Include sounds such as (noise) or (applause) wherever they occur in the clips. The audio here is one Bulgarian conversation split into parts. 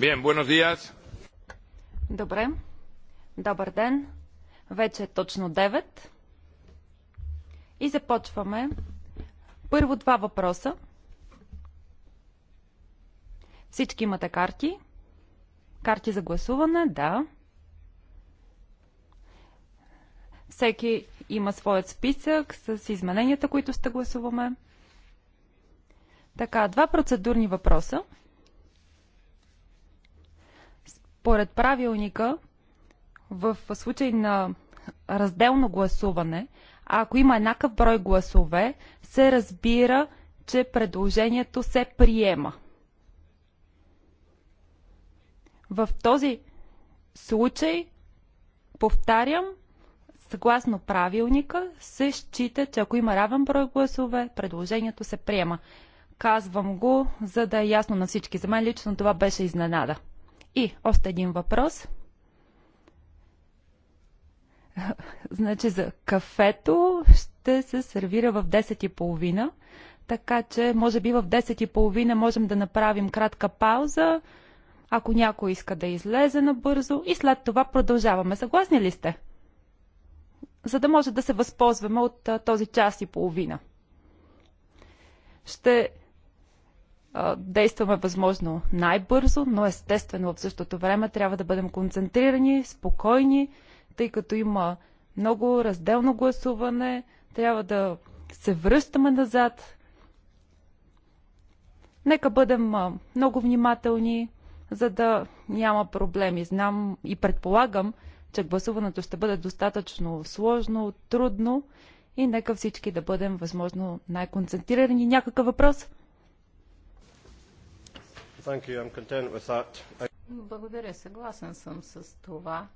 Bien, buenos días. Добре. Добър ден. Вече е точно 9. И започваме. Първо два въпроса. Всички имате карти. Карти за гласуване, да. Всеки има своят списък с измененията, които ще гласуваме. Така, два процедурни въпроса. Според правилника, в случай на разделно гласуване, а ако има еднакъв брой гласове, се разбира, че предложението се приема. В този случай, повтарям, съгласно правилника се счита, че ако има равен брой гласове, предложението се приема. Казвам го, за да е ясно на всички. За мен лично това беше изненада. И още един въпрос. (laughs) Значи за кафето ще се сервира в 10.30, така че може би в 10.30 можем да направим кратка пауза, ако някой иска да излезе набързо и след това продължаваме. Съгласни ли сте? За да може да се възползваме от този час и половина. Ще действаме възможно най-бързо, но естествено в същото време трябва да бъдем концентрирани, спокойни, тъй като има много разделно гласуване, трябва да се връщаме назад. Нека бъдем много внимателни, за да няма проблеми. Знам и предполагам, че гласуването ще бъде достатъчно сложно, трудно и нека всички да бъдем възможно най-концентрирани. Някакъв въпрос? Благодаря, съгласен съм с това.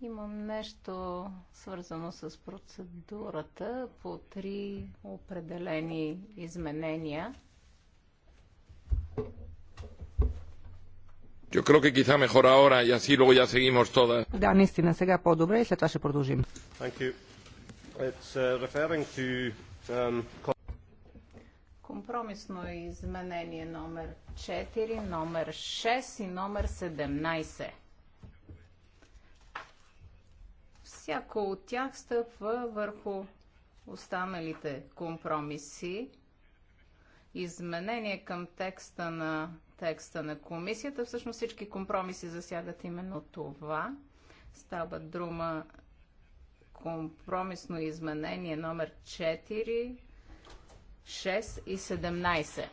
Имам нещо свързано с процедурата по три определени изменения. Yo creo que quizá mejor ahora y así luego ya seguimos todas. Да, наистина, сега по-добре и след това ще продължим. Thank you. It's, uh, referring to, um, Компромисно изменение номер 4, номер 6 и номер 17. Всяко от тях стъпва върху останалите компромиси. Изменение към текста на текста на комисията. Всъщност всички компромиси засягат именно това. Става друма компромисно изменение номер 4, 6 и 17.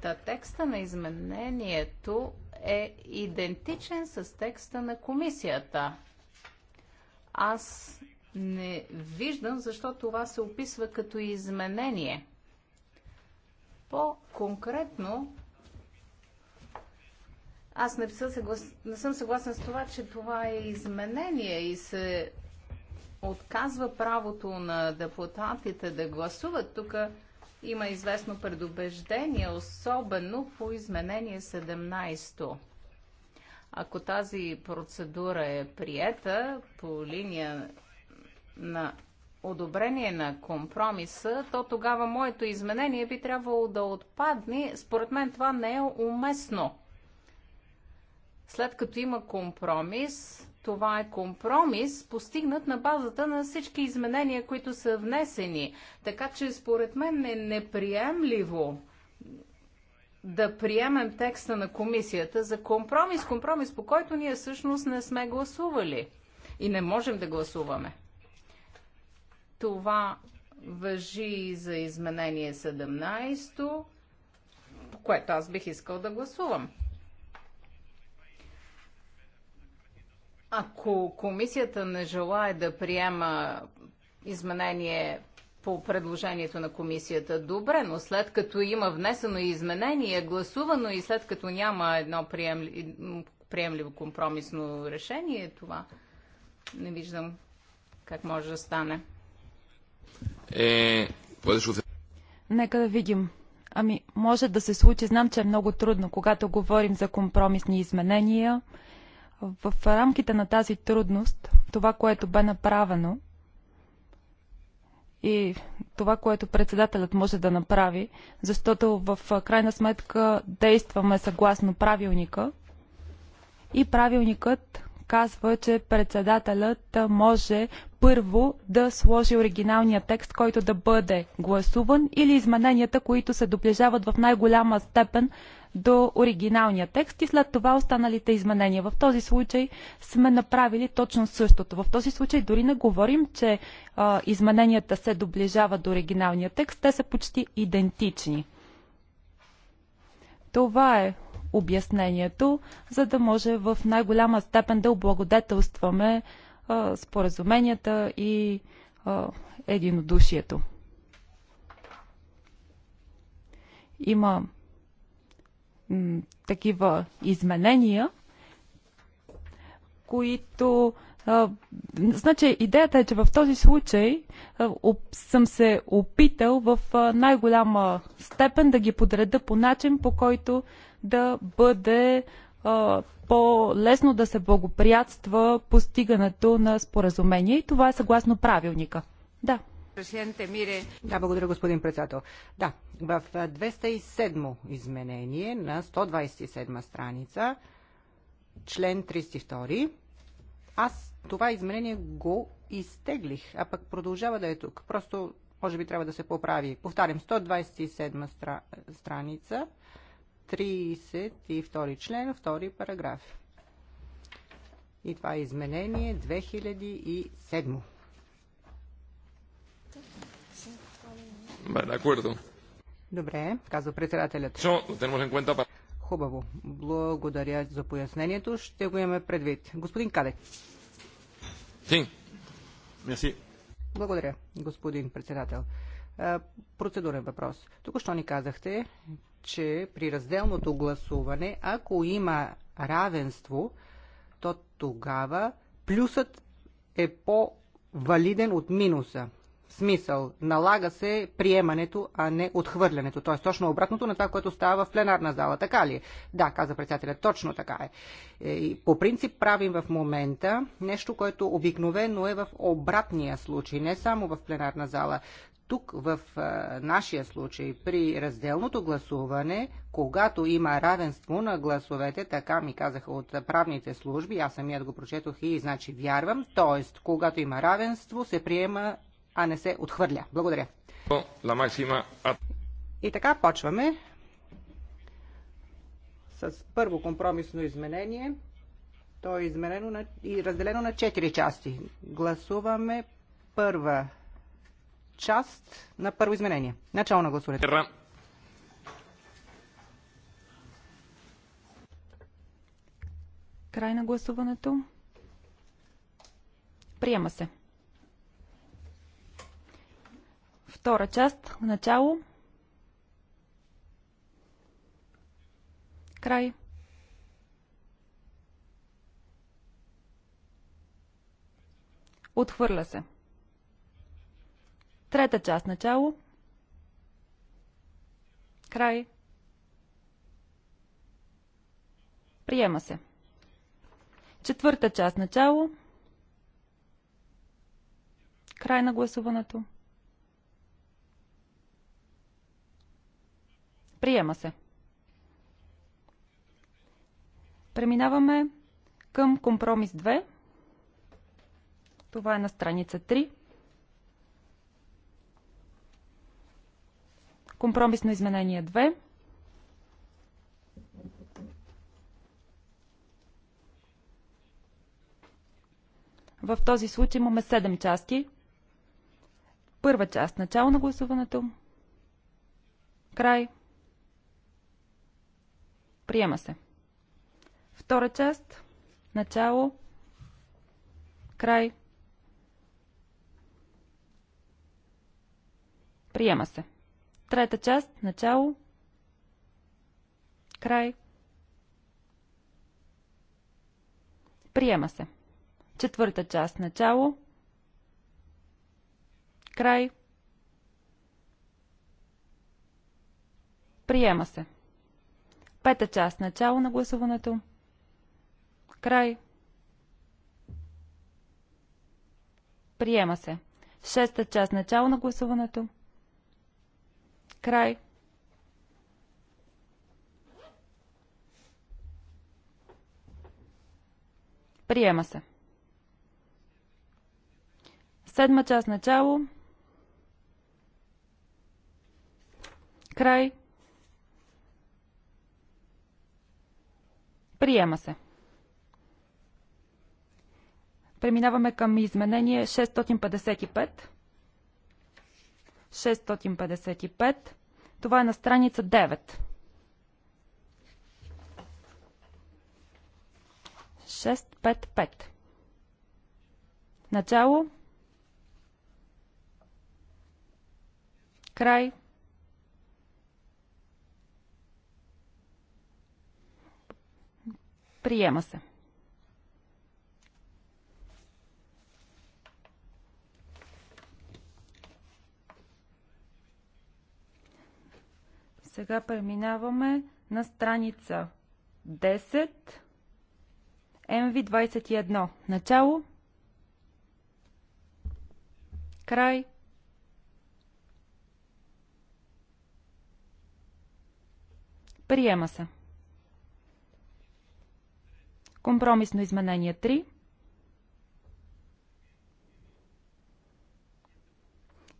Та текста на изменението е идентичен с текста на комисията. Аз не виждам защо това се описва като изменение. По-конкретно, аз не съм, не съм съгласен с това, че това е изменение и се отказва правото на депутатите да гласуват. Тук има известно предубеждение, особено по изменение 17 ако тази процедура е приета по линия на одобрение на компромиса, то тогава моето изменение би трябвало да отпадне. Според мен това не е уместно. След като има компромис, това е компромис, постигнат на базата на всички изменения, които са внесени. Така че според мен е неприемливо да приемем текста на комисията за компромис, компромис по който ние всъщност не сме гласували и не можем да гласуваме. Това въжи и за изменение 17, по което аз бих искал да гласувам. Ако комисията не желая да приема изменение по предложението на комисията, добре, но след като има внесено изменение, гласувано и след като няма едно приемливо, компромисно решение, това не виждам как може да стане. Е, Нека да видим. Ами, може да се случи. Знам, че е много трудно, когато говорим за компромисни изменения. В рамките на тази трудност, това, което бе направено и това, което председателят може да направи, защото в крайна сметка действаме съгласно правилника и правилникът казва, че председателят може първо да сложи оригиналния текст, който да бъде гласуван или измененията, които се доближават в най-голяма степен до оригиналния текст и след това останалите изменения. В този случай сме направили точно същото. В този случай дори не говорим, че а, измененията се доближават до оригиналния текст, те са почти идентични. Това е обяснението, за да може в най-голяма степен да облагодетелстваме а, споразуменията и а, единодушието. Има такива изменения, които. А, значи, идеята е, че в този случай а, об, съм се опитал в най-голяма степен да ги подреда по начин, по който да бъде по-лесно да се благоприятства постигането на споразумение и това е съгласно правилника. Да, да, благодаря, господин председател. Да, в 207 изменение на 127 страница, член 32, аз това изменение го изтеглих, а пък продължава да е тук. Просто, може би, трябва да се поправи. Повтарям, 127 стра... страница, 32 член, 2 параграф. И това е изменение 2007. Добре, казва председателят. Хубаво. Благодаря за пояснението. Ще го имаме предвид. Господин Кадек. Благодаря, господин председател. Процедурен въпрос. Тук, що ни казахте, че при разделното гласуване, ако има равенство, то тогава плюсът е по-валиден от минуса смисъл. Налага се приемането, а не отхвърлянето. Тоест точно обратното на това, което става в пленарна зала. Така ли? Е? Да, каза председателя, точно така е. е. И по принцип правим в момента нещо, което обикновено е в обратния случай, не само в пленарна зала. Тук в е, нашия случай при разделното гласуване, когато има равенство на гласовете, така ми казаха от правните служби, аз самият го прочетох и значи вярвам, т.е. когато има равенство се приема а не се отхвърля. Благодаря. И така почваме с първо компромисно изменение. То е изменено на, и разделено на 4 части. Гласуваме първа част на първо изменение. Начало на гласуване. Край на гласуването. Приема се. Втора част. Начало. Край. Отхвърля се. Трета част. Начало. Край. Приема се. Четвърта част. Начало. Край на гласуването. Приема се. Преминаваме към компромис 2. Това е на страница 3. Компромисно изменение 2. В този случай имаме 7 части. Първа част начало на гласуването. Край. Приема се. Втора част. Начало. Край. Приема се. Трета част. Начало. Край. Приема се. Четвърта част. Начало. Край. Приема се. Пета част. Начало на гласуването. Край. Приема се. Шеста част. Начало на гласуването. Край. Приема се. Седма част. Начало. Край. Приема се. Преминаваме към изменение 655. 655. Това е на страница 9. 655. Начало. Край. Приема се. Сега преминаваме на страница 10, MV21. Начало, край, приема се. Компромисно изменение 3.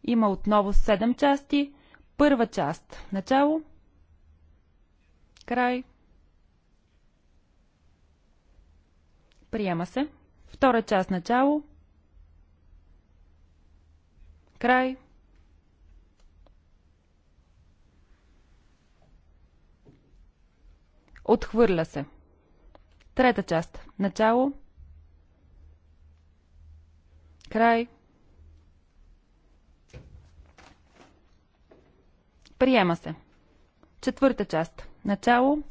Има отново 7 части. Първа част. Начало. Край. Приема се. Втора част. Начало. Край. Отхвърля се. Трета част. Начало. Край. Приема се. Четвърта част. Начало.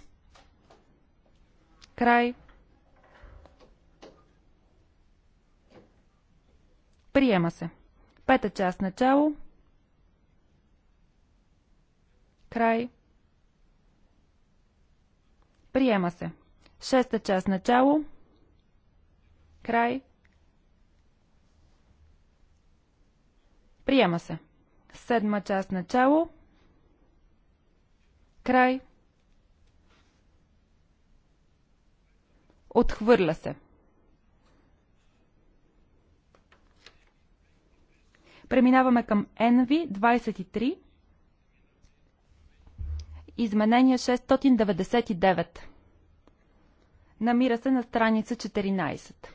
Край. Приема се. Пета част. Начало. Край. Приема се. Шеста част начало. Край. Приема се. Седма част начало. Край. Отхвърля се. Преминаваме към NV 23. Изменение 699. Намира се на страница 14.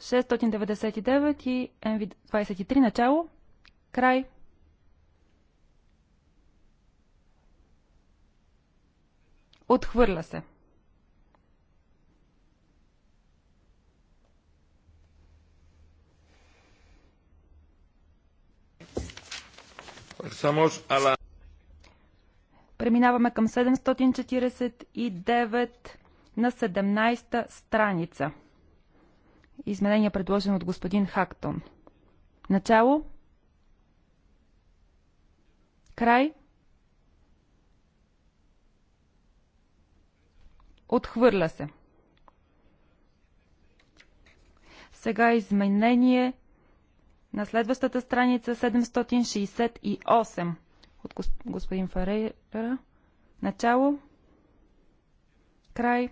699 и MV23 начало, край. Отхвърля се. Pasamos a la... Преминаваме към 749 на 17-та страница. Изменение предложено от господин Хактон. Начало. Край. Отхвърля се. Сега изменение на следващата страница 768 от господин Фарера. Начало. Край.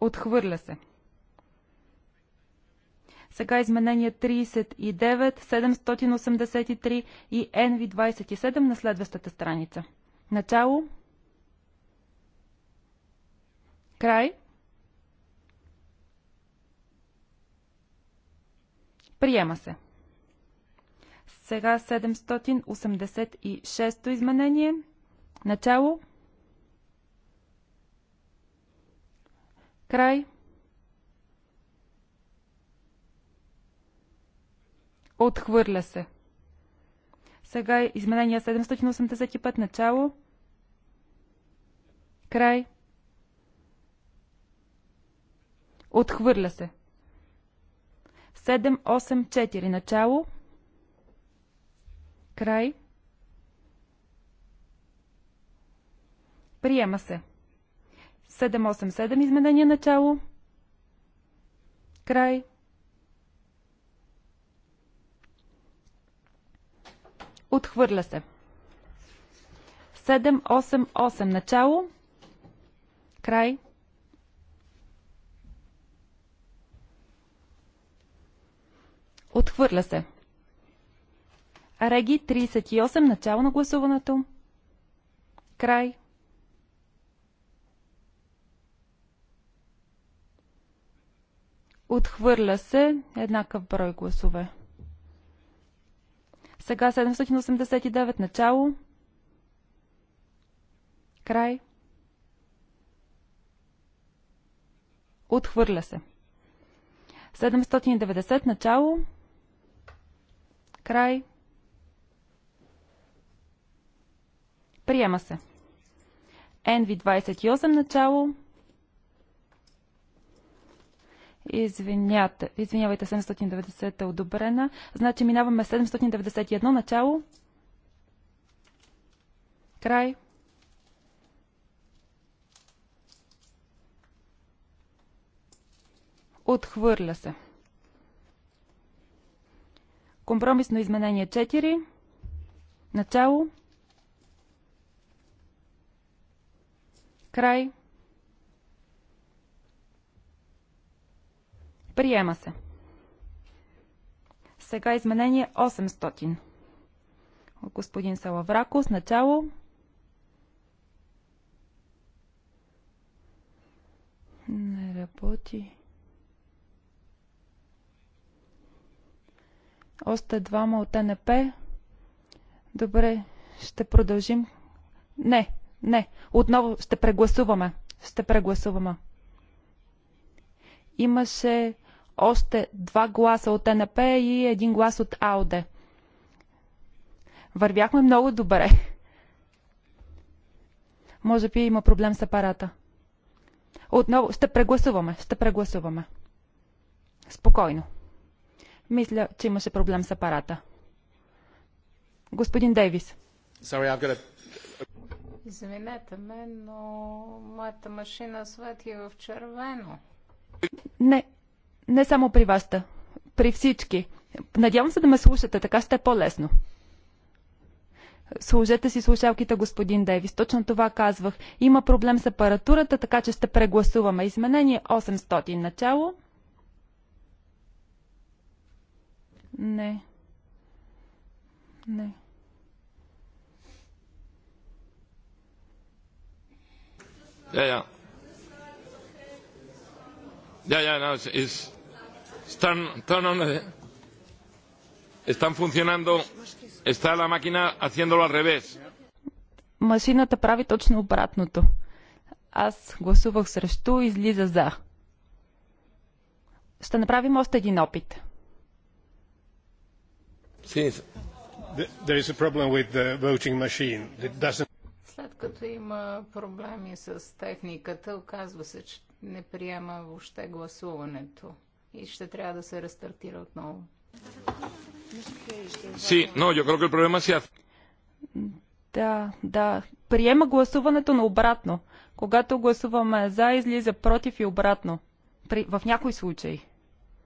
Отхвърля се. Сега изменения 39, 783 и NV27 на следващата страница. Начало. Край. Приема се. Сега 786-то изменение. Начало. Край. Отхвърля се. Сега е изменение 785. Начало. Край. Отхвърля се. 784. Начало. Край. Приема се. 787 изменение начало. Край. Отхвърля се. 788 начало. Край. Отхвърля се. Реги 38. Начало на гласуването. Край. Отхвърля се еднакъв брой гласове. Сега 789 начало. Край. Отхвърля се. 790 начало. Край. Приема се. NV28 начало. Извинявайте, извинявайте, 790 е одобрена. Значи минаваме 791 начало. Край. Отхвърля се. Компромисно изменение 4. Начало. Край. Приема се. Сега изменение 800. От господин с Начало. Не работи. Още двама от НП. Добре, ще продължим. Не, не. Отново ще прегласуваме. Ще прегласуваме. Имаше още два гласа от НП и един глас от АОД. Вървяхме много добре. Може би има проблем с апарата. Отново ще прегласуваме, ще прегласуваме. Спокойно. Мисля, че имаше проблем с апарата. Господин Дейвис. Sorry, I've got a... Извинете ме, но моята машина свети в червено. Не, не само при вас, при всички. Надявам се да ме слушате, така ще е по-лесно. Служете си слушалките, господин Дейвис. Точно това казвах. Има проблем с апаратурата, така че ще прегласуваме. Изменение 800 начало. Не. Не. Ja, ja. Ja, ja, no, es, es, están, están, eh, están funcionando, está la máquina haciéndolo al revés. Машината прави точно обратното. Аз гласувах срещу, излиза за. Ще направим още един опит. След като има проблеми с техниката, оказва се, че не приема въобще гласуването и ще трябва да се рестартира отново. Е да, да. Приема гласуването на обратно. Когато гласуваме за, излиза против и обратно. При... В някой случай.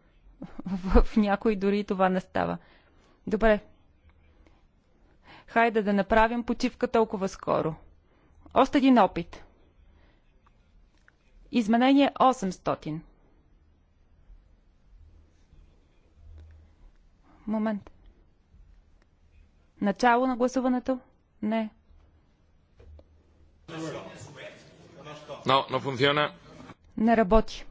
(laughs) В някои дори това не става. Добре. Хайде да направим почивка толкова скоро. Още един опит. Изменение 800. Момент. Начало на гласуването? Не. Но функциона. Не работи.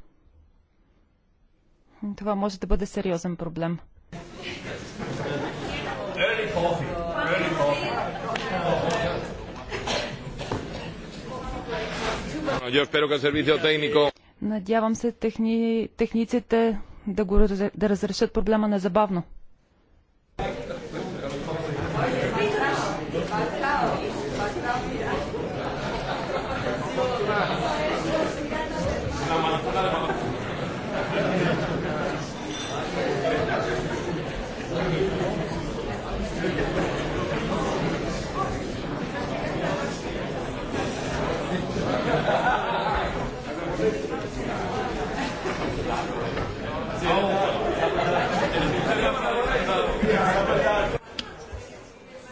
Това може да бъде сериозен проблем coffee. coffee. Надявам се техни, техниците да, го, да разрешат проблема незабавно.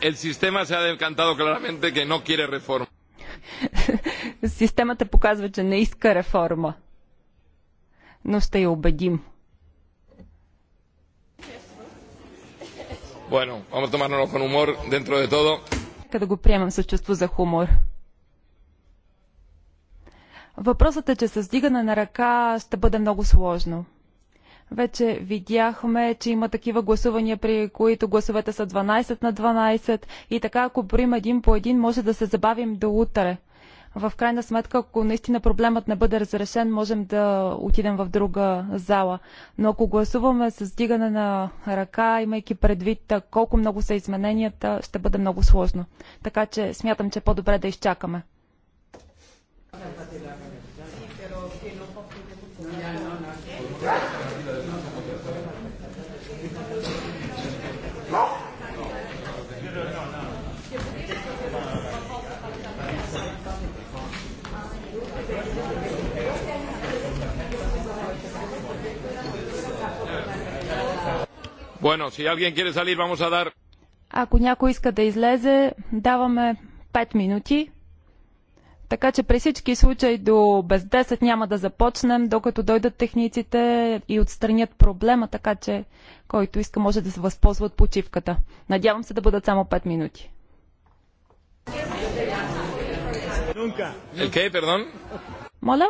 el sistema se ha decantado claramente que no quiere reforma. (laughs) Системата показва, че не иска реформа. Но ще я убедим. Bueno, vamos a tomárnoslo con humor dentro de todo. Нека да го приемам с чувство за хумор. Въпросът е, че с дигане на ръка ще бъде много сложно. Вече видяхме, че има такива гласувания, при които гласовете са 12 на 12 и така, ако борим един по един, може да се забавим до утре. В крайна сметка, ако наистина проблемът не бъде разрешен, можем да отидем в друга зала. Но ако гласуваме с дигане на ръка, имайки предвид колко много са измененията, ще бъде много сложно. Така че смятам, че е по-добре да изчакаме. Bueno, si alguien quiere salir, vamos a dar... Ако някой иска да излезе, даваме 5 минути. Така че при всички случаи до без 10 няма да започнем, докато дойдат техниците и отстранят проблема, така че който иска може да се възползва от почивката. Надявам се да бъдат само 5 минути. Okay, е, Моля?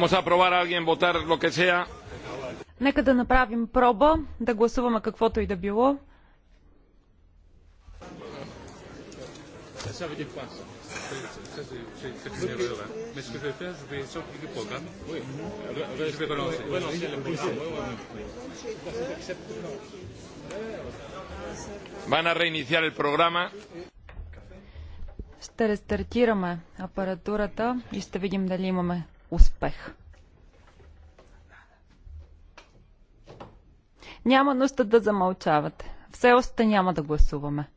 Vamos a probar a alguien votar lo que sea. Нека да направим проба, да гласуваме каквото и да било. Van a reiniciar el programa. Ще рестартираме апаратурата и ще видим дали имаме успех. Няма нужда да замълчавате. Все още няма да гласуваме.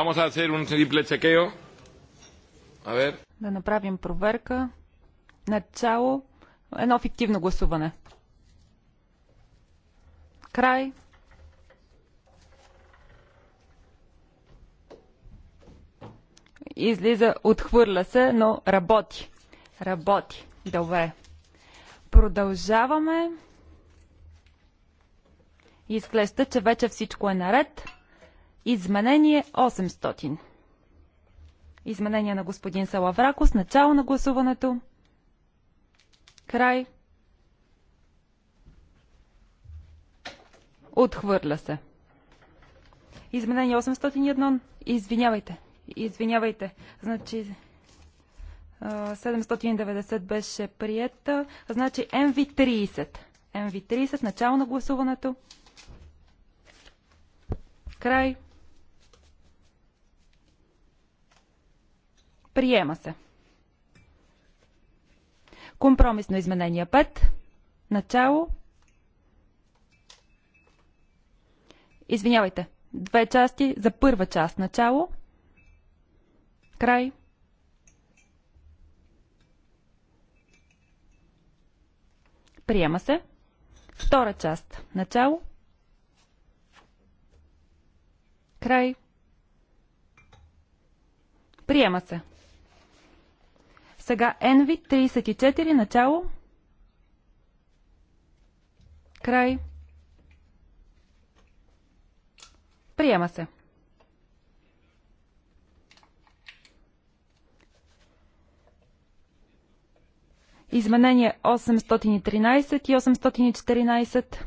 Vamos a hacer un simple chequeo. A ver. Да направим проверка. Начало. Едно фиктивно гласуване. Край. Излиза, отхвърля се, но работи. Работи. Добре. Продължаваме. Изглежда, че вече всичко е наред. Изменение 800. Изменение на господин Салавракос. Начало на гласуването. Край. Отхвърля се. Изменение 801. Извинявайте. Извинявайте. Значи 790 беше приета. Значи MV30. MV30. Начало на гласуването. Край. Приема се. Компромисно изменение 5. Начало. Извинявайте. Две части за първа част. Начало. Край. Приема се. Втора част. Начало. Край. Приема се. Сега Envy 34 начало. Край. Приема се. Изменение 813 и 814.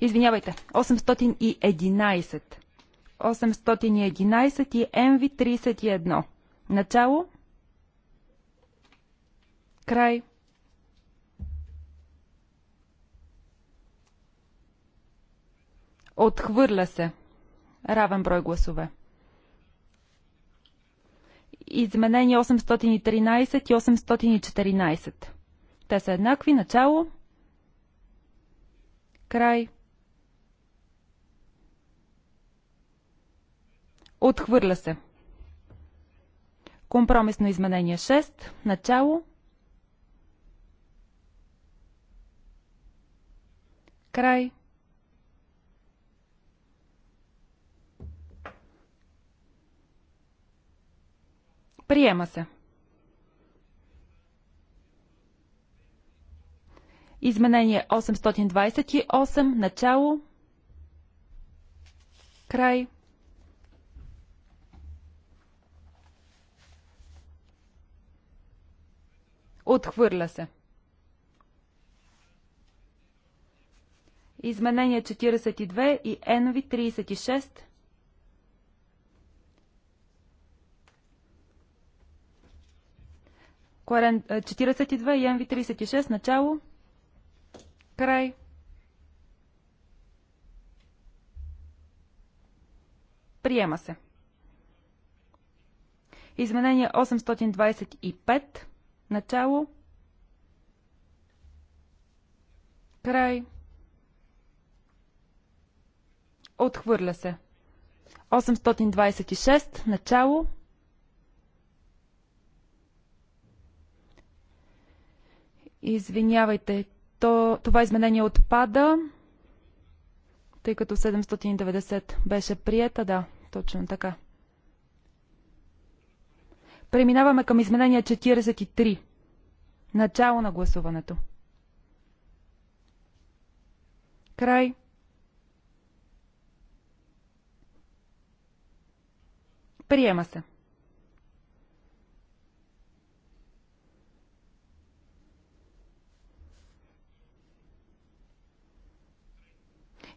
Извинявайте, 811. 811 и MV31. Начало. Край. Отхвърля се. Равен брой гласове. Изменение 813 и 814. Те са еднакви. Начало. Край. Отхвърля се. Компромисно изменение 6. Начало. Край. Приема се. Изменение 828. Начало. Край. Отхвърля се. Изменение 42 и Енови 36. Корен, 42 е, и Енви 36. Начало. Край. Приема се. Изменение 825. Начало. Край. Отхвърля се. 826. Начало. Извинявайте, то, това изменение отпада, тъй като 790 беше приета. Да, точно така. Преминаваме към изменение 43. Начало на гласуването. Край. Приема се.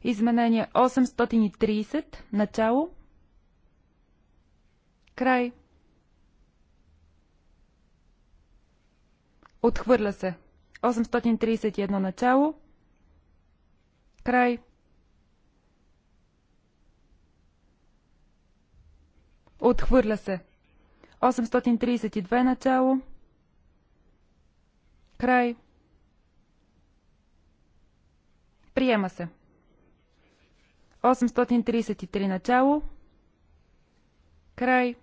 Изменение 830. Начало. Край. Отхвърля се. 831 начало. Край. Отхвърля се. 832 начало. Край. Приема се. 833 начало. Край.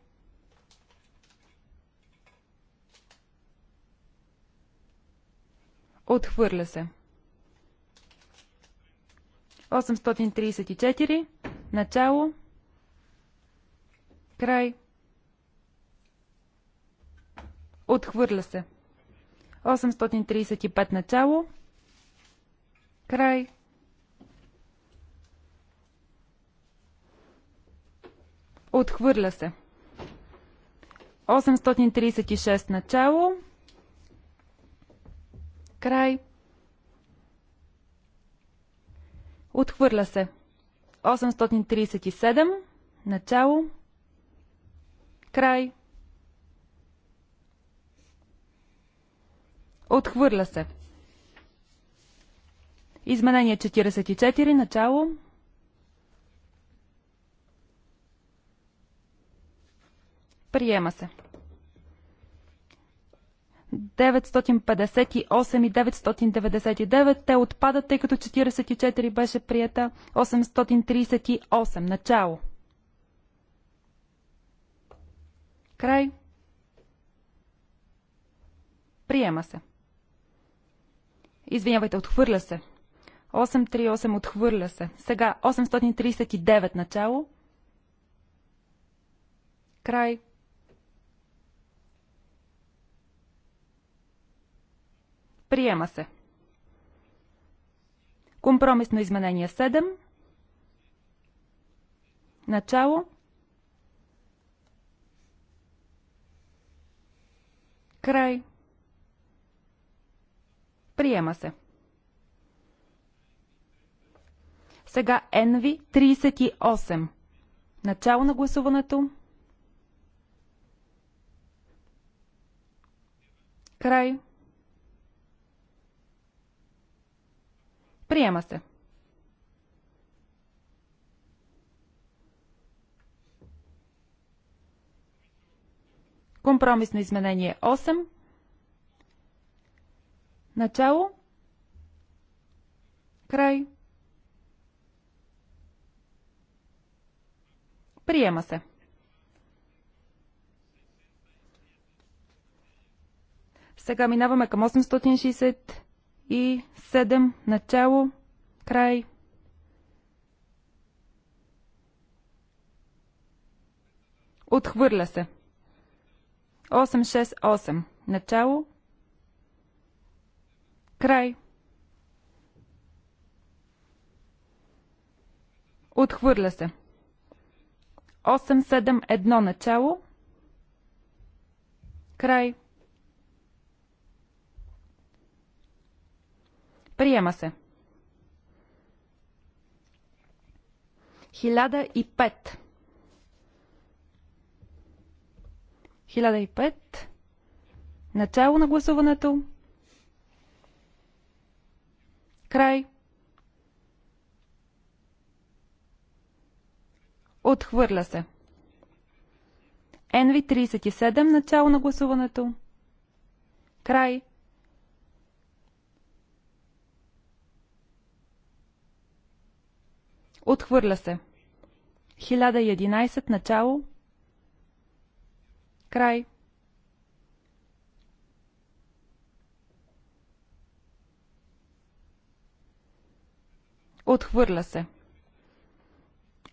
Отхвърля се. 834. Начало. Край. Отхвърля се. 835 начало. Край. Отхвърля се. 836 начало. Край. Отхвърля се. 837 начало. Край. Отхвърля се. Изменение 44. Начало. Приема се. 958 и 999 те отпадат, тъй като 44 беше прията 838. Начало. Край. Приема се. Извинявайте, отхвърля се. 838 отхвърля се. Сега 839 начало. Край. Приема се. Компромисно изменение 7. Начало. Край. Приема се. Сега NV 38. Начало на гласуването. Край. Приема се. Компромисно изменение 8. Начало. Край. Приема се. Сега минаваме към 867. Начало. Край. Отхвърля се. 868. Начало. Край. Отхвърля се. 871 начало. Край. Приема се. 1005. 1005. Начало на гласуването. Край. Отхвърля се. NV 37. Начало на гласуването. Край. Отхвърля се. 1011. Начало. Край. Отхвърля се.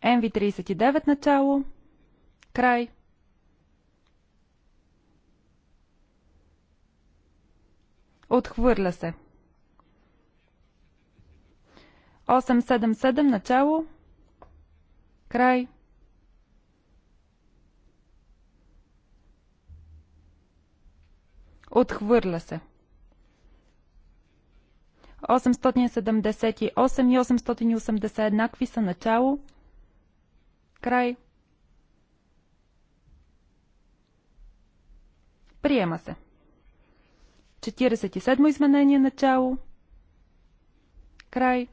MV39 начало. Край. Отхвърля се. 877 начало. Край. Отхвърля се. 878 и 880 еднакви са начало. Край. Приема се. 47 изменение начало. Край.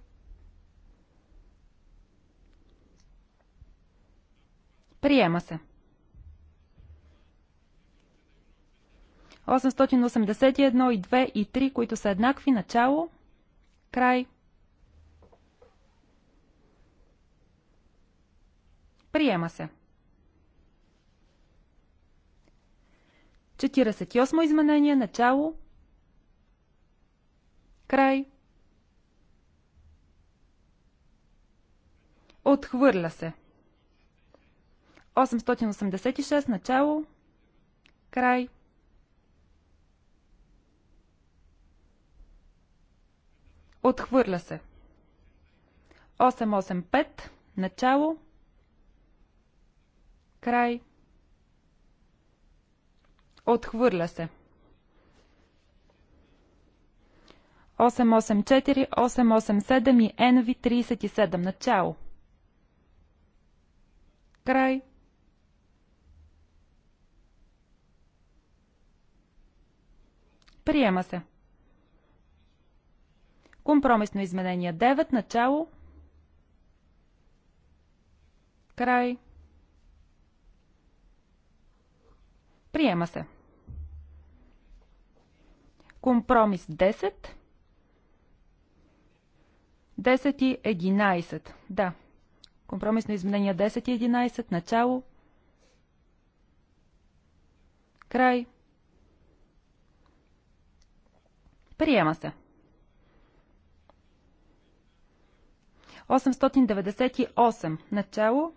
Приема се. 881 и 2 и 3, които са еднакви. Начало. Край. Приема се. 48 изменение. Начало. Край. Отхвърля се. 886 начало. Край. Отхвърля се. 885. Начало. Край. Отхвърля се. 884, 887 и NV37. Начало. Край. Приема се. 885. Компромисно изменение 9. Начало. Край. Приема се. Компромис 10. 10 и 11. Да. Компромисно изменение 10 и 11. Начало. Край. Приема се. 898. Начало.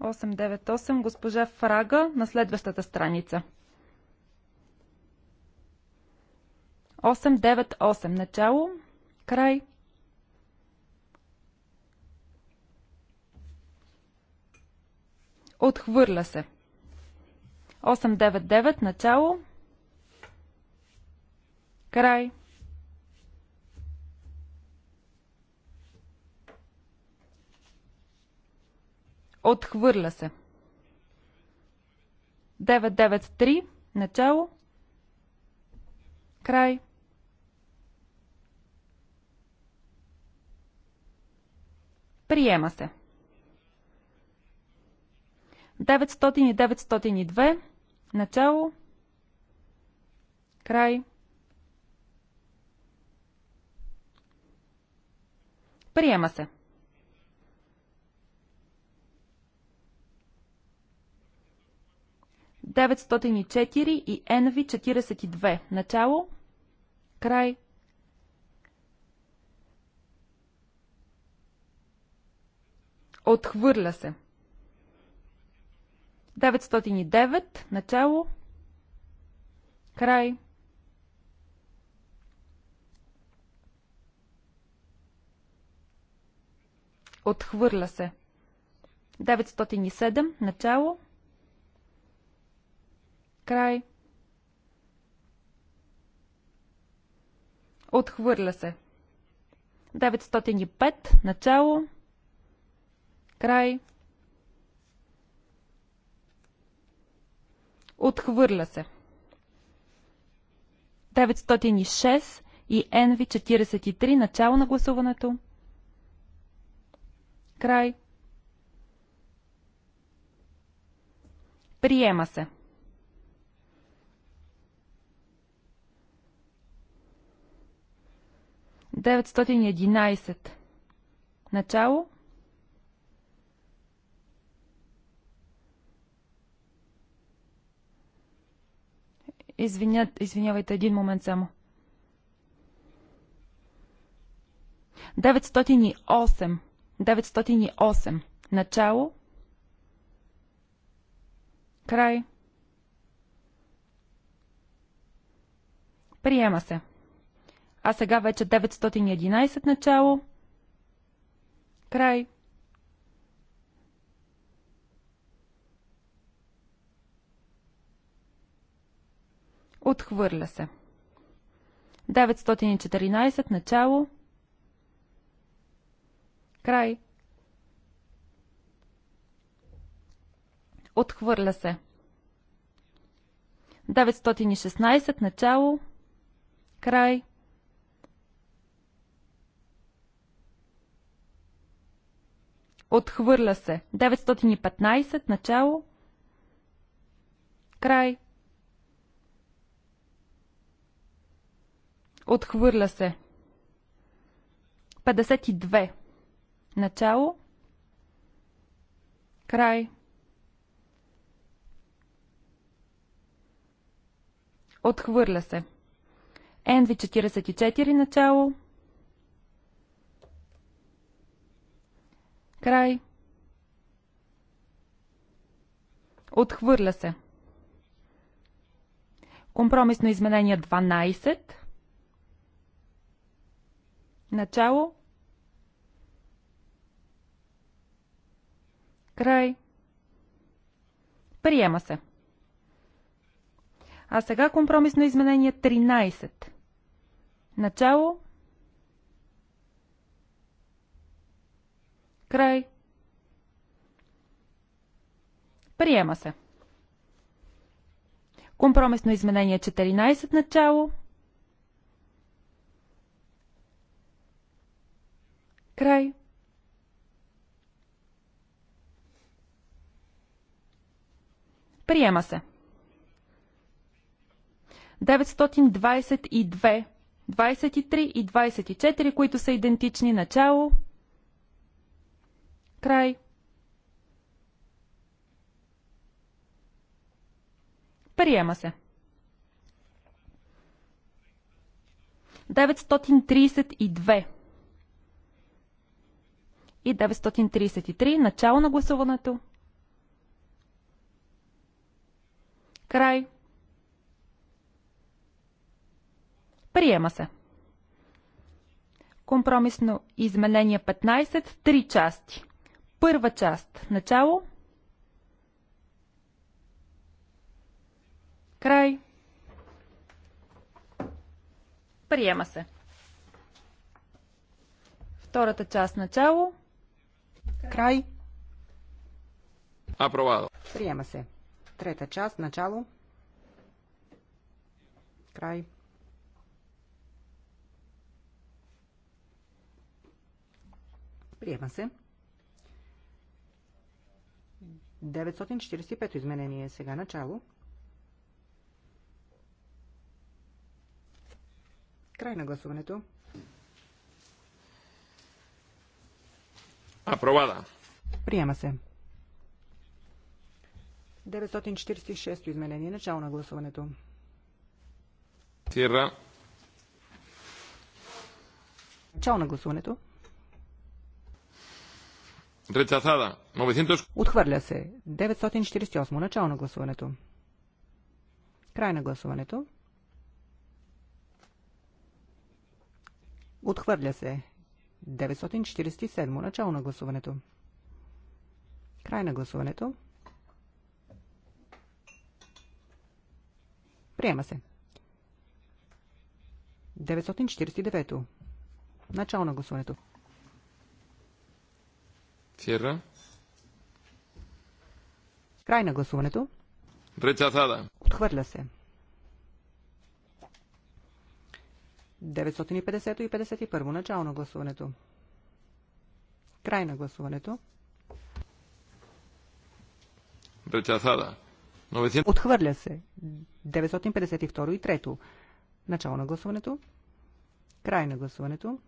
898. Госпожа Фрага на следващата страница. 898. Начало. Край. Отхвърля се. 899. Начало. Край. Отхвърля се. 993. Начало. Край. Приема се. 900 и 902. Начало. Край. Приема се. 903. 904 и NV 42. Начало. Край. Отхвърля се. 909. Начало. Край. Отхвърля се. 907. Начало. Край. Отхвърля се. 905. Начало. Край. Отхвърля се. 906 и NV43. Начало на гласуването. Край. Приема се. 911. Начало. Извинят, извинявайте, един момент само. 908. 908. Начало. Край. Приема се а сега вече 911 начало. Край. Отхвърля се. 914 начало. Край. Отхвърля се. 916 начало. Край. Отхвърля се. 915 начало. Край. Отхвърля се. 52. Начало. Край. Отхвърля се. NV44 начало. Край. Отхвърля се. Компромисно изменение 12. Начало. Край. Приема се. А сега компромисно изменение 13. Начало. Край. Приема се. Компромисно изменение 14 начало. Край. Приема се. 922, 23 и 24, които са идентични начало. Край. Приема се. 932 и 933. Начало на гласуването. Край. Приема се. Компромисно изменение 15. Три части. Първа част. Начало. Край. Приема се. Втората част. Начало. Край. Апровадо. Приема се. Трета част. Начало. Край. Приема се. 945 изменение е сега начало. Край на гласуването. Апровада. Приема се. 946 изменение. Начало на гласуването. Тира. Начало на гласуването. Рецатада. 900... Отхвърля се. 948. Начало на гласуването. Край на гласуването. Отхвърля се. 947. Начало на гласуването. Край на гласуването. Приема се. 949. Начало на гласуването. Cierra. Край на гласуването. Речазада. Отхвърля се. 950 и 51 начало на гласуването. Край на гласуването. Речазада. Отхвърля се. 952 и 3. Начало на гласуването. Край на гласуването.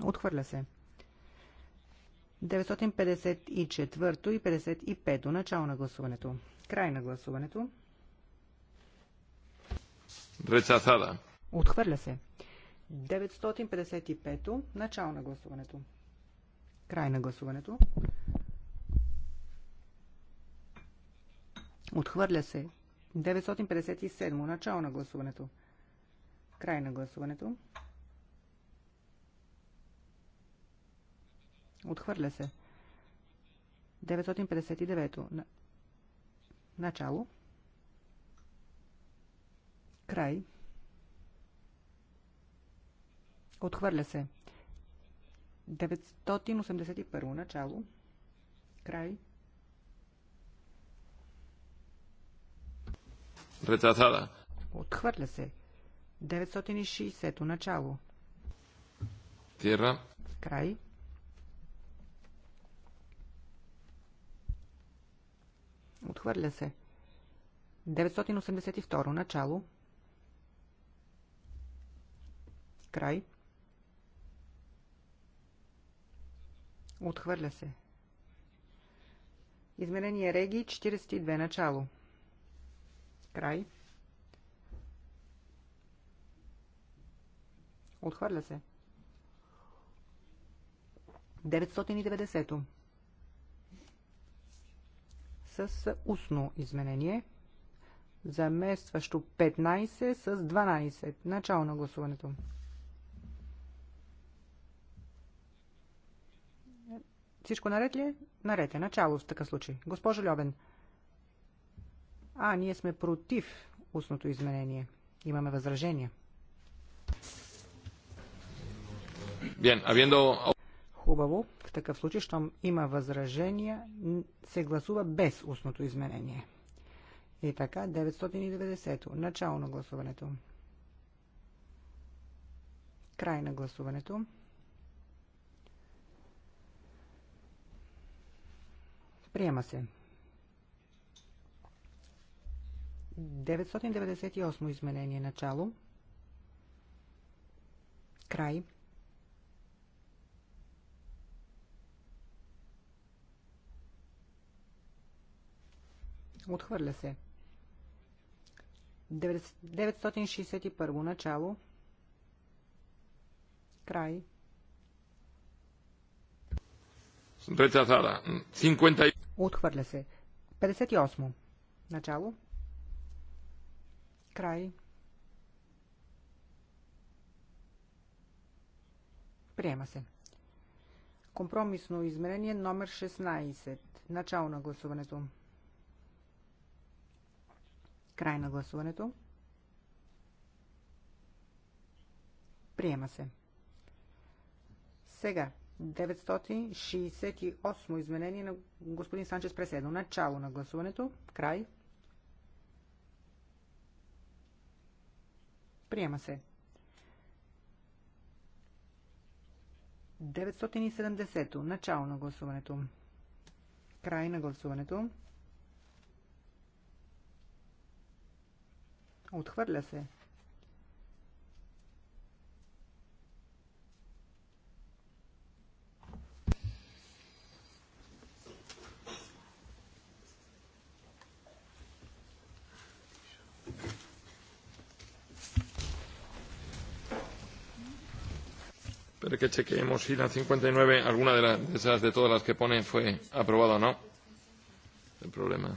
Отхвърля се. 954 и 55. Начало на гласуването. Край на гласуването. Рецатада. Отхвърля се. 955. то Начало на гласуването. Край на гласуването. Отхвърля се. 957. Начало на гласуването. Край на гласуването. Отхвърля се. 959. Начало. Край. Отхвърля се. 981. Начало. Край. Ретратада. Отхвърля се. 960. Начало. Тира. Край. Отхвърля се. 982. Начало. Край. Отхвърля се. Изменение Реги 42. Начало. Край. Отхвърля се. 990 с устно изменение, заместващо 15 с 12. Начало на гласуването. Всичко наред ли? Е? Наред е. Начало в такъв случай. Госпожо Льобен. А, ние сме против устното изменение. Имаме възражения. Bien, habiendo... Хубаво такъв случай, щом има възражения, се гласува без устното изменение. И така, 990-то. Начало на гласуването. Край на гласуването. Приема се. 998 изменение начало. Край. Отхвърля се. 961 начало. Край. 50... Отхвърля се. 58. Начало. Край. Приема се. Компромисно измерение номер 16. Начало на гласуването. Край на гласуването. Приема се. Сега, 968 изменение на господин Санчес преседно. Начало на гласуването. Край. Приема се. 970. Начало на гласуването. Край на гласуването. Отхвърля се. Pero que chequeemos si la 59, alguna de, la, de esas de todas las que pone, fue aprobada o no. El problema.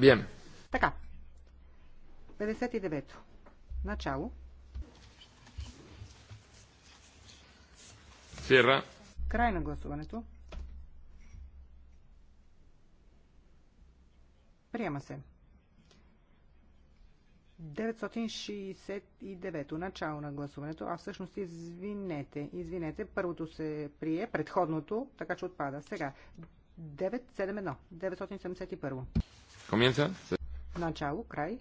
Бием. Така. 59-то. Начало. Сера. Край на гласуването. Приема се. 969-то начало на гласуването, а всъщност извинете, извинете, първото се прие, предходното, така че отпада. Сега, 971, 971. Comienza. Начало, край.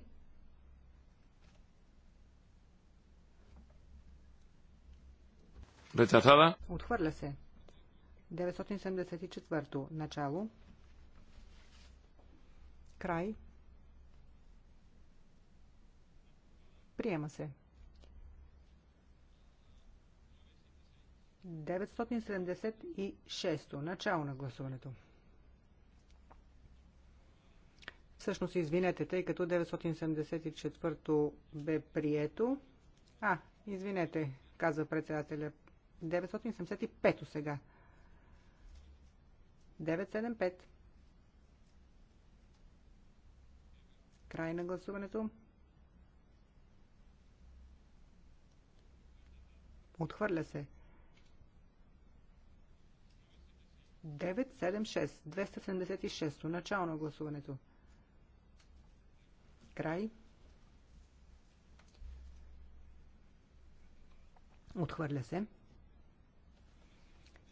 Рechazada. Отхвърля се. 974. то Начало. Край. Приема се. 976. то Начало на гласуването. Всъщност, извинете, тъй като 974-то бе прието. А, извинете, казва председателя. 975-то сега. 975. Край на гласуването. Отхвърля се. 976. 276. Начало на гласуването. Край. Отхвърля се.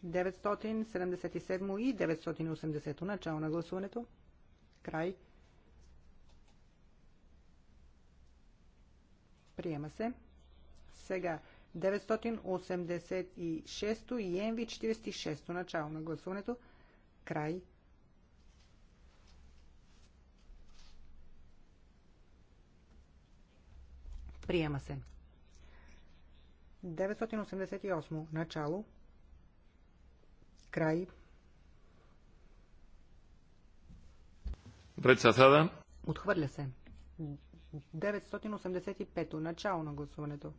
977 и 980 начало на гласуването. Край. Приема се. Сега 986 и ЕМВ 46 начало на гласуването. Край. Приема се. 988. Начало. Край. Рechazada. Отхвърля се. 985. Начало на гласуването.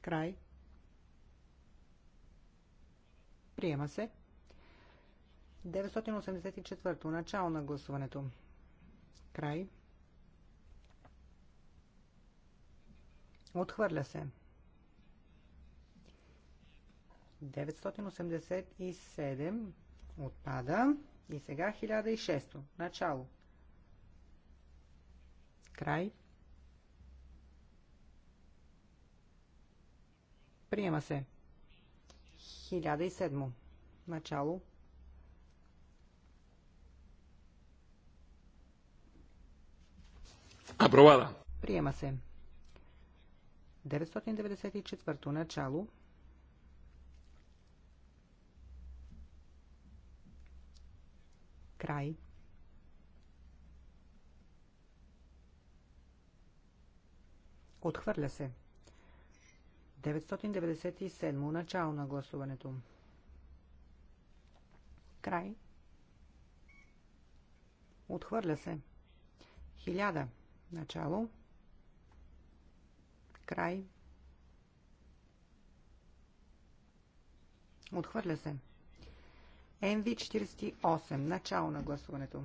Край. Приема се. 984. Начало на гласуването. Край. Отхвърля се. 987 отпада. И сега 1006. Начало. Край. Приема се. 1007. Начало. Апробада. Приема се. 994 начало. Край. Отхвърля се. 997 начало на гласуването. Край. Отхвърля се. 1000 начало. Край. Отхвърля се. mv 48 Начало на гласуването.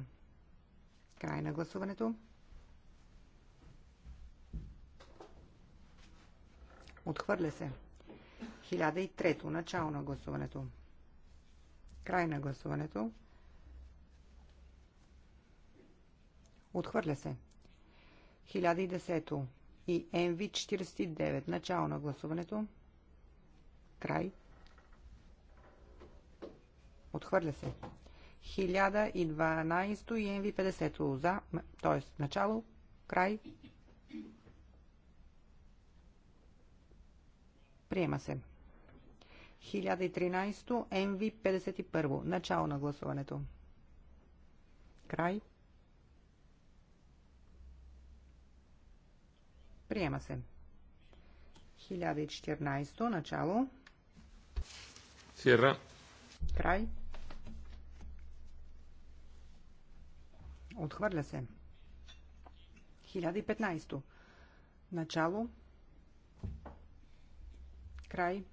Край на гласуването. Отхвърля се. 1003. Начало на гласуването. Край на гласуването. Отхвърля се. 1010 и МВ49. Начало на гласуването. Край. Отхвърля се. 1012 и МВ50 за, т.е. начало, край. Приема се. 1013 МВ51. Начало на гласуването. Край. Приема се. 1014 начало. Сира. Край. Отхвърля се. 1015 начало. Край.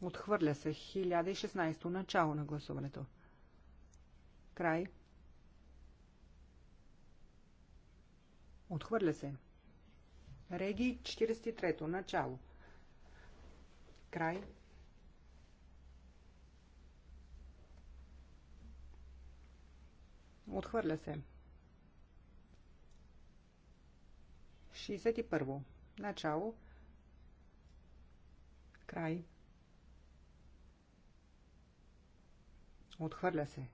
Отхвърля се 1016 начало на гласуването. Край. 1017 Отхвърля се. Реги 43-то. Начало. Край. Отхвърля се. 61. Начало. Край. Отхвърля се.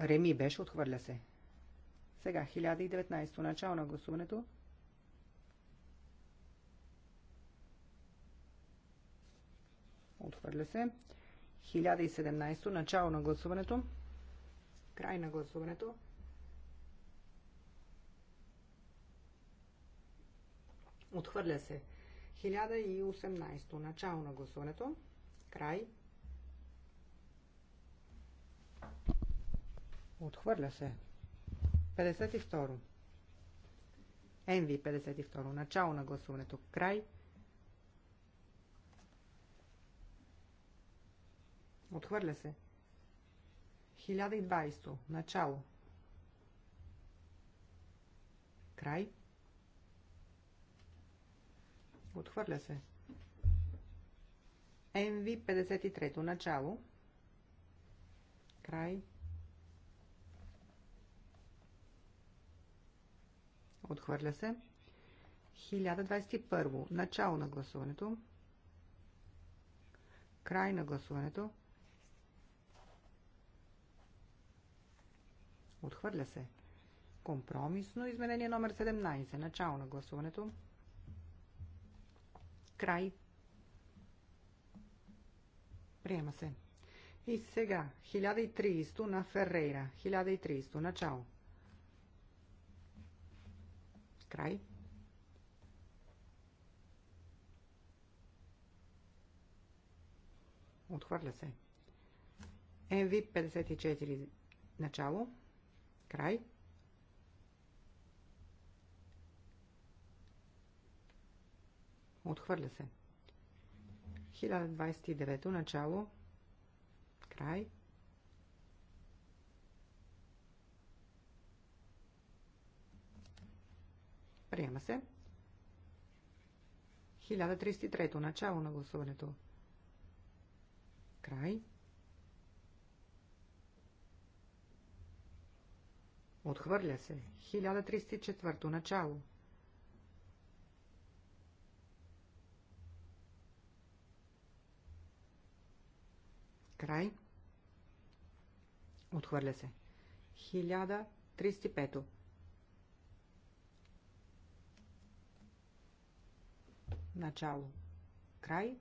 Реми беше отхвърля се. Сега 1019 начало на гласуването. Отхвърля се. 1017 начало на гласуването. Край на гласуването. Отхвърля се. 1018 начало на гласуването. Край. Отхвърля се. 52. NV 52. Начало на гласуването. Край. Отхвърля се. 1020. Начало. Край. Отхвърля се. NV 53. Начало. Край. Отхвърля се. 1021. Начало на гласуването. Край на гласуването. Отхвърля се. Компромисно изменение номер 17. Начало на гласуването. Край. Приема се. И сега 1030 на Феррейра. 1030. Начало край. Отхвърля се. MV 54 начало, край. Отхвърля се. 1029 начало, край. Приема се. 1033. Начало на гласуването. Край. Отхвърля се. 1034. Начало. Край. Отхвърля се. 1035. начало, край,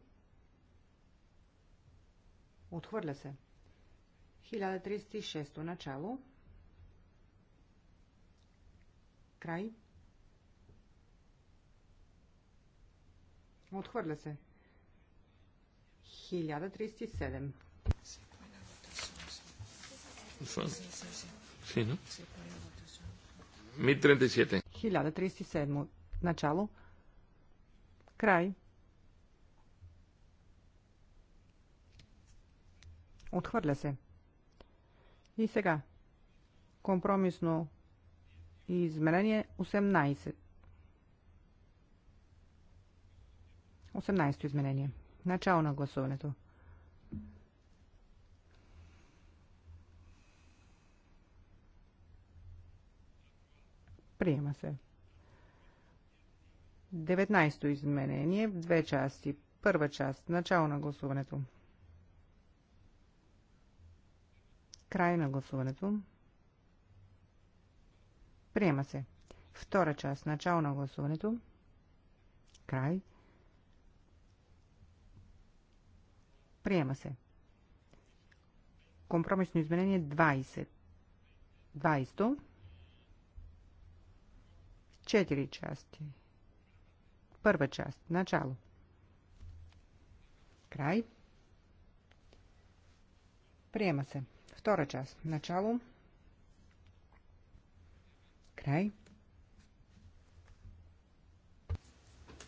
отхвърля се. 1036 начало, край, отхвърля се. 1037 1037 начало, Край. Отхвърля се. И сега. Компромисно изменение 18. 18 изменение. Начало на гласуването. Приема се. 19-то изменение в две части. Първа част. Начало на гласуването. Край на гласуването. Приема се. Втора част. Начало на гласуването. Край. Приема се. Компромисно изменение 20. 20. Четири части. Първа част. Начало. Край. Приема се. Втора част. Начало. Край.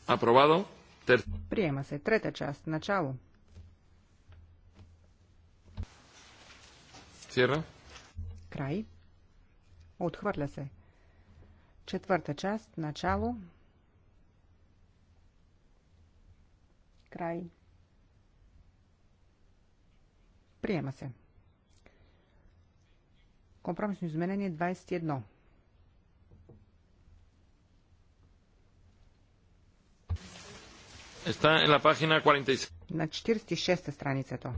Апровадо. Тер... Приема се. Трета част. Начало. Сиера. Край. Отхвърля се. Четвърта част. Начало. Край. Приема се. Компромисно изменение 21. Está en la página 46. На 46-та страница то.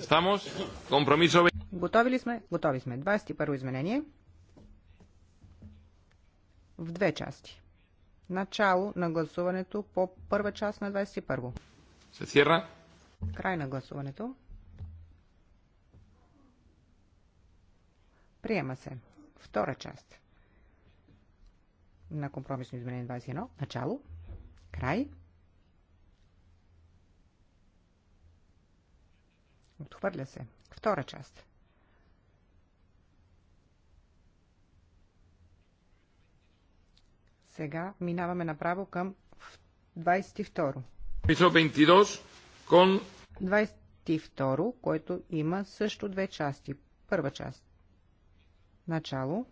Estamos. Compromiso. Готови ли сме? Готови сме. 21 изменение. В две части. Начало на гласуването по първа част на 21. Се сирна. Край на гласуването. Приема се. Втора част на компромисно изменение 21. Начало. Край. Отхвърля се. Втора част. Сега минаваме направо към 22. 22, con... който има също две части. Първа част. Начало.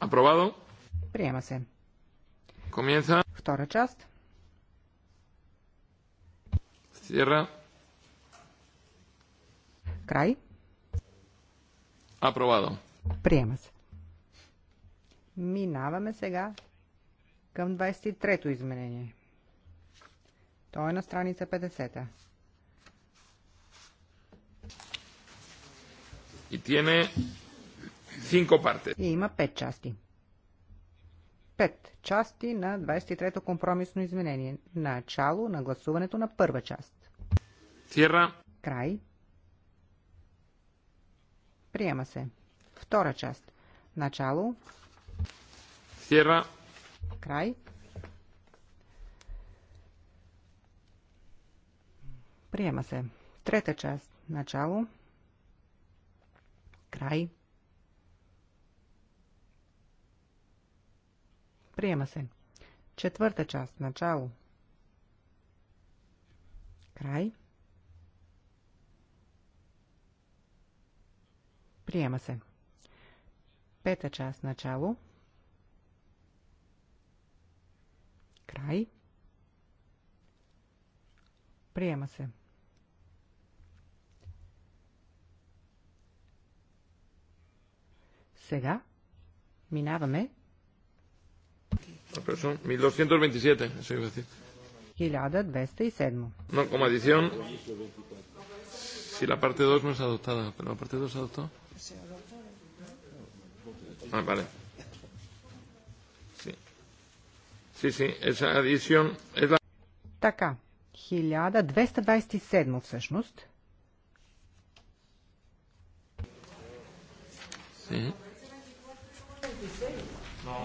Апробадо. Приема се. Comienza. Втора част. Сиера. Край. Апробадо. Приема се. Минаваме сега към 23-то изменение. То е на страница 50-та. И tiene cinco парте. И има 5 части. 5 части на 23-то компромисно изменение. Начало на гласуването на първа част. Край. Край. Приема се. Втора част. Начало. Сирна. Край. Приема се. Трета част. Начало. Край. Приема се. Четвърта част. Начало. Край. Приема се. Пета част начало. Край. Приема се. Сега минаваме 1227, eso No, como adición, si la parte 2 no es adoptada, pero la parte 2 se adoptó. Ah, vale. Sí. Sí, esa adición es la... Така, 1227 всъщност. Sí. No,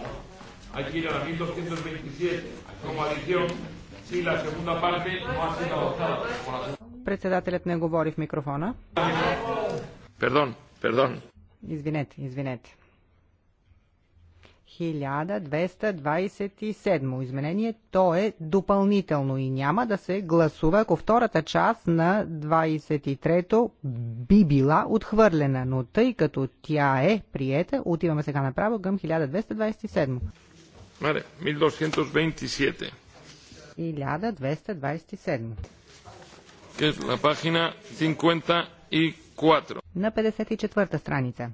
Aquí la 1227 como adición si la segunda parte no ha sido adoptada. Председателят не говори в микрофона. Perdón. Пердон. Извинете, извинете. 1227 изменение, то е допълнително и няма да се гласува, ако втората част на 23-то би била отхвърлена, но тъй като тя е приета, отиваме сега направо към 1227. Маре, 1227. 1227. Que es página 50 на 54-та страница.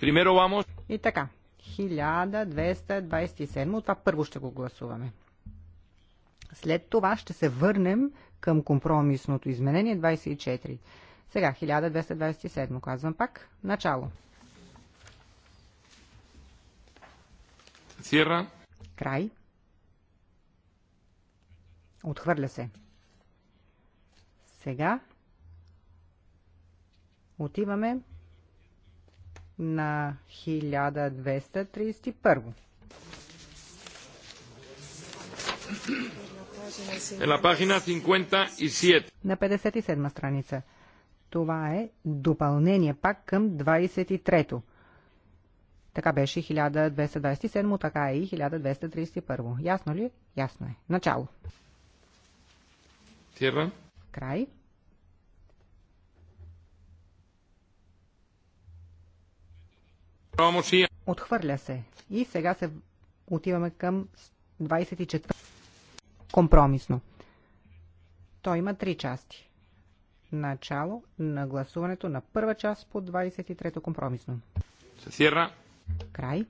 Примеро Sí. И така. 1227. Това първо ще го гласуваме. След това ще се върнем към компромисното изменение 24. Сега 1227, казвам пак, начало. Сира. Край. Отхвърля се. Сега отиваме на 1231. En la página 57. На 57 страница. Това е допълнение пак към 23-то. Така беше 1227, така е и 1231. Ясно ли? Ясно е. Начало. Тира. Край. Отхвърля се. И сега се отиваме към 24 компромисно. Той има три части. Начало на гласуването на първа част по 23-то компромисно. Сесирна. Край.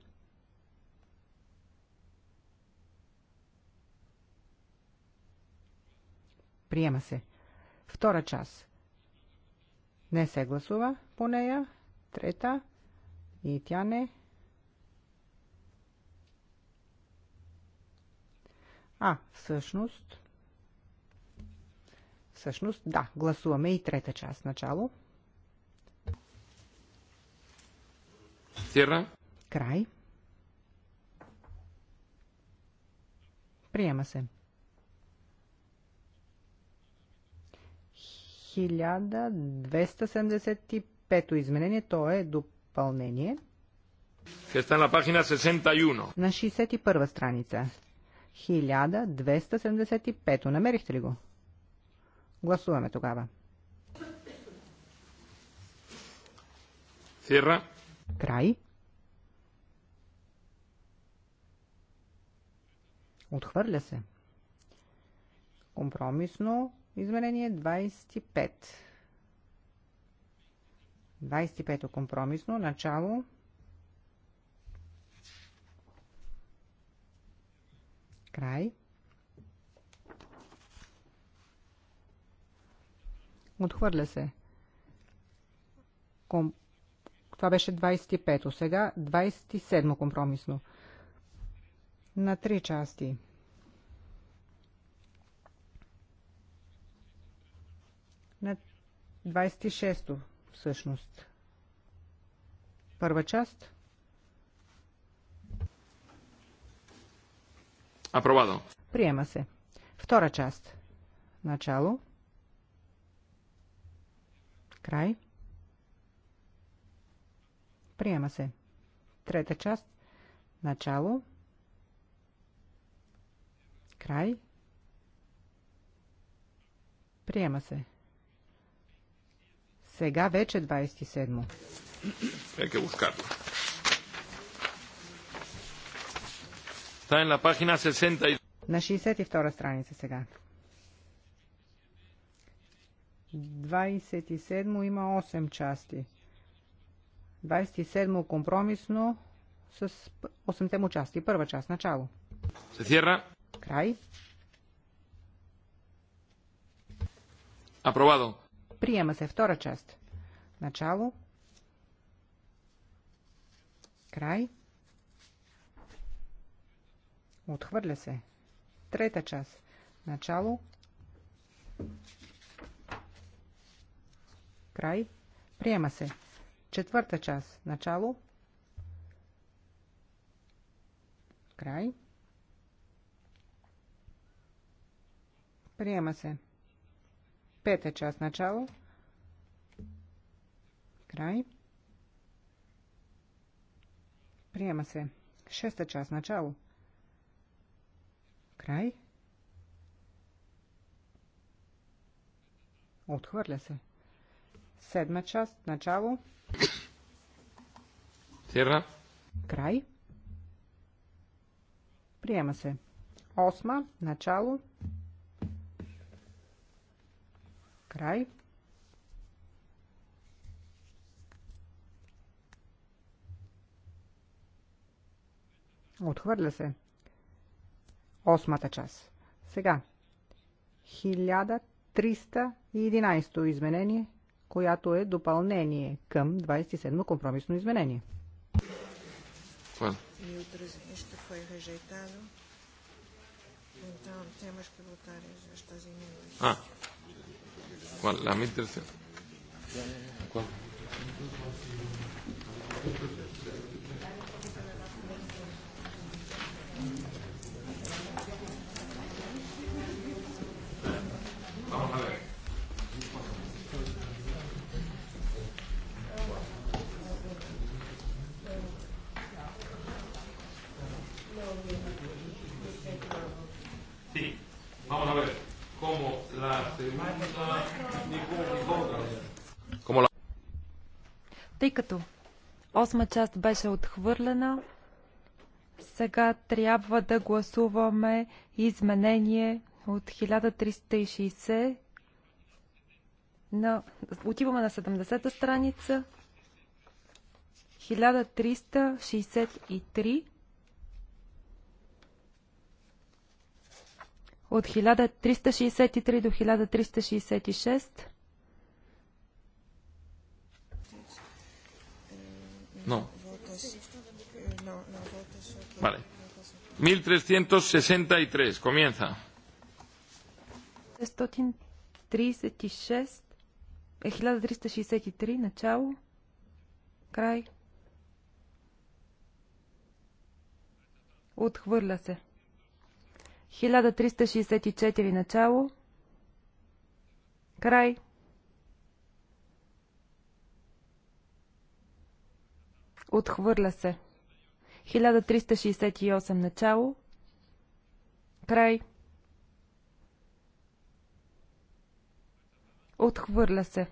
Приема се. Втора част. Не се гласува по нея. Трета. И тя не А, всъщност... Всъщност, да, гласуваме и трета част начало. Сира. Край. Приема се. 1275 то изменение, то е допълнение. Que на en 61. На 61 страница. 1275. Намерихте ли го? Гласуваме тогава. Сирра. Край. Отхвърля се. Компромисно изменение 25. 25-то компромисно начало. Край. Отхвърля се. Ком... Това беше 25-то, сега 27 о компромисно. На три части. На 26-то, всъщност. Първа част – Апробадо. Приема се. Втора част. Начало. Край. Приема се. Трета част. Начало. Край. Приема се. Сега вече 27. Hay que buscarlo. Está en la página На 62 страница сега. 27 има 8 части. 27 компромисно с 8-те му части. Първа част, начало. Се cierra. Край. Апровадо. Приема се втора част. Начало. Край. Отхвърля се. Трета част. Начало. Край. Приема се. Четвърта част. Начало. Край. Приема се. Пета част. Начало. Край. Приема се. Шеста част. Начало. Край. Отхвърля се. Седма част. Начало. Сирна. Край. Приема се. Осма. Начало. Край. Отхвърля се. Осмата та час. Сега, 1311-то изменение, което е допълнение към 27-то компромисно изменение. Осма част беше отхвърлена. Сега трябва да гласуваме изменение от 1360 на... Отиваме на 70-та страница. 1363 от 1363 до 1366 No. Vale. 1363. Comienza. 1363 eh, начало, край. Отхвърля се. 1364 начало, край. Отхвърля се. 1368 начало. Край. Отхвърля се.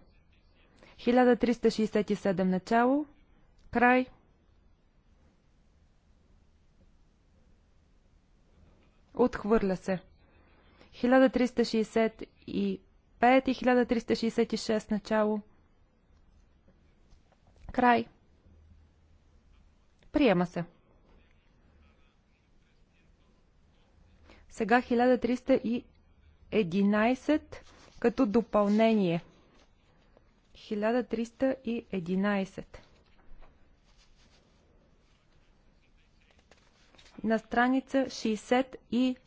1367 начало. Край. Отхвърля се. 1365 и 1366 начало. Край. Приема се. Сега 1311 като допълнение. 1311. На страница 66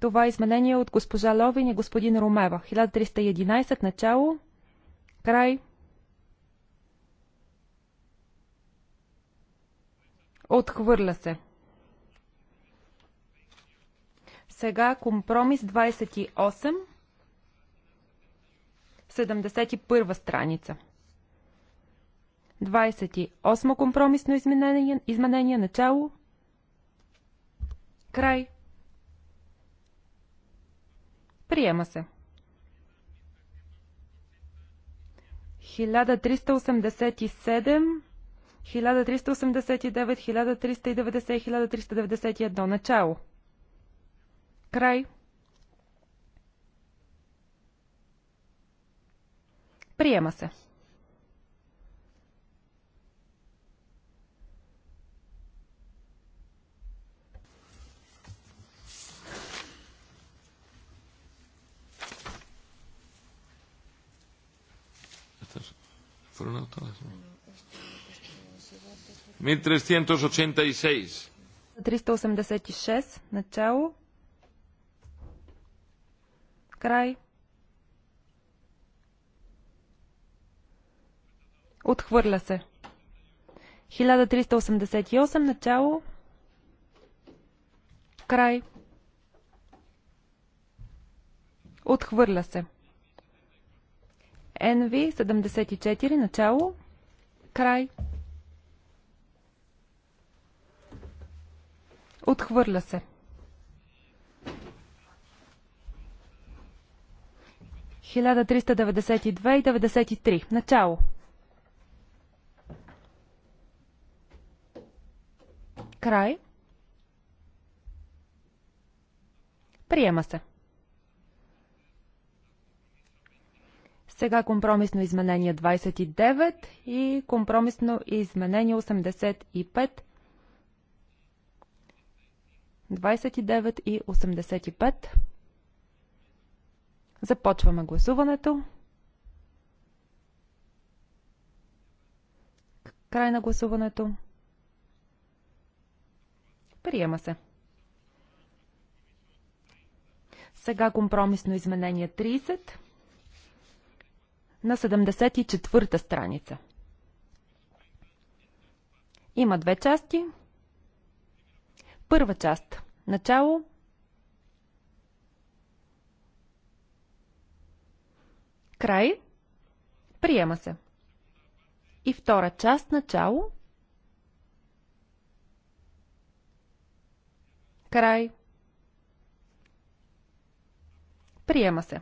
това е изменение от госпожа Ловин и господин Ромева. 1311 начало, край 1311. Отхвърля се. Сега компромис 28, 71 страница. 28 компромисно изменение, изменение начало, край. Приема се. 1387 1389, 1390, 1391. Начало. Край. Приема се. Fueron adoptadas. ¿no? 1386. 386. Начало. Край. Отхвърля се. 1388. Начало. Край. Отхвърля се. NV 74. Начало. Край. Отхвърля се. 1392 и 93. Начало. Край. Приема се. Сега компромисно изменение 29 и компромисно изменение 85 29 и 85. Започваме гласуването. Край на гласуването. Приема се. Сега компромисно изменение 30 на 74-та страница. Има две части. Първа част. Начало. Край. Приема се. И втора част. Начало. Край. Приема се.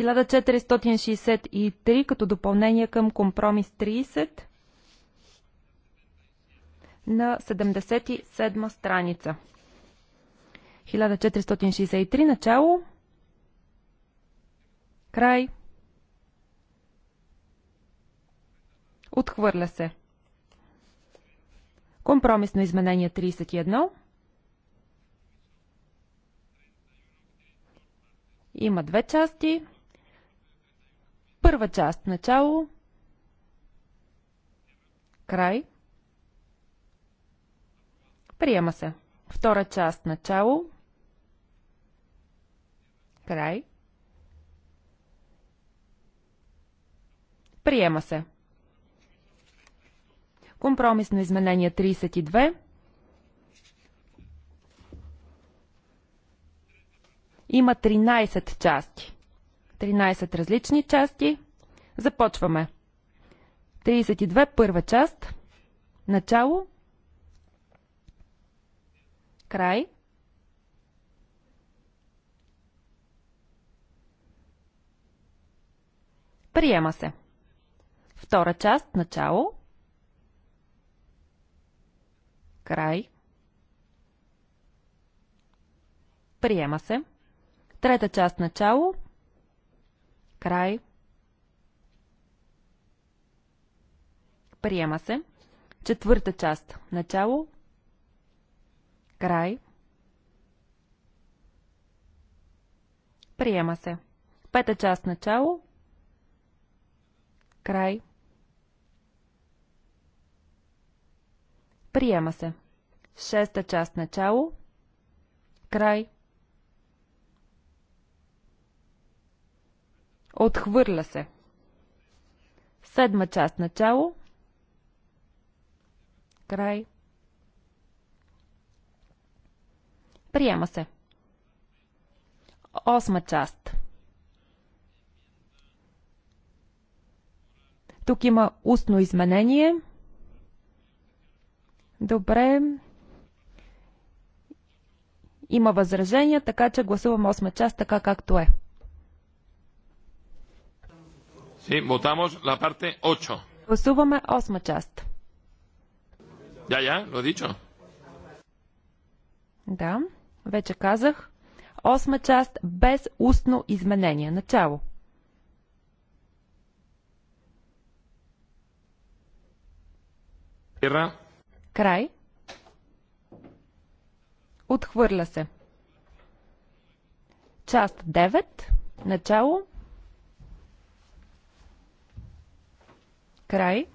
1463 като допълнение към компромис 30 на 77 страница. 1463 начало. Край. Отхвърля се. Компромисно изменение 31. Има две части. Първа част. Начало. Край. Приема се. Втора част. Начало. Край. Приема се. Компромисно изменение 32. Има 13 части. 13 различни части. Започваме. 32 първа част. Начало. Край. Приема се. Втора част. Начало. Край. Приема се. Трета част. Начало. Край. Приема се. Четвърта част. Начало. Край. Приема се. Пета част. Начало. Край. Приема се. Шеста част. Начало. Край. Отхвърля се. Седма част начало. Край. Приема се. Осма част. Тук има устно изменение. Добре. Има възражения, така че гласувам осма част така както е. Sí, votamos la parte 8. Гласуваме осма част. Да, я, го е дичо. Да, вече казах. Осма част без устно изменение. Начало. Ира. Край. Отхвърля се. Част 9. Начало. Край.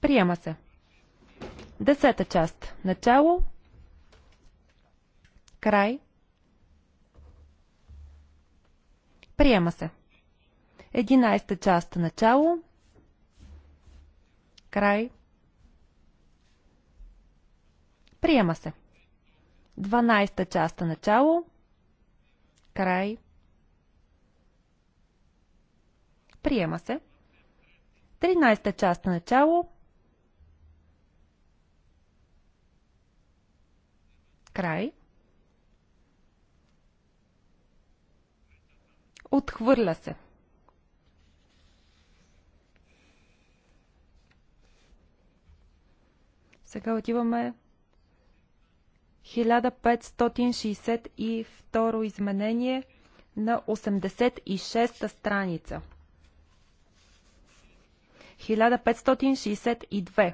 Приема се. Десета част. Начало. Край. Приема се. Единайста част. Начало. Край. Приема се. 12 част начало, край, Приема се. 13-та част на начало. Край. Отхвърля се. Сега отиваме 1562 изменение на 86-та страница. 1562.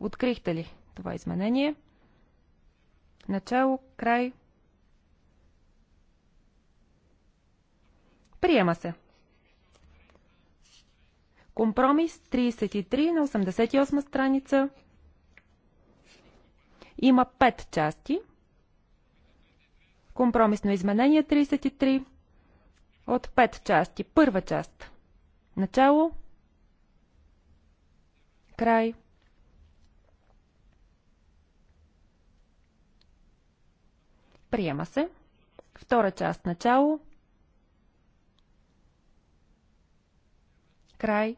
Открихте ли това изменение? Начало, край. Приема се. Компромис 33 на 88 страница. Има 5 части. Компромисно изменение 33 от 5 части. Първа част. Начало. Край. Приема се. Втора част начало. Край.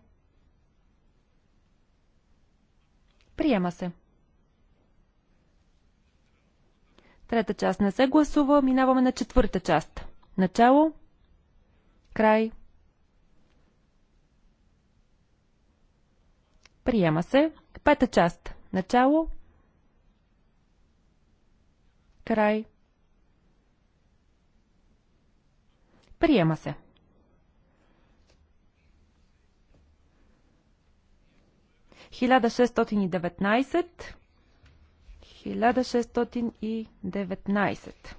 Приема се. Трета част не се гласува. Минаваме на четвърта част. Начало. Край. Приема се. Пета част. Начало. Край. Приема се. Хиляда шестотин и деветнайсет. 1619.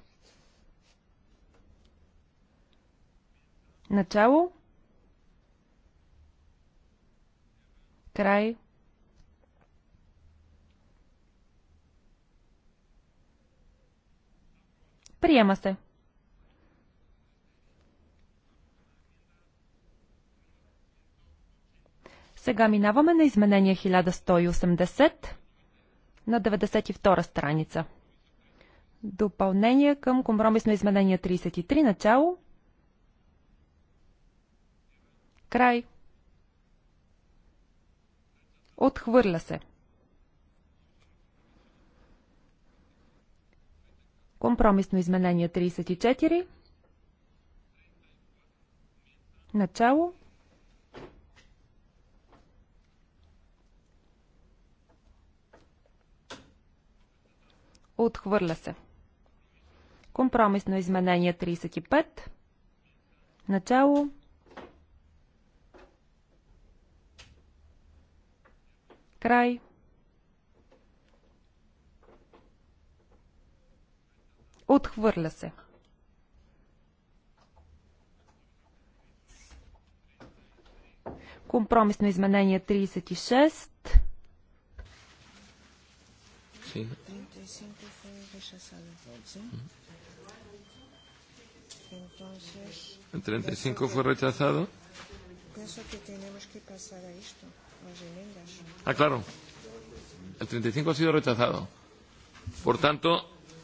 Начало. Край. Приема се. Сега минаваме на изменение 1180 на 92 страница. Допълнение към компромисно изменение 33 начало. Край. Отхвърля се. Компромисно изменение 34. Начало. Отхвърля се. Компромисно изменение 35. Начало. Край. Отхвърля се. Компромисно изменение 36. Sí. El 35 fue rechazado. Pienso que tenemos que pasar a esto. Ah, claro. El 35 ha sido rechazado. Por tanto,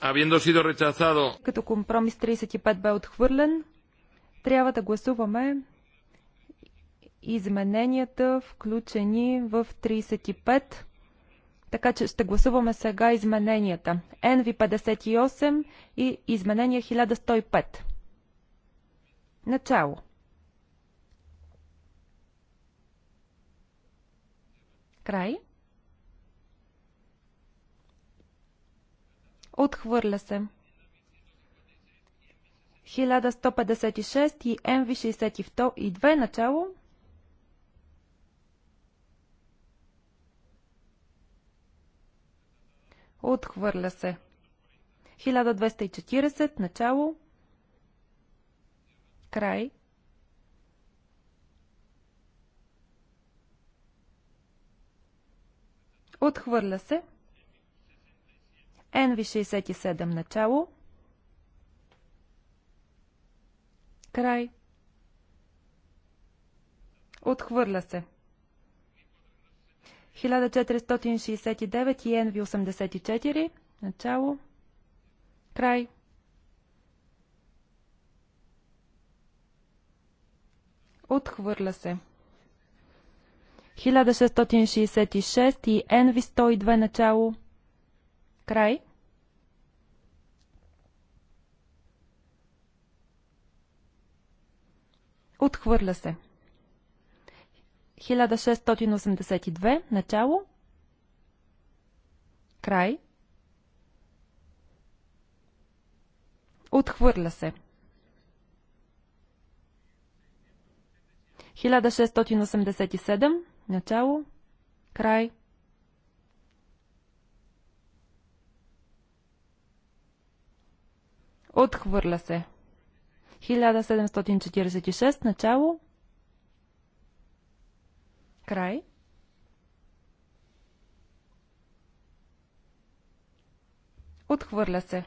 habiendo sido rechazado... Като компромис 35 бе отхвърлен, трябва да гласуваме измененията, включени в 35. Така че ще гласуваме сега измененията. NV58 и изменение 1105. Начало. Край. Отхвърля се. 1156 и MV62 и 2 начало. Отхвърля се. 1240 начало. Край. Отхвърля се. NV67 начало. Край. Отхвърля се. 1469 и NV84 начало. Край. Отхвърля се. 1666 и Envy 102 начало. Край. Отхвърля се. 1682 начало. Край. Отхвърля се. 1687 Начало. Край. Отхвърля се. 1746. Начало. Край. Отхвърля се.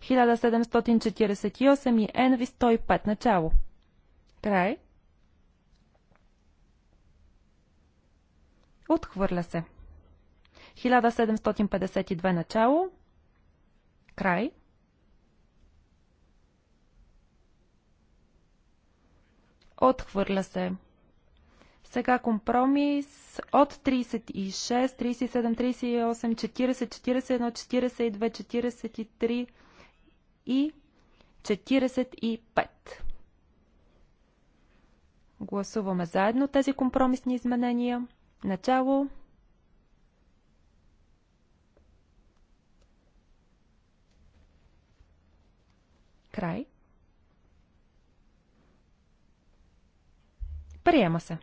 1748 и Енви 105. Начало. Край. 1749. Отхвърля се. 1752 начало. Край. Отхвърля се. Сега компромис от 36, 37, 38, 40, 41, 42, 43 и 45. Гласуваме заедно тези компромисни изменения. Начало. Край. Приема се.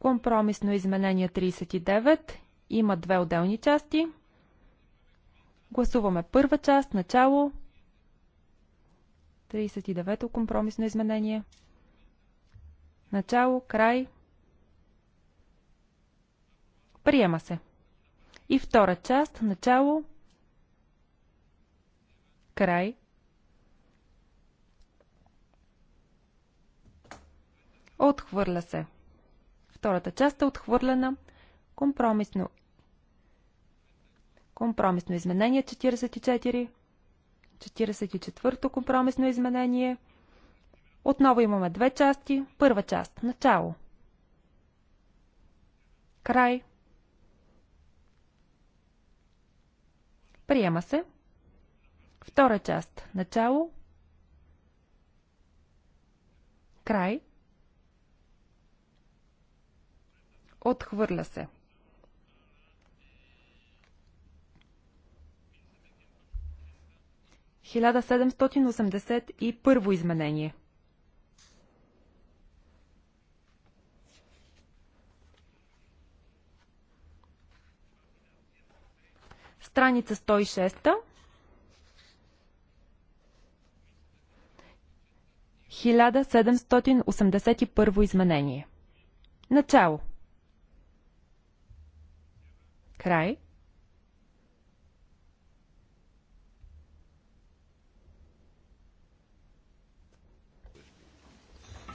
Компромисно изменение 39 има две отделни части. Гласуваме първа част, начало. 39-то компромисно изменение. Начало, край. Приема се. И втора част, начало, край. Отхвърля се. Втората част е отхвърлена. Компромисно. Компромисно изменение 44. 44-то компромисно изменение. Отново имаме две части. Първа част. Начало. Край. Приема се. Втора част. Начало. Край. Отхвърля се. Хиляда седемстотин изменение. страница 106. 1781 изменение. Начало. Край.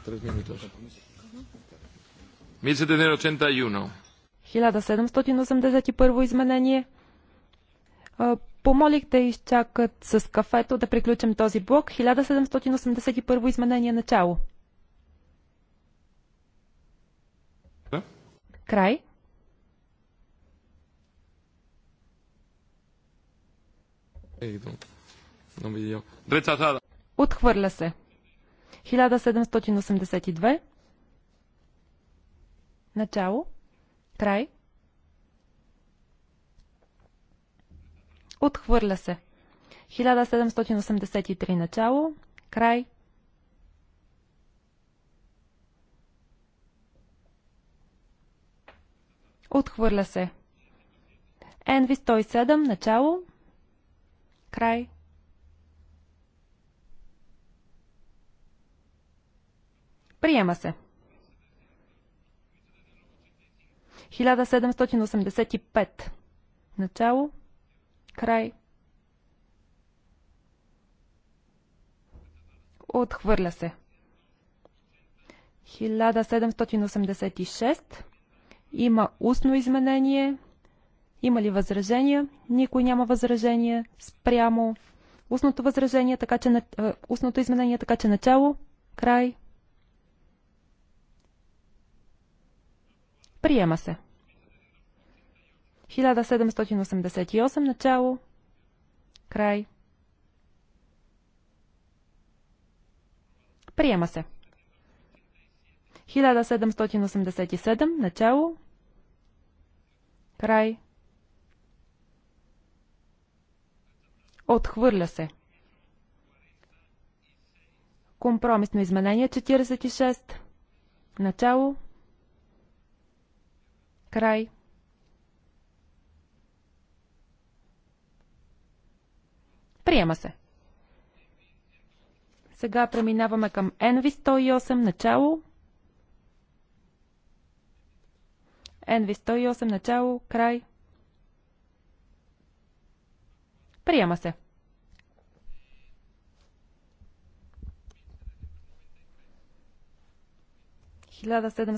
Tres minutos. 1781. 1781 изменение помолих да изчакат с кафето да приключим този блок. 1781 изменение начало. Да? Край. Отхвърля се. 1782. Начало. Край. 1783. Отхвърля се. 1783 начало, край. Отхвърля се. NV 107 начало, край. Приема се. 1785 начало, Край. Отхвърля се. 1786. Има устно изменение. Има ли възражения? Никой няма възражение спрямо устното възражение, така че на, е, устното изменение, така че начало, край. Приема се. 1788 начало, край. Приема се. 1787 начало, край. Отхвърля се. Компромисно изменение 46. Начало. Край. Приема се. Сега преминаваме към NV 108 начало. NV 108 начало, край. Приема се. Хиляда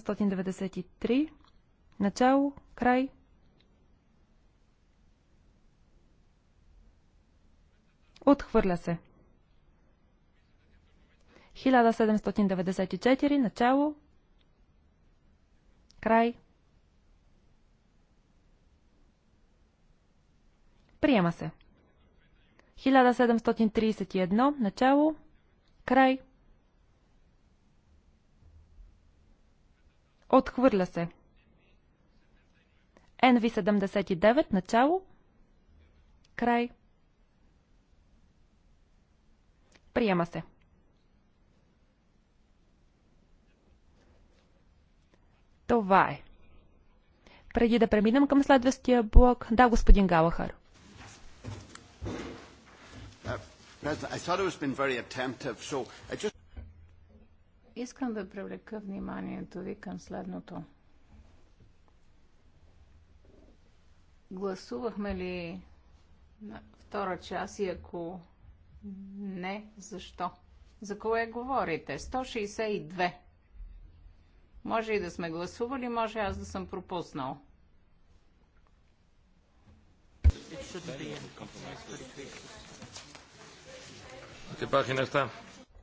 начало, край. Отхвърля се. 1794 начало. Край. Приема се. 1731 начало. Край. Отхвърля се. NV79 начало. Край. 1732 Приема се. Това е. Преди да преминем към следващия блок, да, господин Галахар. Uh, Искам да привлека вниманието ви към следното. Гласувахме ли на втора част и ако не, защо? За кое говорите? 162. Може и да сме гласували, може аз да съм пропуснал.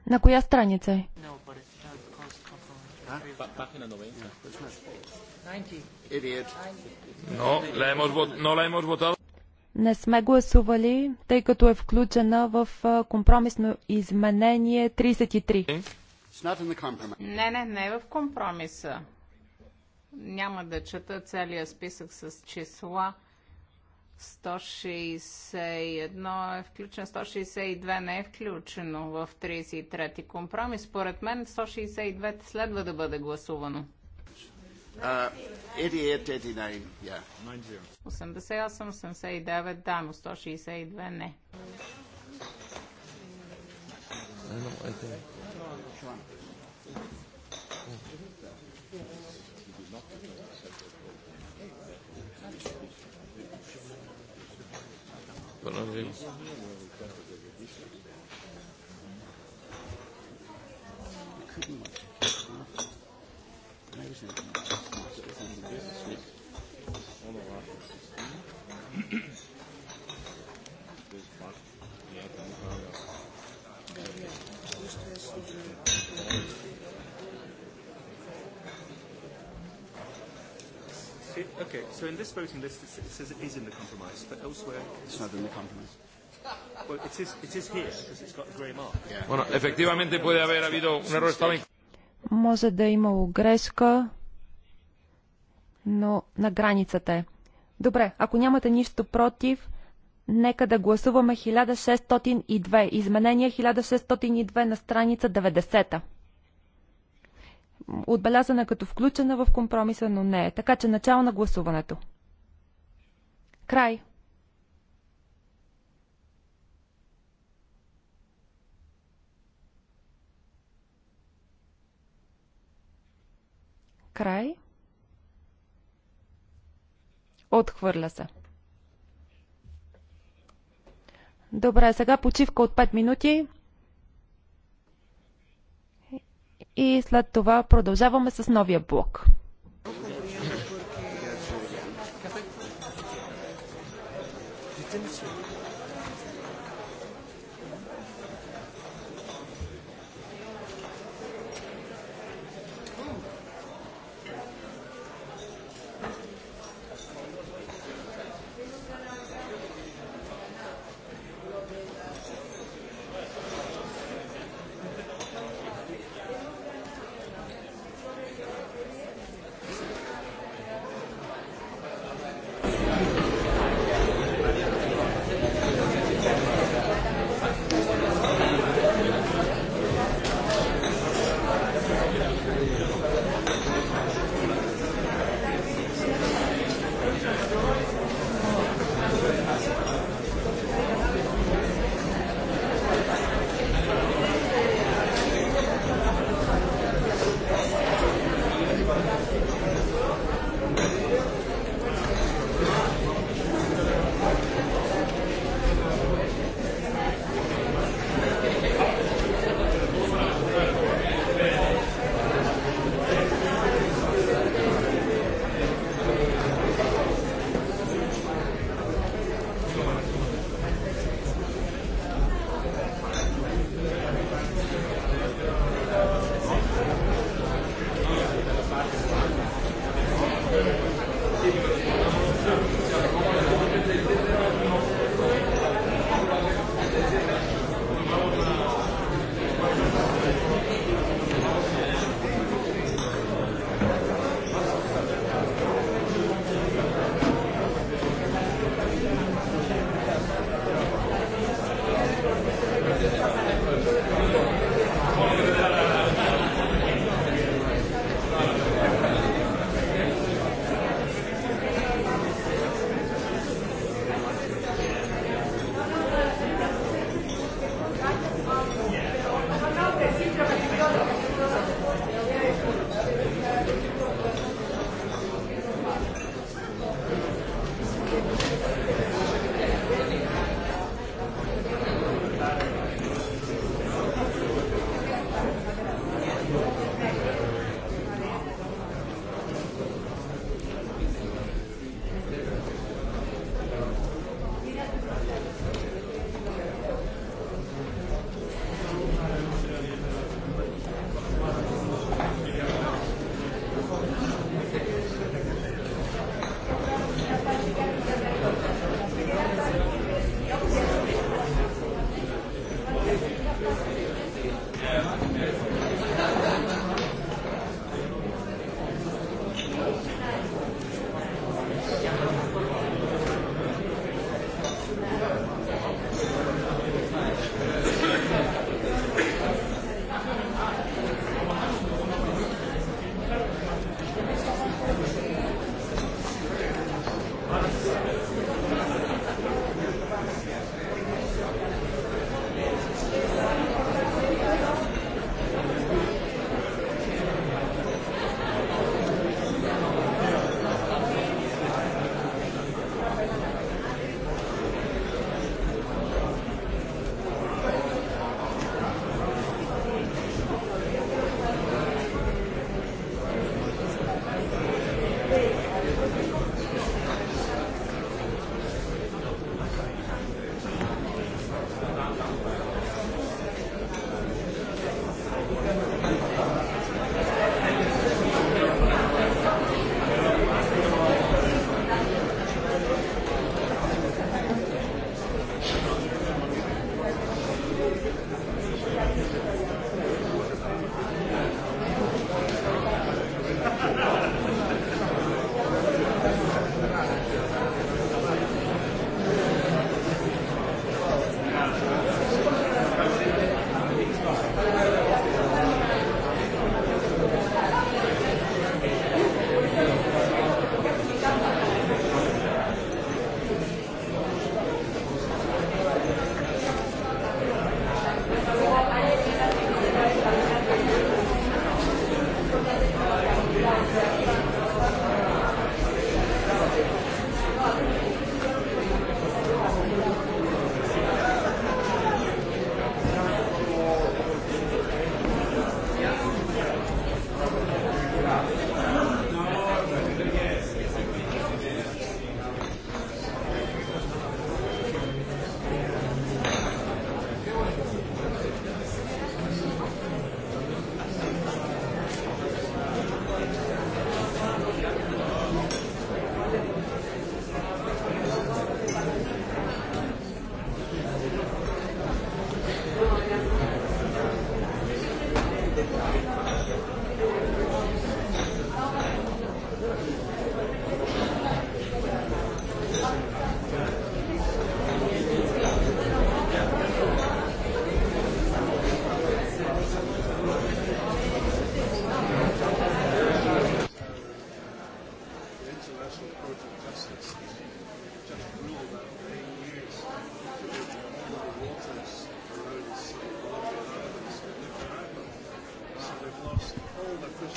На коя страница е? No, uh, la hemos, no la hemos не сме гласували, тъй като е включена в компромисно изменение 33. Не, не, не е в компромиса. Няма да чета целия списък с числа. 161 е включен, 162 не е включено в 33-ти компромис. Според мен 162 следва да бъде гласувано. Uh, 88, 89, yeah. 88, 89, да, но 162 не. Couldn't. I was in. So in this voting list, it says it is in the compromise, but elsewhere... It's not in the compromise. Well, it is, it is here, because it's got the grey mark. Yeah. Bueno, efectivamente puede haber habido un error. Estaba... Може да е имало грешка, но на границата е. Добре, ако нямате нищо против, нека да гласуваме 1602, изменение 1602 на страница 90 отбелязана като включена в компромиса, но не е. Така че начало на гласуването. Край. Край. Отхвърля се. Добре, сега почивка от 5 минути. и след това продължаваме с новия блок.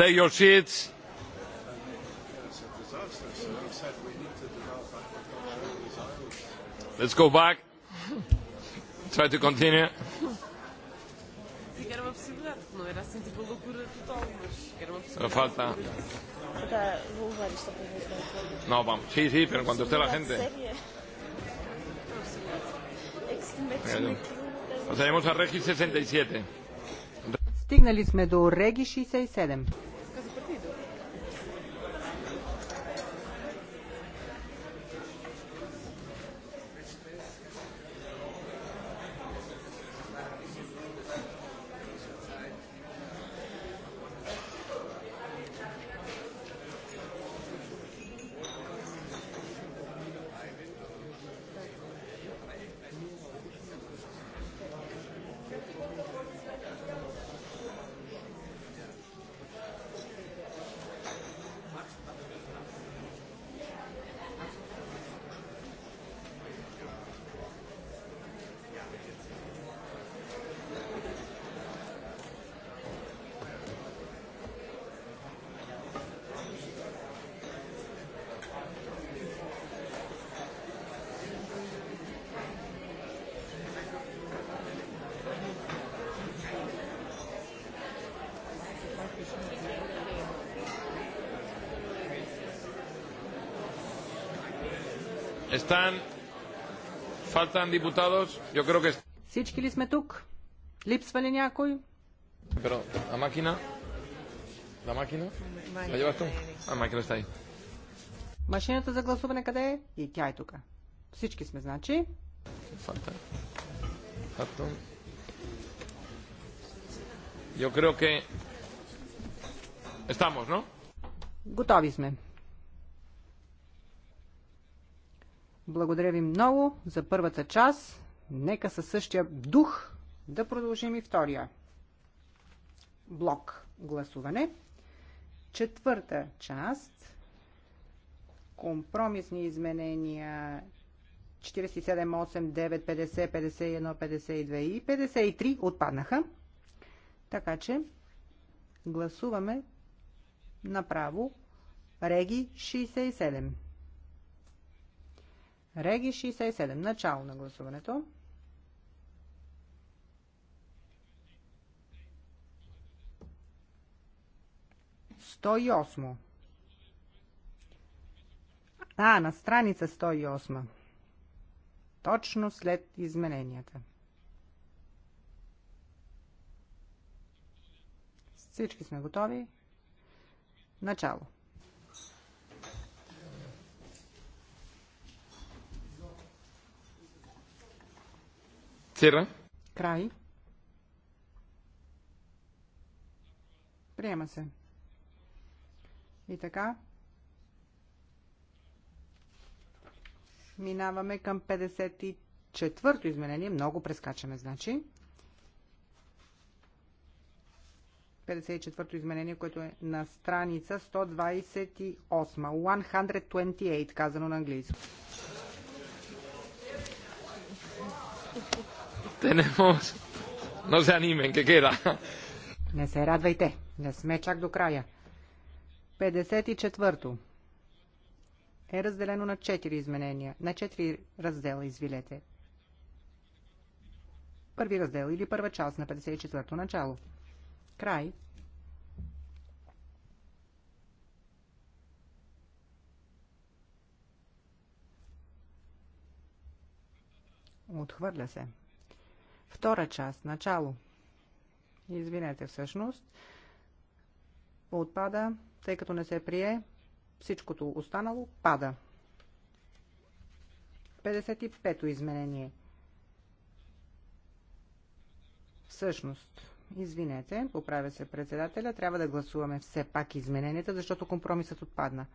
Take your seats. Let's go back. Try to continue. Era Falta. Vou vamos. Sim, sim, pero quando esté la gente. Pasaremos a Regi 67. Стигнали сме до 67. están? ¿Faltan diputados? Yo creo que... Всички ли сме тук? Липсва ли някой? Pero, la máquina... La máquina? La llevas tú? La máquina está ahí. Машината за гласуване къде е? И тя е тук. Всички сме, значи. Falta. Falta. Yo creo que... Estamos, ¿no? Готови сме. Благодаря ви много за първата част. Нека със същия дух да продължим и втория блок гласуване. Четвърта част компромисни изменения 47, 8, 9, 50, 51, 52 и 53 отпаднаха. Така че гласуваме направо Реги 67. Реги 67. Начало на гласуването. Сто и осмо. А, на страница 108. Точно след измененията. Всички сме готови. Начало. Цира. Край. Приема се. И така. Минаваме към 54-то изменение. Много прескачаме, значи. 54-то изменение, което е на страница 128. 128, казано на английски. Tenemos... No se animen, que queda. Не се радвайте. Не сме чак до края. 54-то е разделено на 4 изменения. На 4 раздела, извилете. Първи раздел или първа част на 54-то начало. Край. Отхвърля се. Втора част, начало. Извинете, всъщност. Отпада, тъй като не се прие, всичкото останало пада. 55-то изменение. Всъщност, извинете, поправя се председателя, трябва да гласуваме все пак измененията, защото компромисът отпадна. 55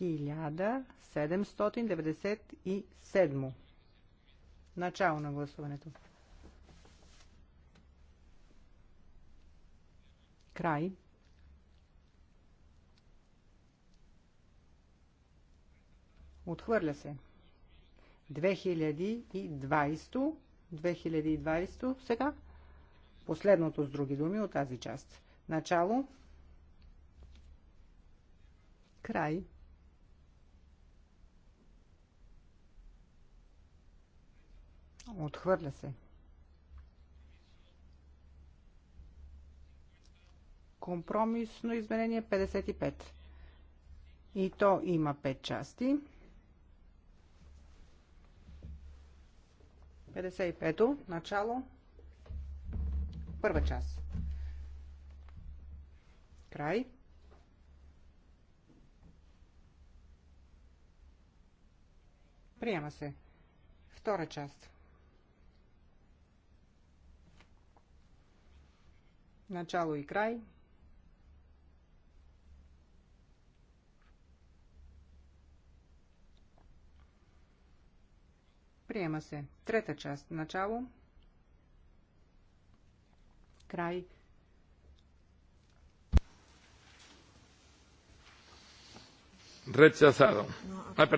1797. Начало на гласуването. Край. Отхвърля се. 2020. 2020 сега. Последното с други думи от тази част. Начало. Край. Отхвърля се. Компромисно изменение 55. И то има 5 части. 55-то, начало, първа част. Край. Приема се. Втора част. начало и край. Приема се трета част, начало, край.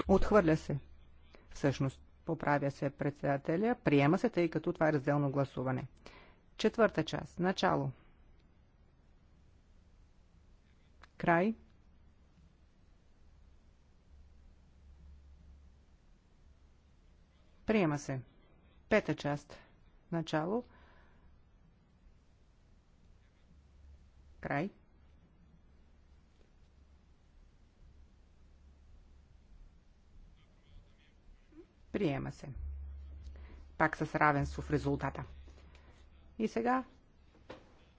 Отхвърля се. Всъщност, поправя се председателя, приема се, тъй като това е разделно гласуване. Четвърта част, начало. Край. Приема се. Пета част. Начало. Край. Приема се. Пак с равенство в резултата. И сега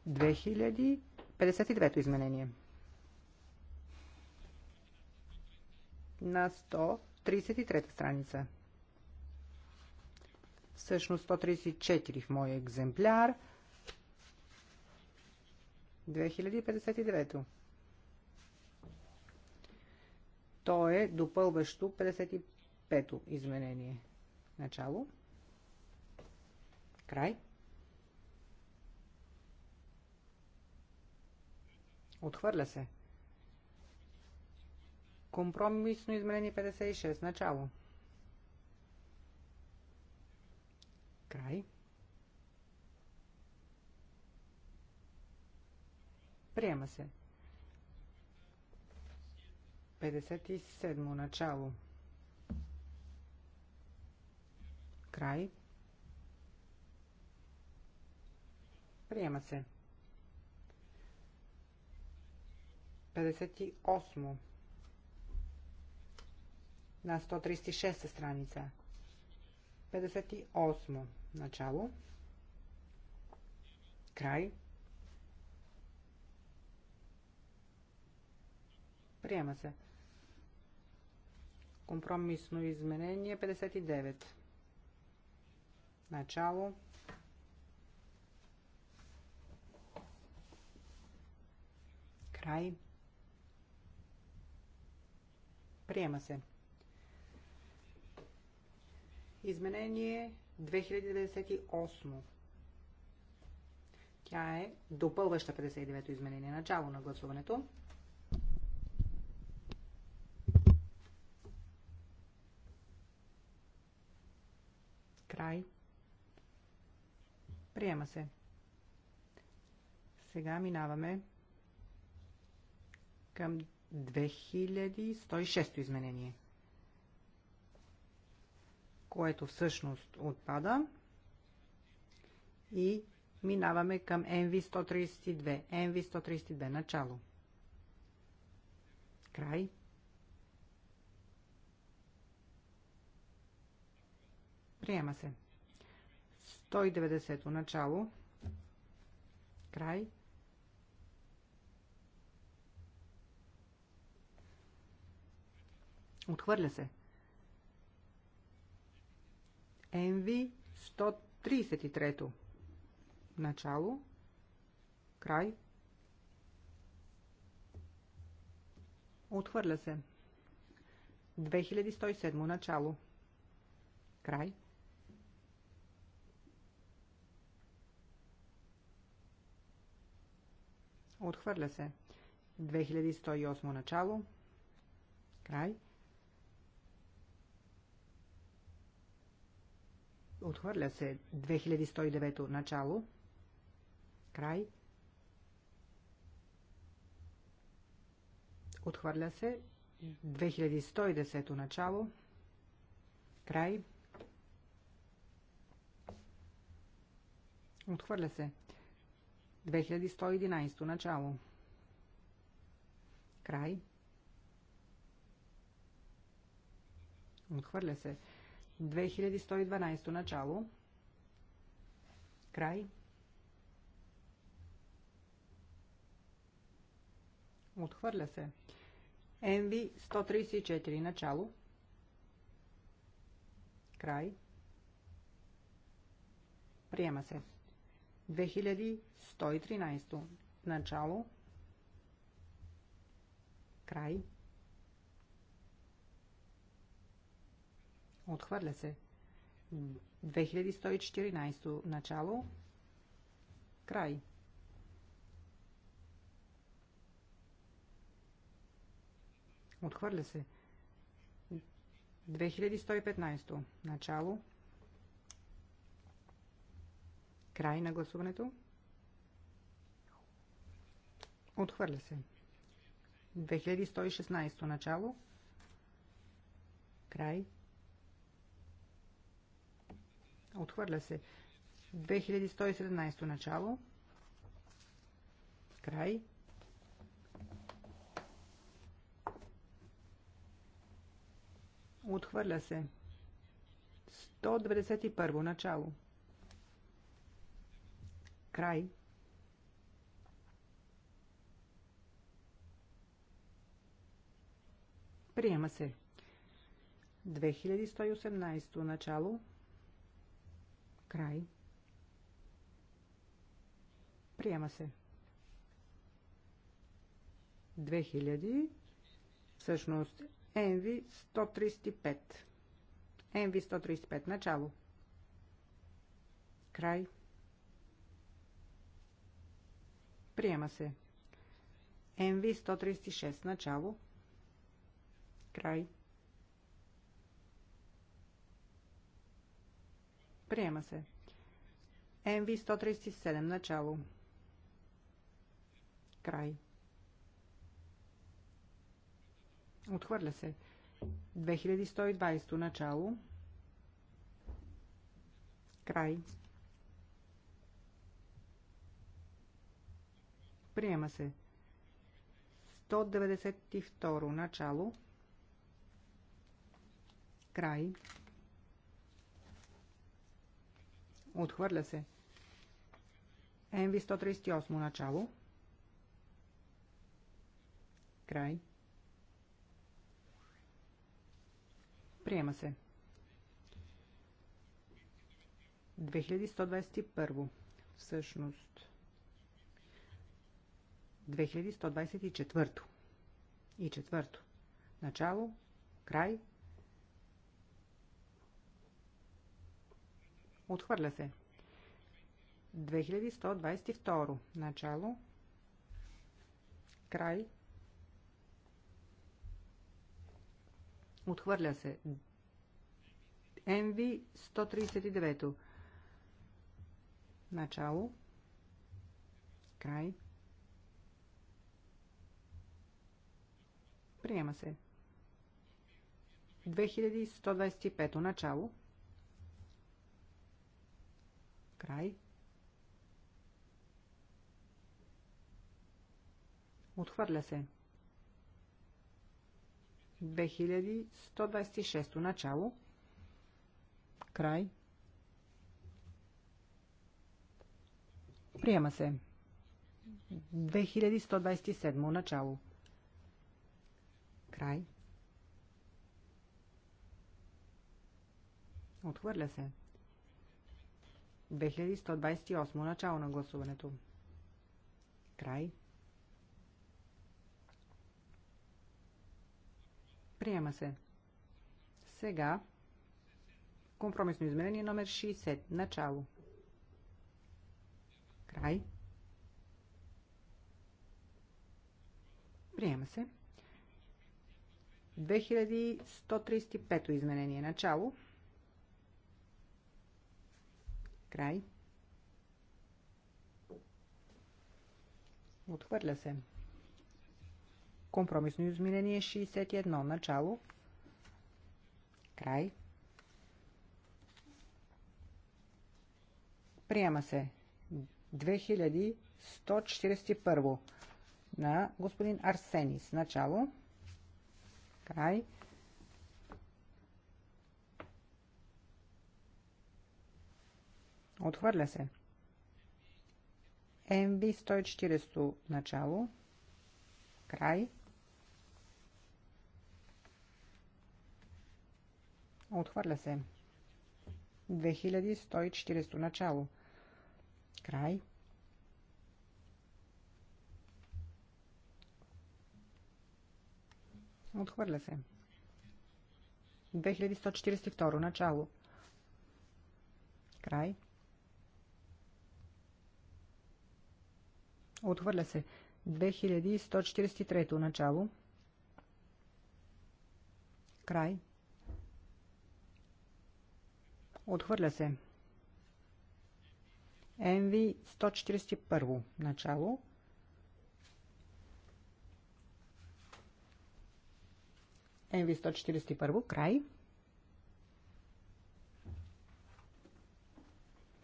2052 изменение. на 133 страница. Всъщност 134 в моя екземпляр. 2059. То е допълващо 55-то изменение. Начало. Край. Отхвърля се. Компромисно измерение 56. Начало. Край. Приема се. 57. Начало. Край. Приема се. 58 на 136 страница. 58. Начало. Край. Приема се. Компромисно изменение 59. Начало. Край. Приема се. Изменение 2098. Тя е допълваща 59-то изменение. Начало на гласуването. Край. Приема се. Сега минаваме към 2106 изменение. 2106 което всъщност отпада. И минаваме към MV132. MV132 начало. Край. Приема се. 190 начало. Край. Отхвърля се. Енви 133. Начало. Край. Отхвърля се. 2107. Начало. Край. Отхвърля се. 2108. Начало. Край. 2109. Отхвърля се 2109 начало. Край. Отхвърля се 2110 начало. Край. Отхвърля се 2111 начало. Край. Отхвърля се 2111 2112 начало. Край. Отхвърля се. MV 134 начало. Край. Приема се. 2113 начало. Край. Отхвърля се. 2114 начало. Край. Отхвърля се. 2115 начало. Край на гласуването. Отхвърля се. 2116 начало. Край. Отхвърля се. 2117 начало. Край. Отхвърля се. 191 начало. Край. Приема се. 2118 начало. Край. Приема се. 2000, всъщност NV 135. NV 135, начало. Край. Приема се. NV 136, начало. Край. Приема се. МВ 137. Начало. Край. Отхвърля се. 2120. Начало. Край. Приема се. 192. Начало. Край. Отхвърля се. МВ 138 начало. Край. Приема се. 2121. Всъщност. 2124. И четвърто. Начало, край, Отхвърля се. 2122. Начало. Край. Отхвърля се. МВ 139. Начало. Край. Приема се. 2125. Начало. Край. Отхвърля се. 2126 начало. Край. Приема се. 2127 начало. Край. Отхвърля се. 2128 2128. Начало на гласуването. Край. Приема се. Сега компромисно измерение номер 60. Начало. Край. Приема се. 2135 изменение. Начало. Край. Отхвърля се. Компромисно изменение 61. Начало. Край. Приема се 2141 на господин Арсенис. Начало. Край. Отхвърля се. МВ 140 начало. Край. Отхвърля се. 2140 начало. Край. Отхвърля се. 2142 начало. Край. Отхвърля се. 2143 начало. Край. Отхвърля се. МВ 141 начало. МВ 141 край.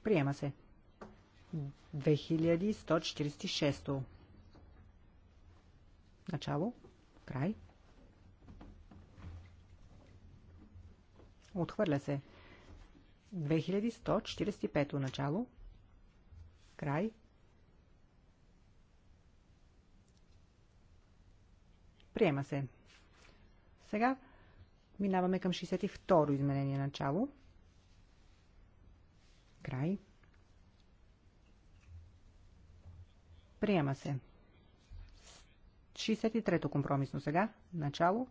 Приема се. 2146. Начало. Край. Отхвърля се. 2145 начало. Край. Приема се. Сега минаваме към 62 изменение начало. Край. Приема се. 63-то компромисно сега. Начало.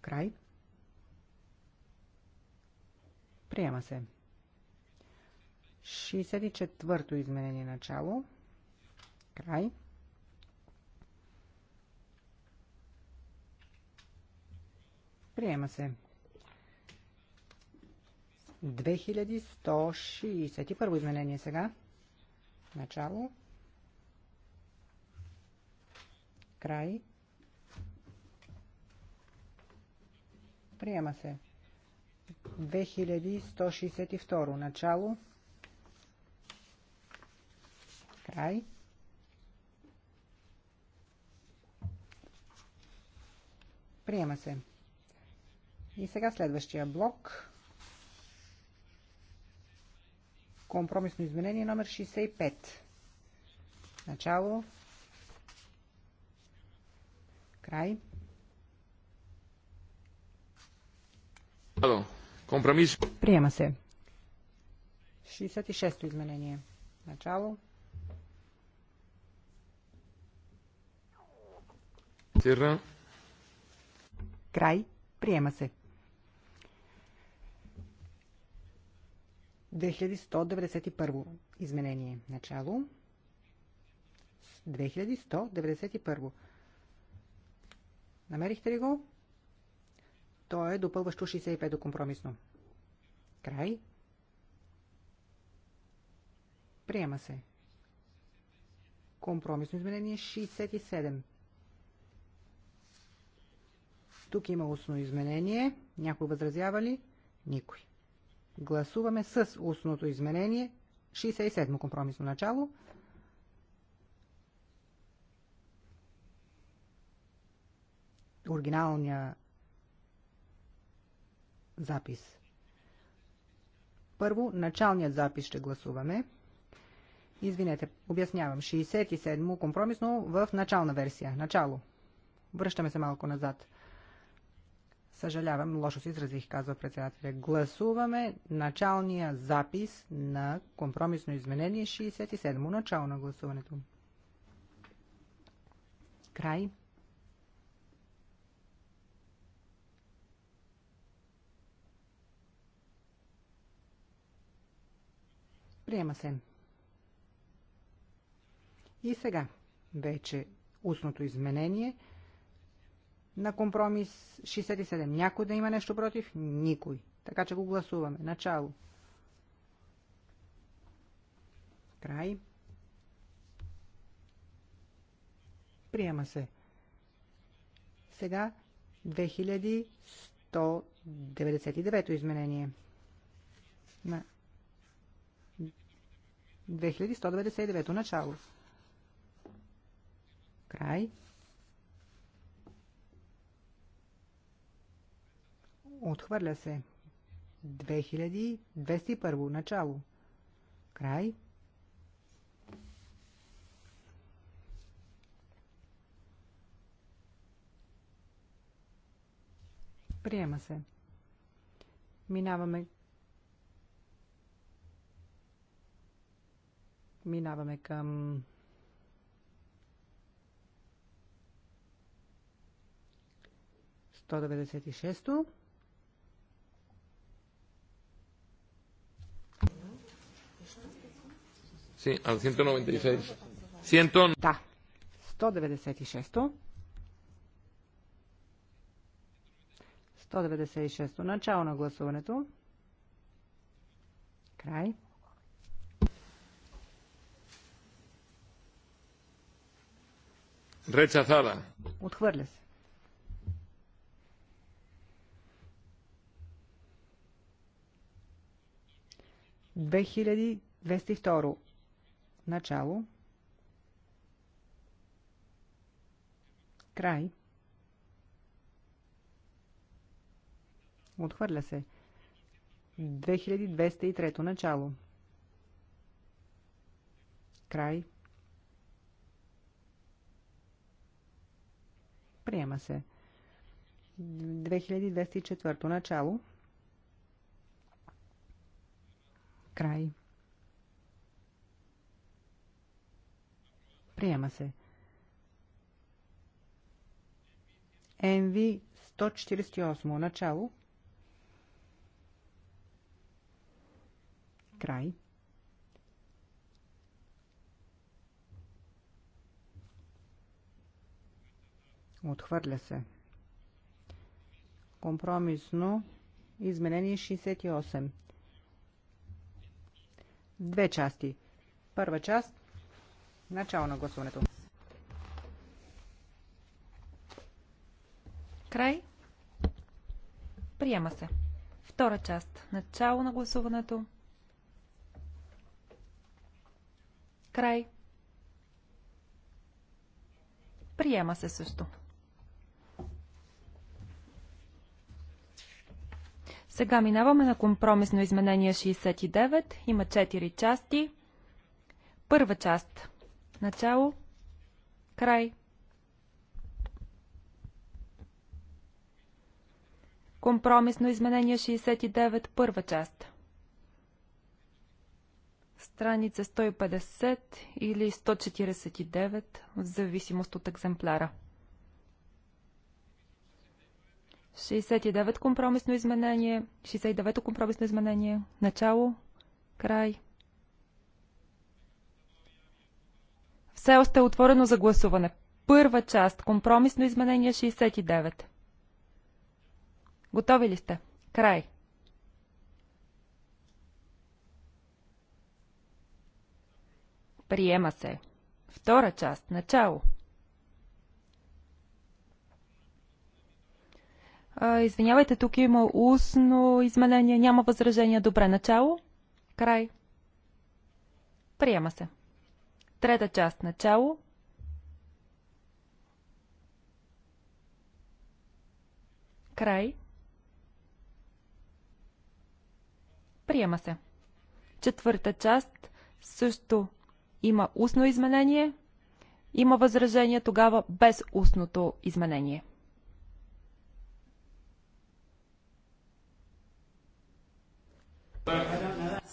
Край. Приема се. 64-то изменение начало. Край. Приема се. 2161 изменение сега. Начало. Край. Приема се. 2162 начало. Край. Приема се. И сега следващия блок. Компромисно изменение номер 65. Начало. Край. Компромис. Приема се. 66-то изменение. Начало. Край. Приема се. 2191 изменение. Начало. 2191. Намерихте ли го? То е допълващо 65 до компромисно. Край. Приема се. Компромисно изменение 67. Тук има устно изменение. Някой възразява ли? Никой. Гласуваме с устното изменение. 67 компромисно начало. Оригиналния запис. Първо, началният запис ще гласуваме. Извинете, обяснявам. 67 компромисно в начална версия. Начало. Връщаме се малко назад. Съжалявам, лошо си изразих, казва председателя. Гласуваме началния запис на компромисно изменение 67. Начало на гласуването. Край. Приема се. И сега вече устното изменение – на компромис 67. Някой да има нещо против? Никой. Така че го гласуваме. Начало. Край. Приема се. Сега 2199 изменение. На 2199 начало. Край. Отхвърля се. 2201 начало. Край. Приема се. Минаваме Минаваме към сто 196-то. Sí, al 196. 100... Да. 196 196 Начало на гласуването. Край. Речазада. Отхвърля се. Две Начало. Край. Отхвърля се. 2203 начало. Край. Приема се. 2204 начало. Край. Приема се. NV 148. Начало. Край. Отхвърля се. Компромисно изменение 68. Две части. Първа част Начало на гласуването. Край. Приема се. Втора част. Начало на гласуването. Край. Приема се също. Сега минаваме на компромисно изменение 69. Има 4 части. Първа част. Начало. Край. Компромисно изменение 69, първа част. Страница 150 или 149, в зависимост от екземпляра. 69 компромисно изменение, 69-то компромисно изменение, начало, край. Все още е отворено за гласуване. Първа част. Компромисно изменение 69. Готови ли сте? Край. Приема се. Втора част. Начало. А, извинявайте, тук има устно изменение, няма възражение. Добре, начало. Край. Приема се. Трета част начало. Край. Приема се. Четвърта част също има устно изменение. Има възражение тогава без устното изменение.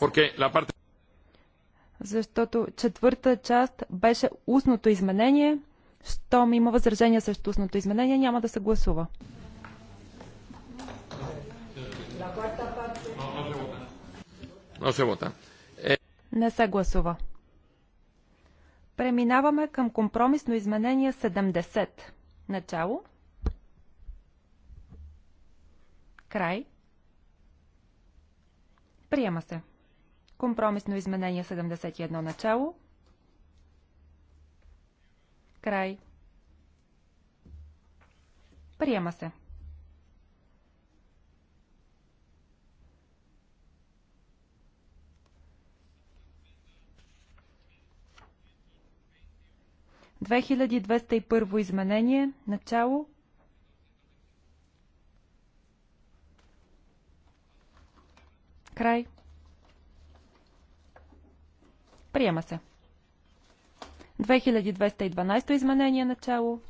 Porque la parte защото четвърта част беше устното изменение. Щом има възражение срещу устното изменение, няма да се гласува. Eh, Не се гласува. Преминаваме към компромисно изменение 70. Начало. Край. Приема се. Компромисно изменение 71 начало. Край. Приема се. Две хиляди двеста и първо изменение. Начало. Край. Приема се. 2212 изменение начало.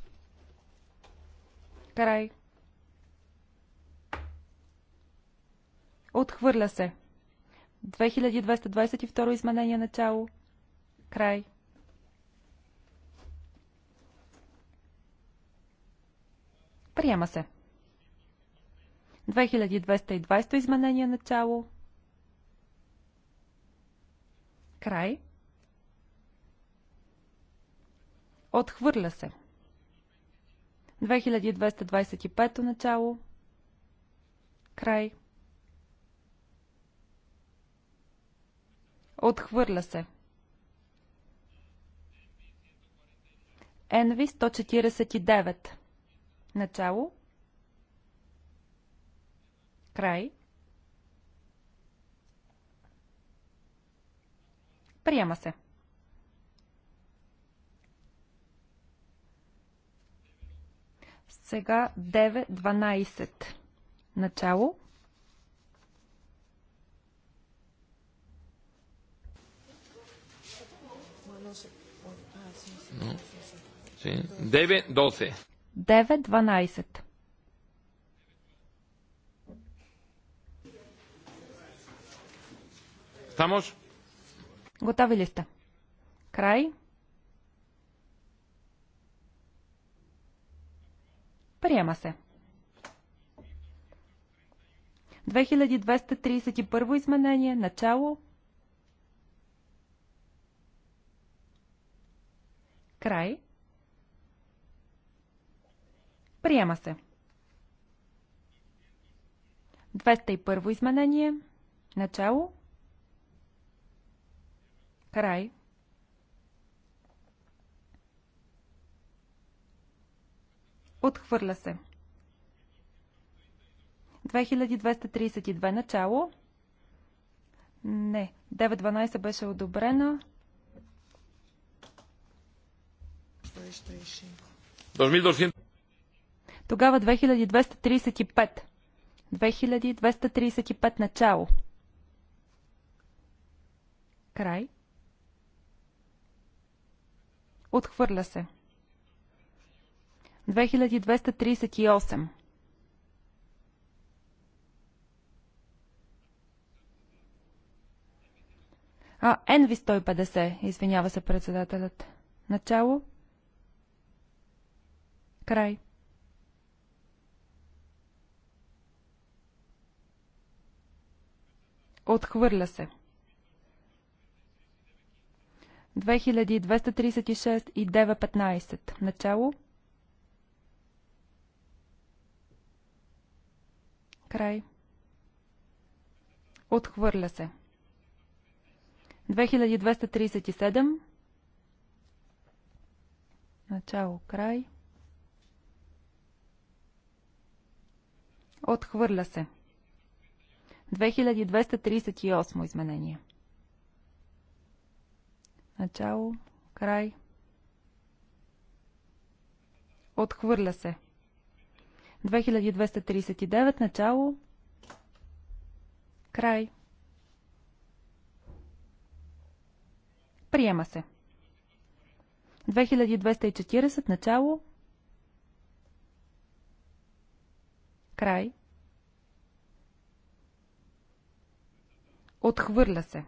Край. Отхвърля се. 2222 изменение начало. Край. Приема се. 2220 изменение начало. Край. Отхвърля се. 2225 начало. Край. Отхвърля се. Енви 149. Начало. Край. Приема се. Сега 9.12. Начало. досе. 9.12. дванайсет. ¿Estamos? Готови ли сте? Край. Приема се. 2231 изменение. Начало. Край. Приема се. 201 изменение. Начало. Край. Отхвърля се. 2232 начало. Не. 912 беше одобрена. Тогава 2235. 2235 начало. Край. Отхвърля се. 2236. 2238. А, Енви 150, извинява се председателят. Начало. Край. Отхвърля се. 2236 и 915. Начало. Край. Отхвърля се. 2237. Начало, край. Отхвърля се. 2238 изменение. Начало, край. Отхвърля се. 2239. 2239 начало. Край. Приема се. 2240 начало. Край. Отхвърля се.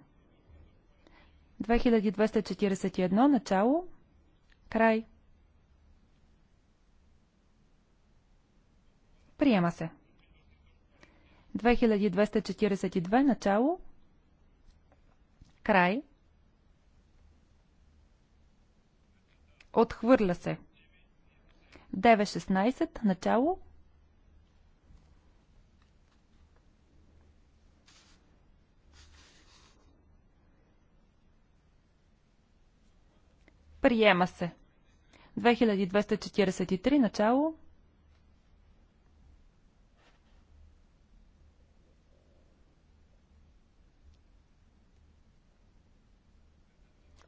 2241 начало. Край. Приема се. 2242 начало. Край. Отхвърля се. 9.16 начало. Приема се. 2243 начало.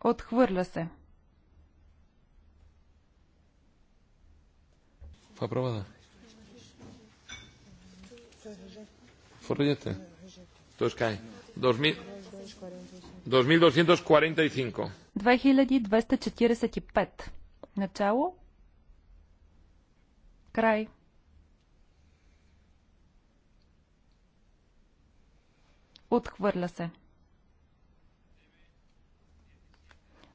Отхвърля се. dos mil Fue reyete. Entonces cae. 2245. 2245. Начало. Край. Отхвърля се.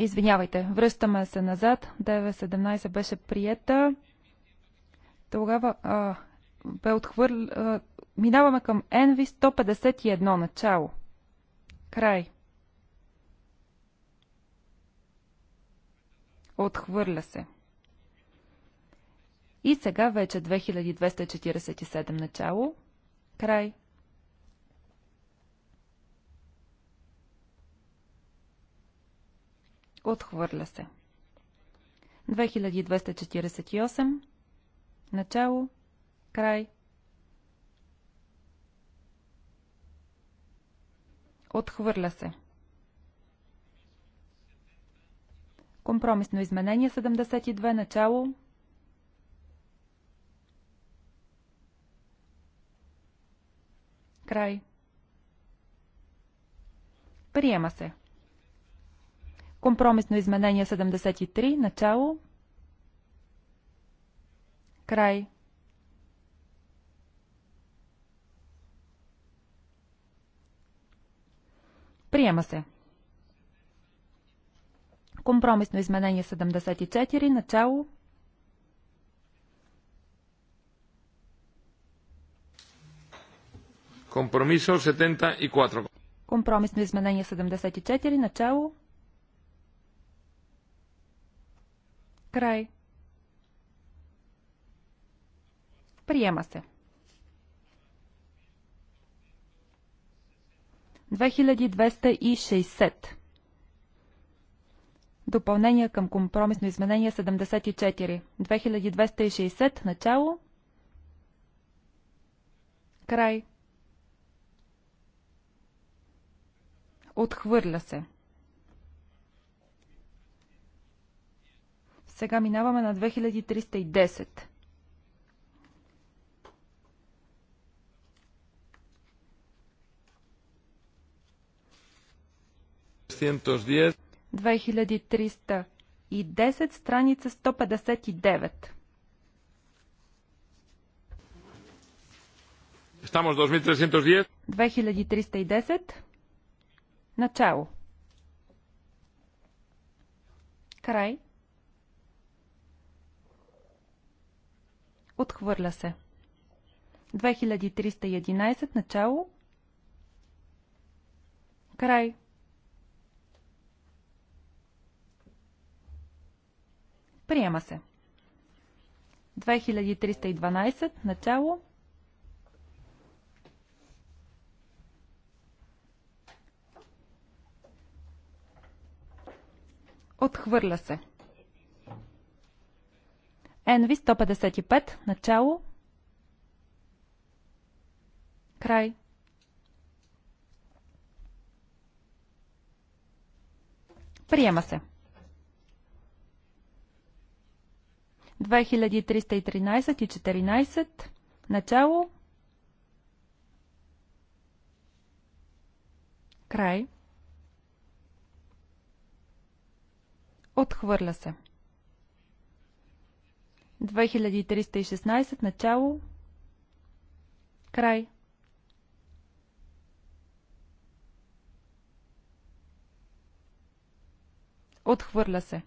Извинявайте, връщаме се назад. 9.17 беше приета. Тогава а, бе отхвърл... А, минаваме към NV 151 начало. Край. Отхвърля се. И сега вече 2247 начало. Край. Отхвърля се. 2248. Начало. Край. Отхвърля се. Компромисно изменение 72. Начало. Край. Приема се. Компромисно изменение 73. Начало. Край. Приема се. Компромисно изменение 74. Начало. Компромисо 74. Компромисно изменение 74. Начало. Край. Приема се. 2260. Допълнение към компромисно изменение 74. 2260. Начало. Край. Отхвърля се. 2261. Сега минаваме на 2310. 2310, страница 159. Estamos 2310. 2310. Начало. Край. Отхвърля се. 2311 начало. Край. Приема се. 2312 начало. Отхвърля се. NV 155. Начало. Край. Приема се. 2313 и 14. Начало. Край. Отхвърля се. 2313 2316 начало. Край. Отхвърля се.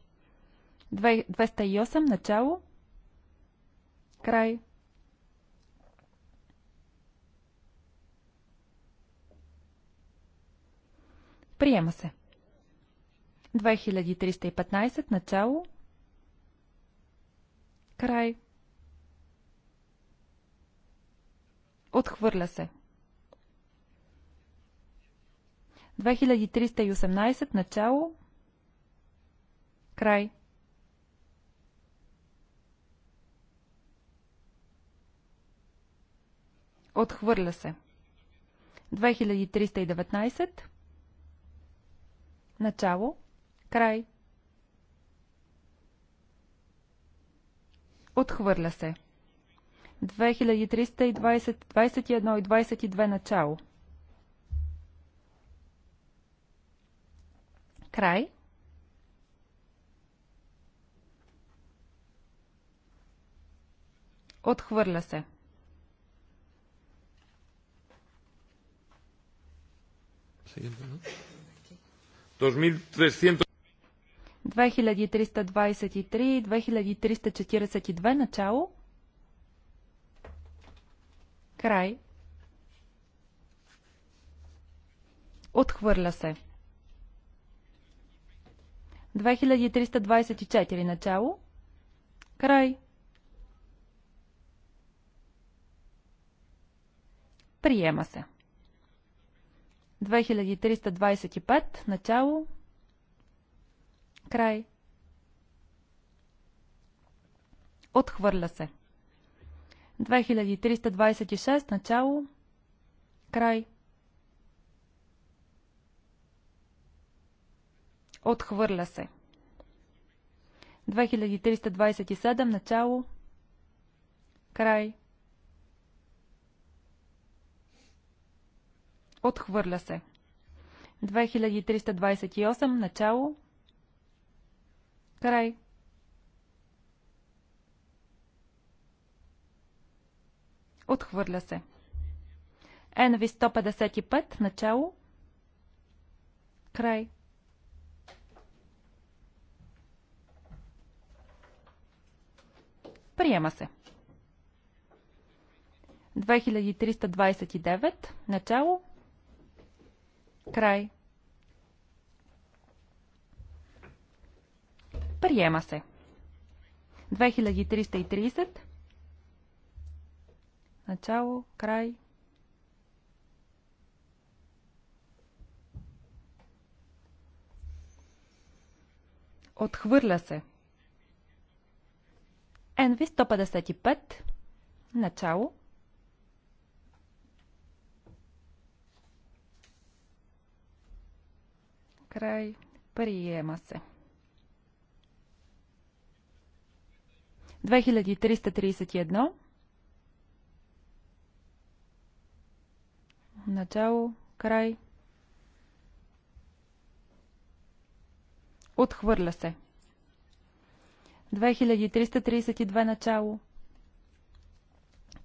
208 начало. Край. Приема се. 2315 начало. Край. Отхвърля се. 2318 начало. Край. Отхвърля се. 2319 начало. Край. 2320 Отхвърля се. 2320, 21 и 22 начало. Край. Отхвърля се. Dos mil trescientos. 2323, 2342 начало, край, отхвърля се. 2324 начало, край, приема се. 2325 начало, Край. Отхвърля се. 2326 начало. Край. Отхвърля се. 2327 начало. Край. Отхвърля се. 2328 начало. Край. Отхвърля се. NV 155. Начало. Край. Приема се. 2329. Начало. Край. Приема се. 2330. Начало, край. Отхвърля се. NV 155. Начало. Край. Приема се. 2330. 2331. Начало, край. Отхвърля се. 2332 начало.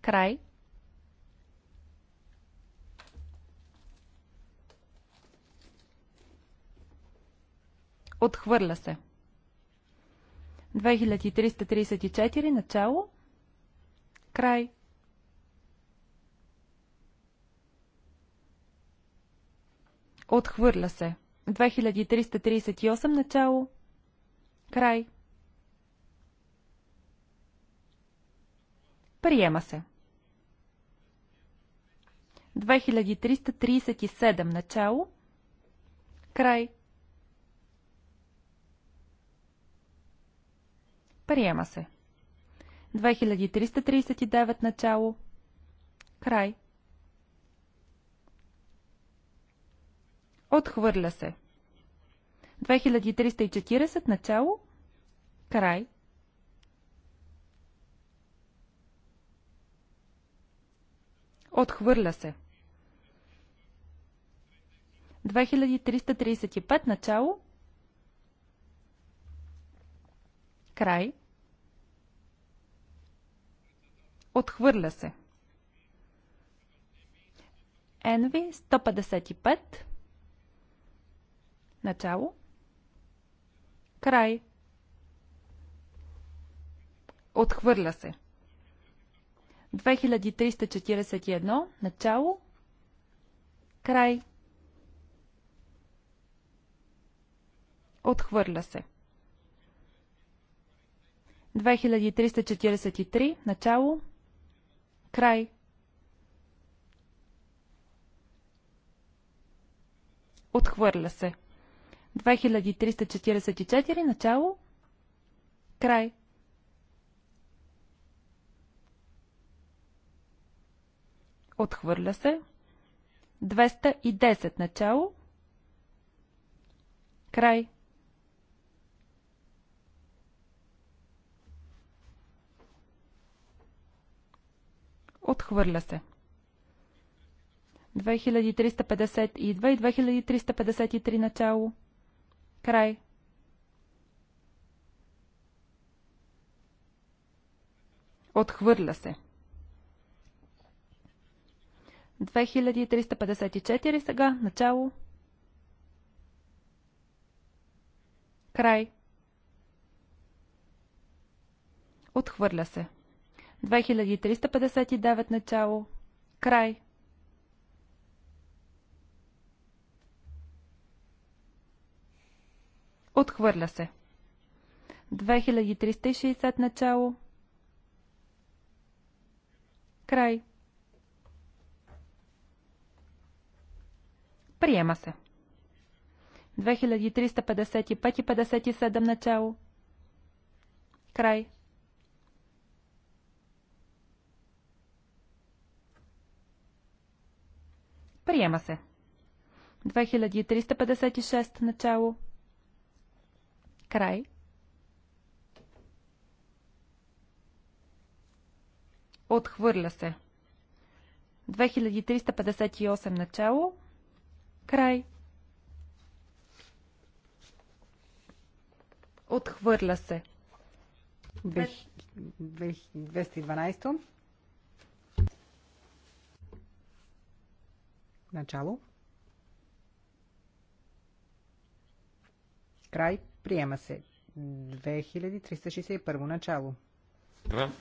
Край. Отхвърля се. 2333 2334 начало, край. Отхвърля се. 2338 начало, край. Приема се. 2337 начало, край. Приема се. 2339 начало. Край. Отхвърля се. 2340 начало. Край. Отхвърля се. 2335 начало. Край. Отхвърля се. Енви 155. Начало. Край. Отхвърля се. 2341. Начало. Край. Отхвърля се. 2343 начало, край. Отхвърля се. 2344 начало, край. Отхвърля се. 210 начало, край. Отхвърля се. 2352 и 2353 начало. Край. Отхвърля се. 2354 сега. Начало. Край. Отхвърля се. 2355 2359 начало, край. Отхвърля се. 2360 начало, край. Приема се. 2355 и 57 начало. Край. Приема се. 2356 начало. Край. Отхвърля се. 2358 начало. Край. Отхвърля се. 212. Начало. Край. Приема се. 2361. Начало. Два.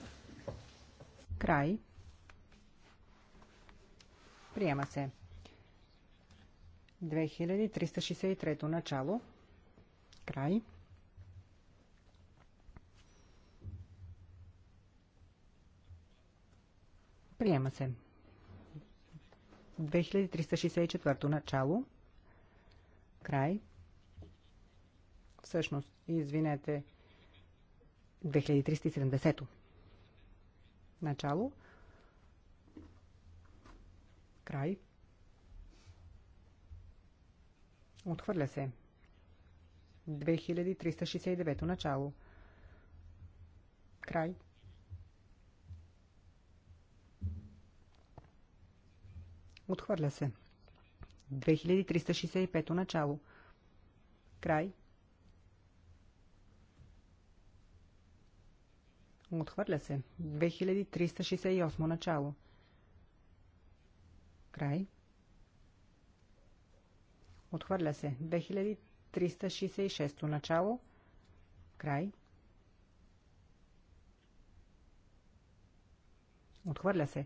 Край. Приема се. 2363. Начало. Край. Приема се. 2364 начало. Край. Всъщност, извинете, 2370 начало. Край. Отхвърля се. 2369 начало. Край. Отхвърля се. 2365 начало. Край. Отхвърля се. 2368 начало. Край. Отхвърля се. 2366 начало. Край. Отхвърля се. 2368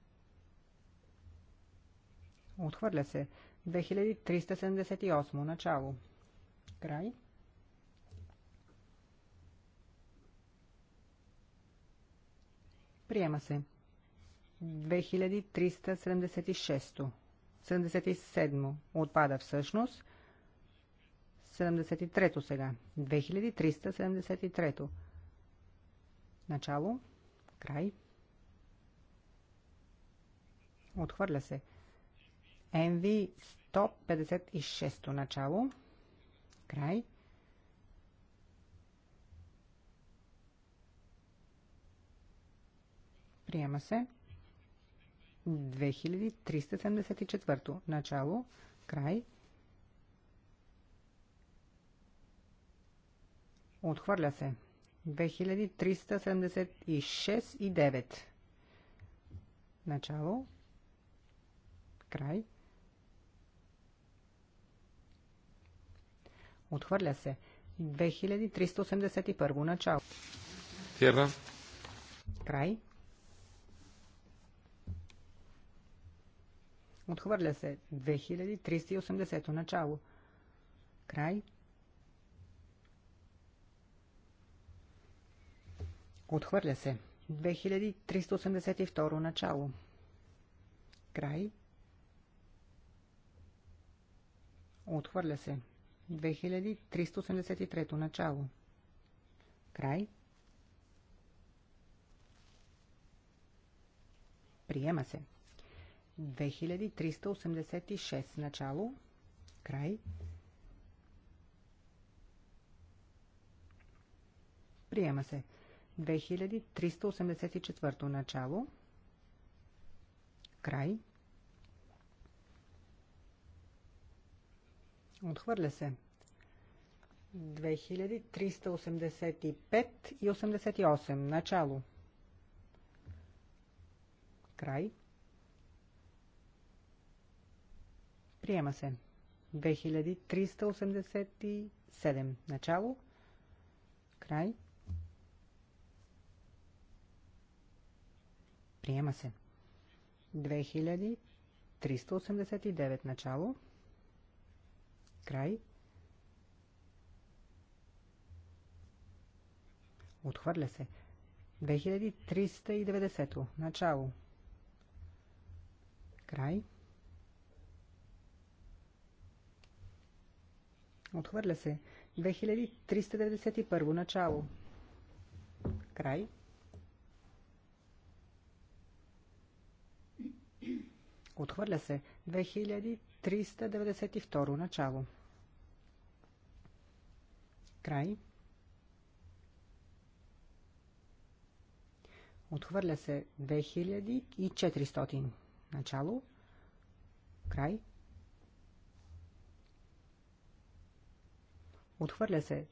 Отхвърля се. 2378. Начало. Край. Приема се. 2376. 77. Отпада всъщност. 73 сега. 2373. Начало. Край. Отхвърля се. 2378. NV 156 начало. Край. Приема се. 2374 начало. Край. Отхвърля се. 2376 и 9. Начало. Край. Отхвърля се. 2381 начало. Тирна. Край. Отхвърля се. 2380 начало. Край. Отхвърля се. 2382 начало. Край. Отхвърля се. 2383 2383 начало. Край. Приема се. 2386 начало. Край. Приема се. 2384 начало. Край. Отхвърля се. 2385 и 88. Начало. Край. Приема се. 2387. Начало. Край. Приема се. 2389. Начало. Край. Отхвърля се. 2390. Начало. Край. Отхвърля се. 2391. Начало. Край. Отхвърля се. 392 начало. Край. Отхвърля се 2400 начало. Край. Отхвърля се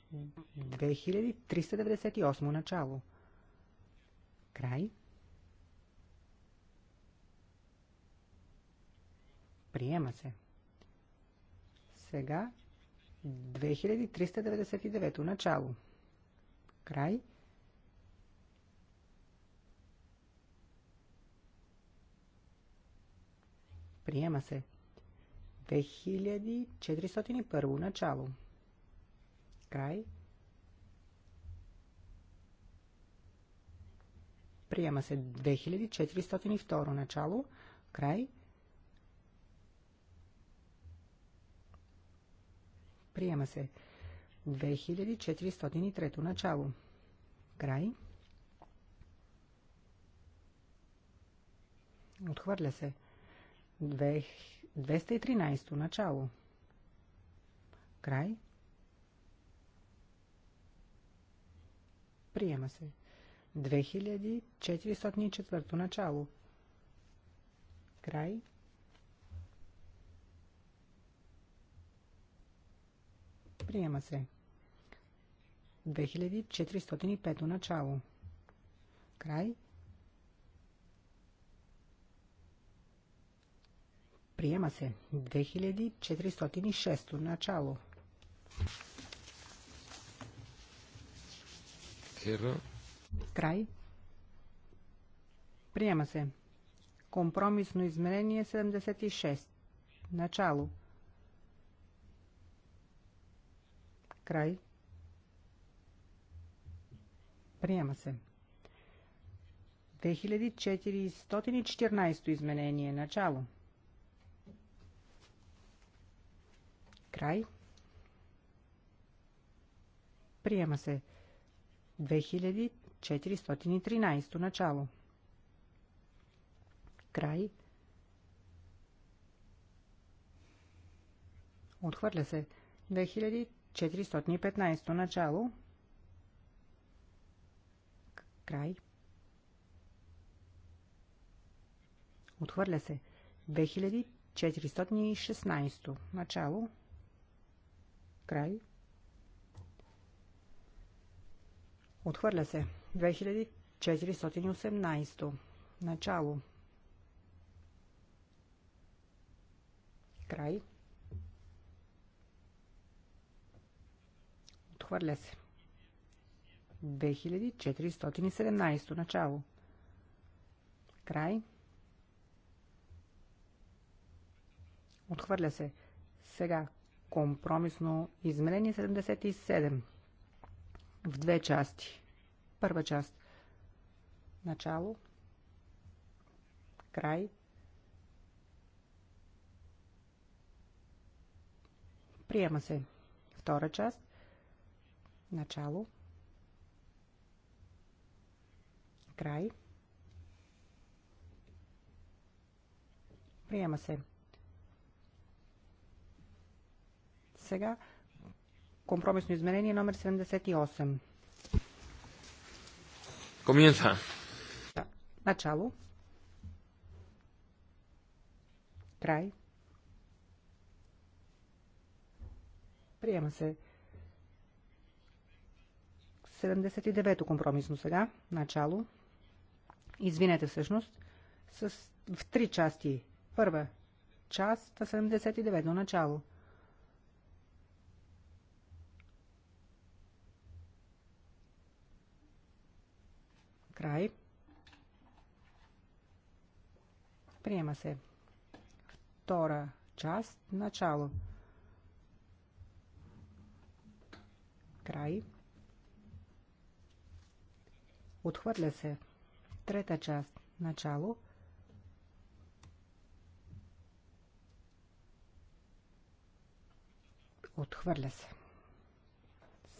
2398 начало. Край. Приема се. Сега 2399 начало. Край. Приема се. 2401 начало. Край. Приема се 2402 начало. Край. Приема се. 2403 начало. Край. Отхвърля се. 213 начало. Край. Приема се. 2404 начало. Край. Приема се. 2405 начало. Край. Приема се. 2406 начало. Ера. Край. Приема се. Компромисно измерение 76. Начало. Край. Приема се. 2414 изменение. Начало. Край. Приема се. 2413 начало. Край. Отхвърля се. 415 начало. Край. Отхвърля се. 2416 начало. Край. Отхвърля се. 2418 начало. Край. Отхвърля се. 2417 начало. Край. Отхвърля се. Сега компромисно изменение 77 в две части. Първа част. Начало. Край. Приема се. Втора част. Начало. Край. Приема се. Сега компромисно изменение номер 78. Комиенца. Да. Начало. Край. Приема се. 79-то компромисно сега, начало. Извинете всъщност, с, в три части. Първа част, 79-то начало. Край. Приема се. Втора част, начало. Край. Отхвърля се. Трета част. Начало. Отхвърля се.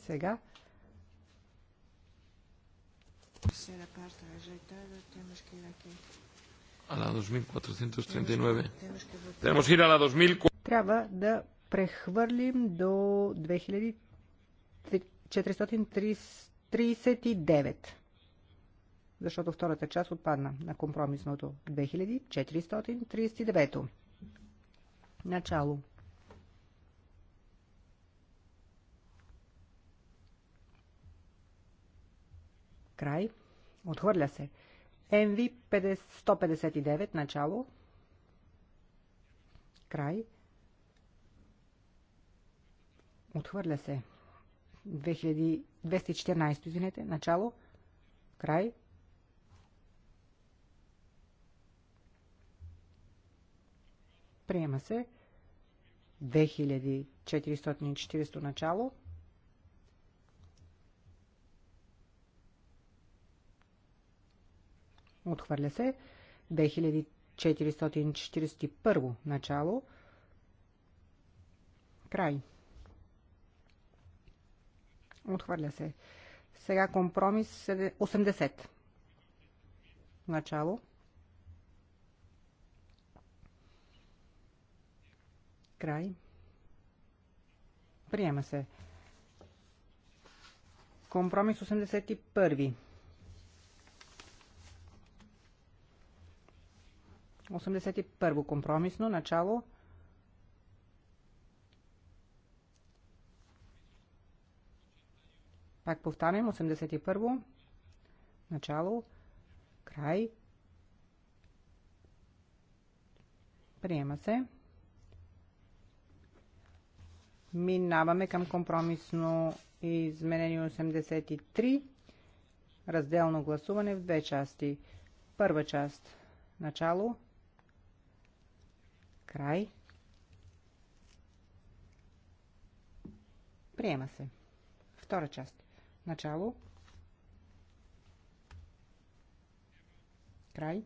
Сега. Трябва да прехвърлим до 2439 защото втората част отпадна на компромисното 2439. Начало. Край. Отхвърля се. MV 159. Начало. Край. Отхвърля се. 2214, извинете. Начало. Край. Приема се. 2440 начало. Отхвърля се. 2441 начало. Край. Отхвърля се. Сега компромис 80. Начало. Край. Приема се. Компромис 81. 81 компромисно начало. Пак повтарям, 81 начало, край. Приема се. Минаваме към компромисно изменение 83. Разделно гласуване в две части. Първа част – начало, край. Приема се. Втора част – начало, край.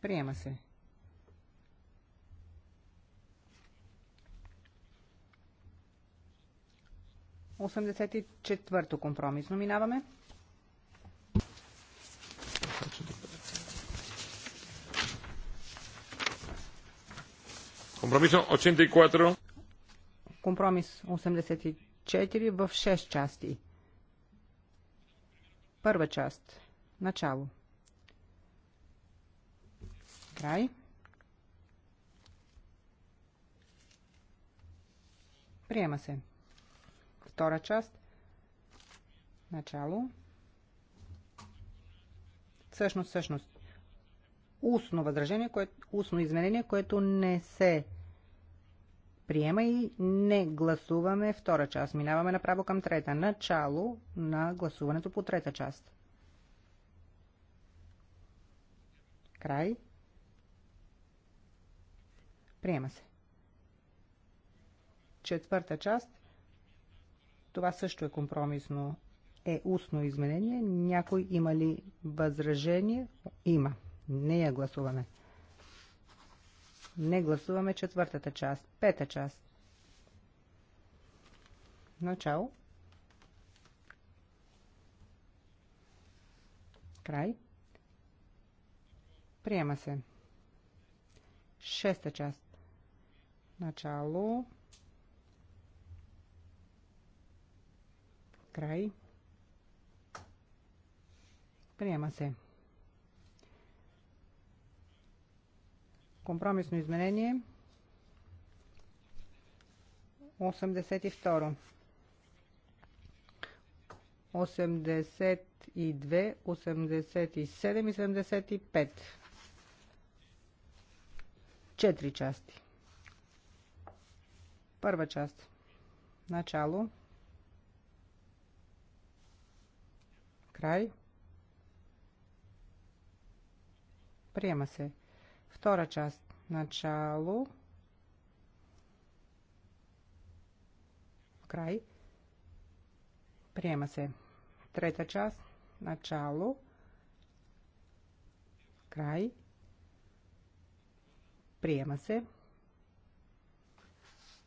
Приема се. 84-то компромисно минаваме. Компромисо 84. Компромис 84 в 6 части. Първа част. Начало. Край. Приема се. Втора част. Начало. Всъщност, всъщност. Устно възражение, което, устно изменение, което не се приема и не гласуваме втора част. Минаваме направо към трета. Начало на гласуването по трета част. Край. Приема се. Четвърта част. Това също е компромисно. Е устно изменение. Някой има ли възражение? Има. Не я гласуваме. Не гласуваме четвъртата част. Пета част. Начало. Край. Приема се. Шеста част. Начало. Край. Приема се. Компромисно изменение. 82. 82, 87 и 75. Четири части. Първа част. Начало. Край. Приема се. Втора част. Начало. Край. Приема се. Трета част. Начало. Край. Приема се.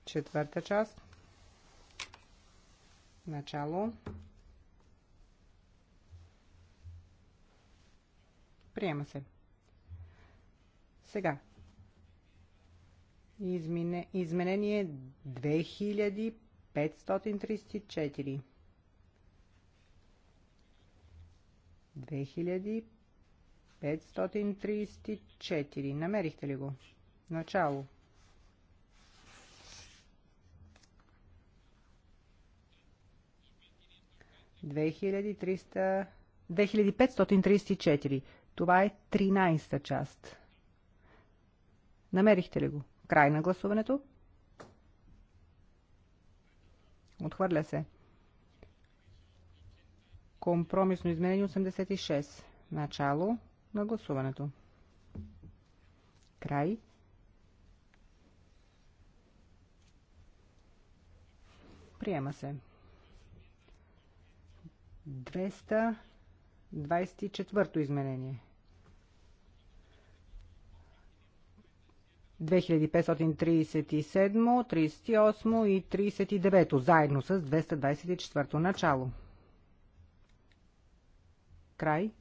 Четвърта част. Начало. Начало Приема се. Сега. Измене, изменение 2534. 2534. Намерихте ли го? Начало. Две хиляди триста... 2534. Това е 13-та част. Намерихте ли го? Край на гласуването? Отхвърля се. Компромисно изменение 86. Начало на гласуването. Край. Приема се. 200 24-то изменение. 2537, 38 и 39, заедно с 224 начало. Край.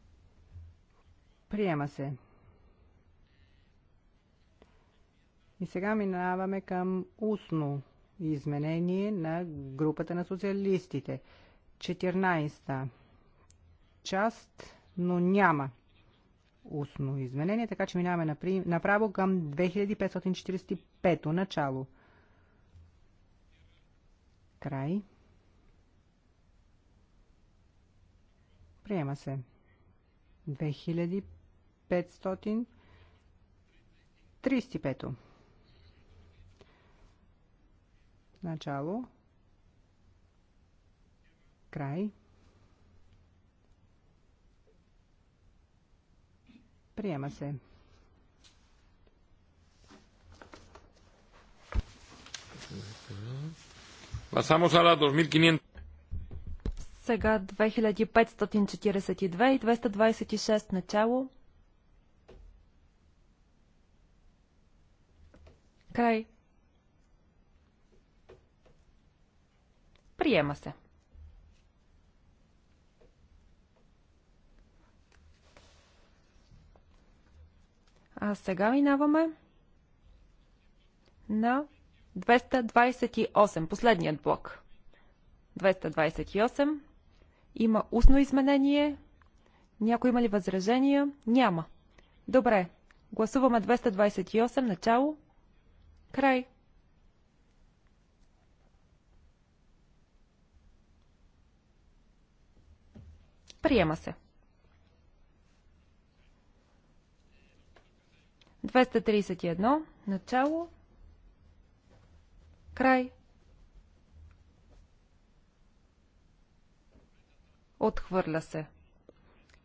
Приема се. И сега минаваме към устно изменение на групата на социалистите. 14 част, но няма устно изменение, така че минаваме направо към 2545 начало. Край. Приема се. 2535. Начало. Край. Приема се. Pasamos a la 2500. Сега 2542 и 226 начало. Край. Приема се. А сега минаваме на 228, последният блок. 228. Има устно изменение. Някой има ли възражения? Няма. Добре. Гласуваме 228. Начало. Край. Приема се. 231. Начало. Край. Отхвърля се.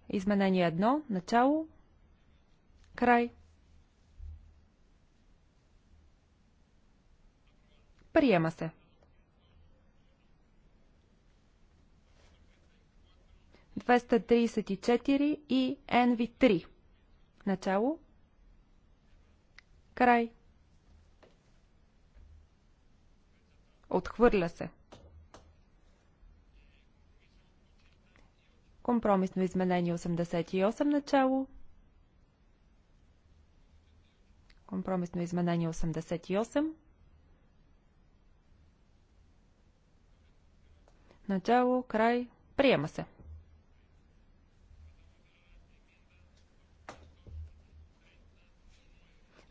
Изменение 1. Начало. Край. Приема се. 234 и NV3. Начало. Край. Отхвърля се. Компромисно изменение 88 начало. Компромисно изменение 88. Начало, край, приема се.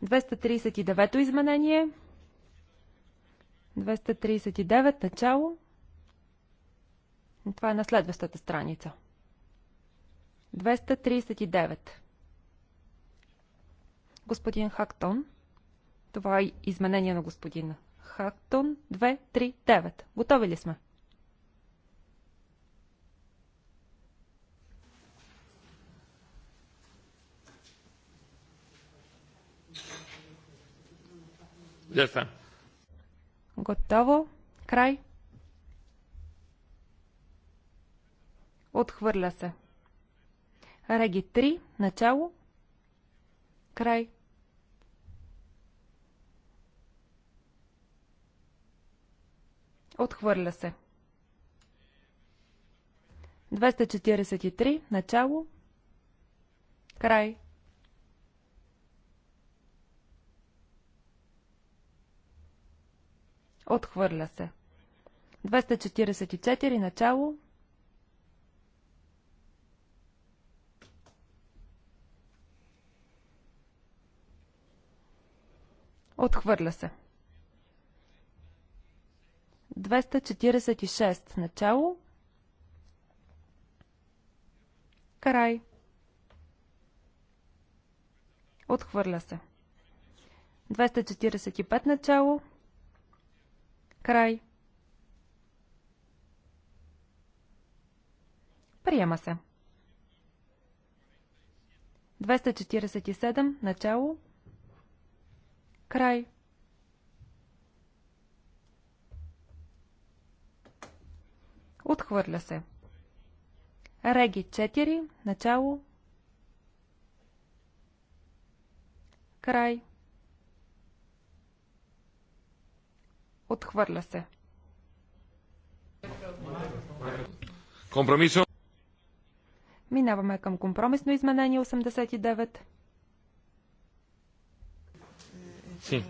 239-то изменение. 239 начало. Това е на следващата страница. 239. Господин Хактон. Това е изменение на господин Хактон. 239. Готови ли сме? Леса. Готово. Край. Отхвърля се. Реги 3. Начало. Край. Отхвърля се. 243. Начало. Край. Отхвърля се. 244 начало. Отхвърля се. 246 начало. Карай. Отхвърля се. 245 начало. Край. Приема се. 247. Начало. Край. Отхвърля се. Реги 4. Начало. Край. Отхвърля се. Компромисо. Минаваме към компромисно изменение 89. Sí.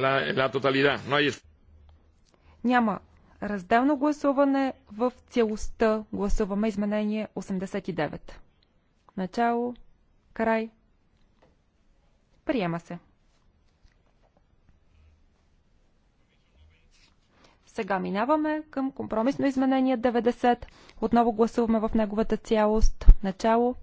la, No hay... Няма разделно гласуване в целостта. Гласуваме изменение 89. Начало, край. Приема се. Сега минаваме към компромисно изменение 90. Отново гласуваме в неговата цялост. Начало.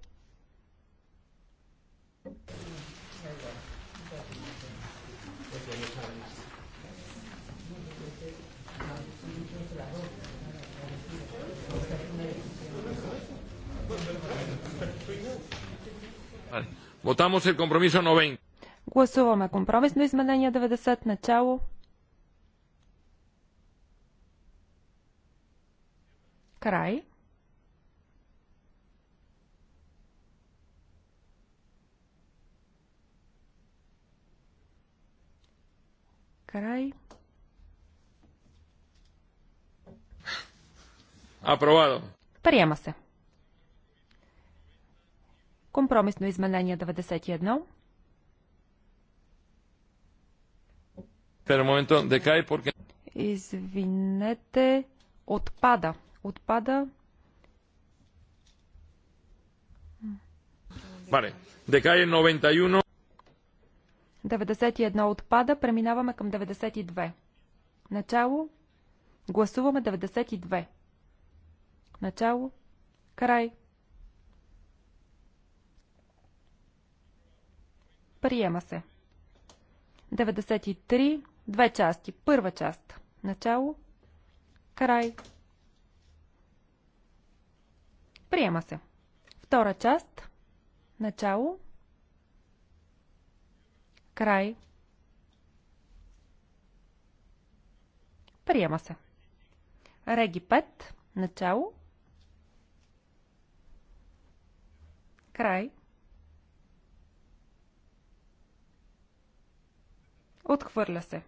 Votamos el compromiso 90. Гласуваме компромисно изменение 90. Начало. Край. Край. Апровадо. Приема се. Компромисно изменение 91. Извинете, отпада отпада. Vale, calle 91. 91 отпада, преминаваме към 92. Начало. Гласуваме 92. Начало. Край. Приема се. 93. Две части. Първа част. Начало. Край. Приема се. Втора част. Начало. Край. Приема се. Реги 5. Начало. Край. Отхвърля се.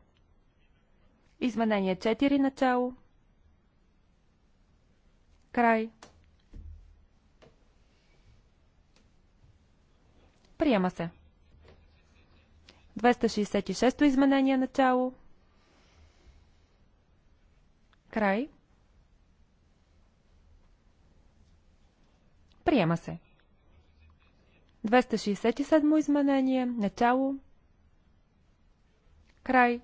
Изменение 4. Начало. Край. Приема се. 266-то изменение начало. Край. Приема се. 267 изменение. Начало. Край.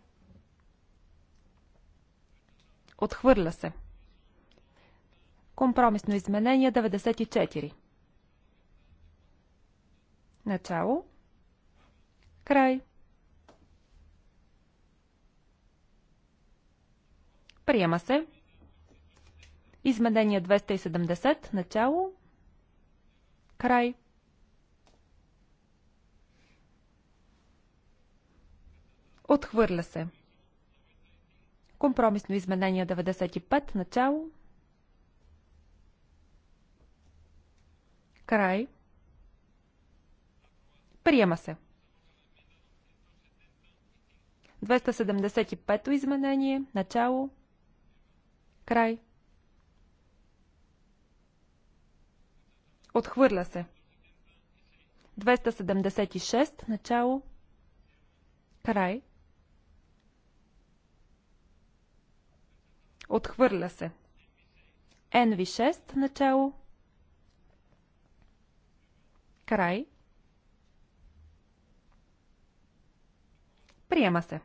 Отхвърля се. Компромисно изменение 94. Начало. Край. Приема се. Изменение 270. Начало. Край. Отхвърля се. Компромисно изменение 95. Начало. Край. Приема се. 275-то изменение. Начало. Край. Отхвърля се. 276. Начало. Край. Отхвърля се. NV6. Начало. Край. Приема се.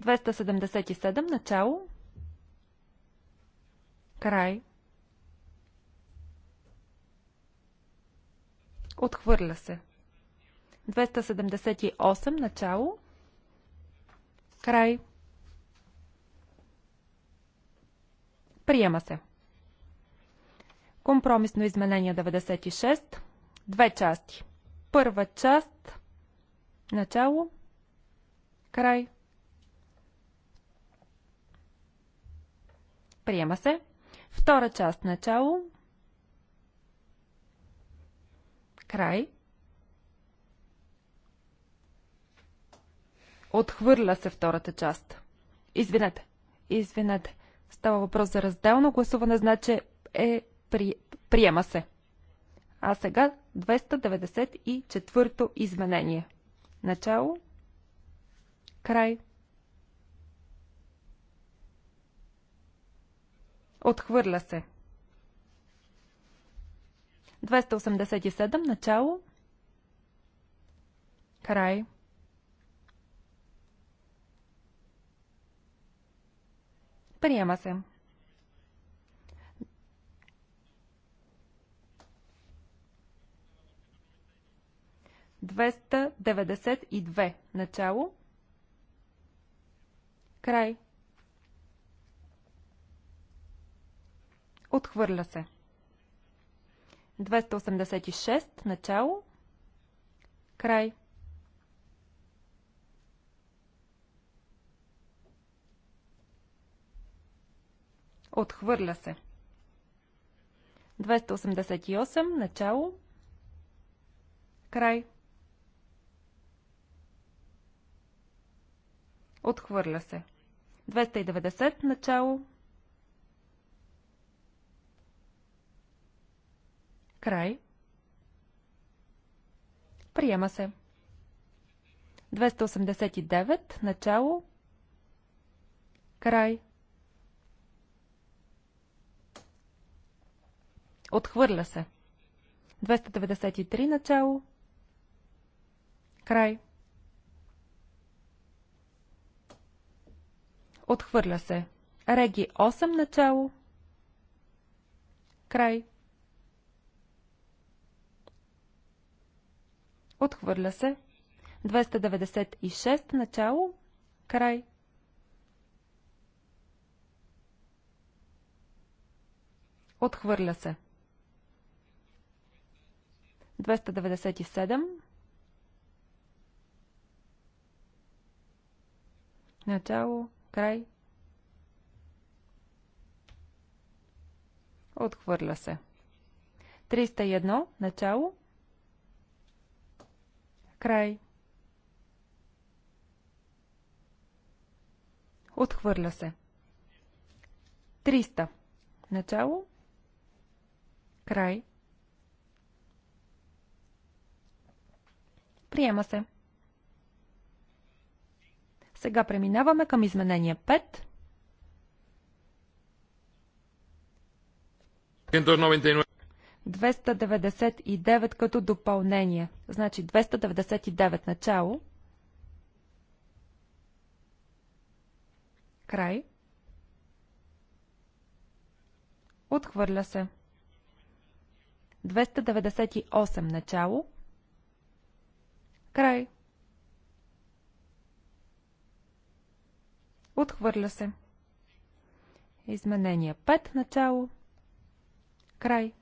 277 начало. Край. Отхвърля се. 278 начало. Край. Приема се. Компромисно изменение 96. Две части. Първа част. Начало. Край. Приема се. Втора част. Начало. Край. Отхвърля се втората част. Извинете. Извинете. Става въпрос за разделно гласуване, значи е при... приема се. А сега 294-то изменение. Начало. Край. Отхвърля се. 287. Начало. Край. Приема се. 292. Начало. Край. Отхвърля се. 286. Начало. Край. Отхвърля се. 288. Начало. Край. Отхвърля се. 290 начало. Край. Приема се. 289 начало. Край. Отхвърля се. 293 начало. Край. Отхвърля се. Реги 8 начало. Край. Отхвърля се. 296 начало. Край. Отхвърля се. 297. Начало. Край. Отхвърля се. 301. Начало. Край. Отхвърля се. 300. Начало. Край. Приема се. Сега преминаваме към изменение 5. 299 като допълнение. Значи 299 начало. Край. Отхвърля се. 298 начало. Край. Отхвърля се. Изменение 5. Начало. Край.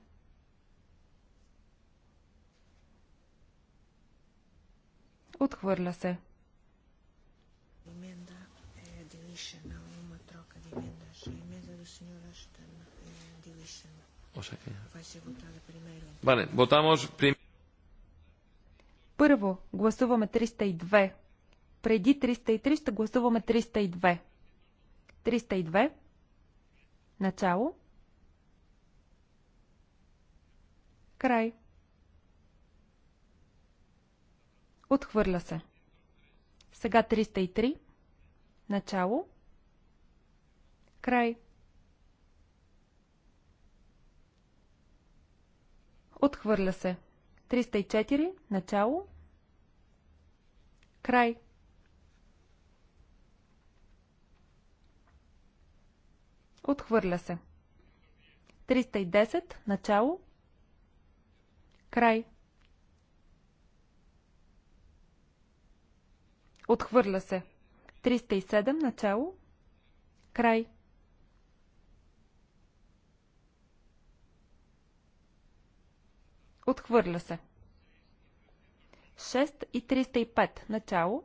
Отхвърля се. Vale, votamos е, е, Първо гласуваме 302. Преди 303 ще гласуваме 302. 302. Начало. Край. Отхвърля се. Сега 303. Начало. Край. Отхвърля се. 304. Начало. Край. Отхвърля се. 310. Начало. Край. Отхвърля се. 307. Начало. Край. Отхвърля се. 6 и 305. Начало.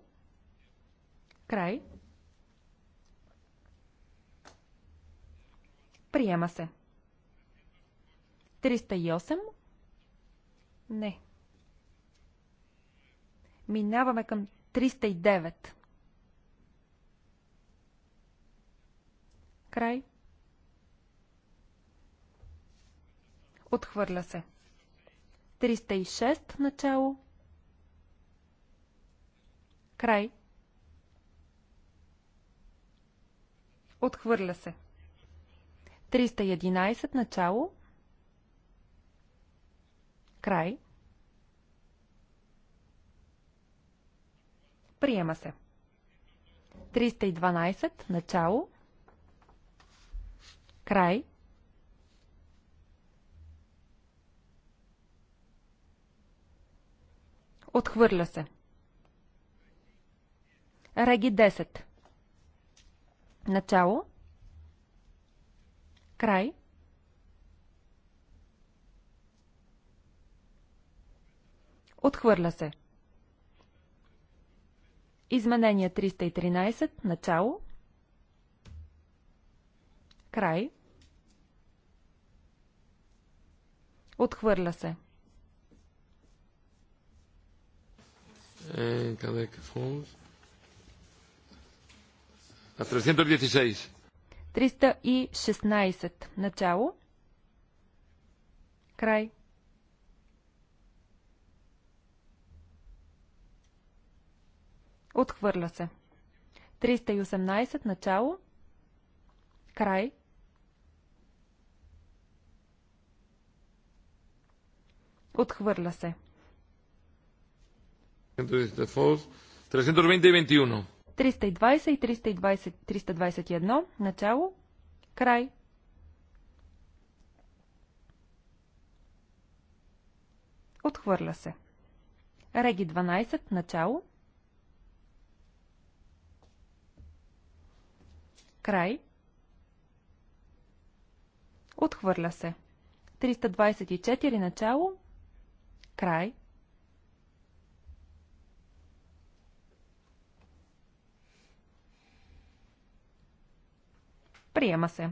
Край. Приема се. 308? Не. Минаваме към 309. Край. Отхвърля се. 306 начало. Край. Отхвърля се. 307. 311 начало. Край. Приема се. 312 начало. Край. Отхвърля се. Реги 10. Начало. Край. Отхвърля се. Изменение 313. Начало. Край. Отхвърля се. Е, къде е 316. 316. Начало. Край. Отхвърля се. 318. Начало. Край. Отхвърля се. 320 и 21. 320 и 320, 321 начало, край. Отхвърля се. Реги 12 начало, край. Отхвърля се. 324 начало, край. Приема се.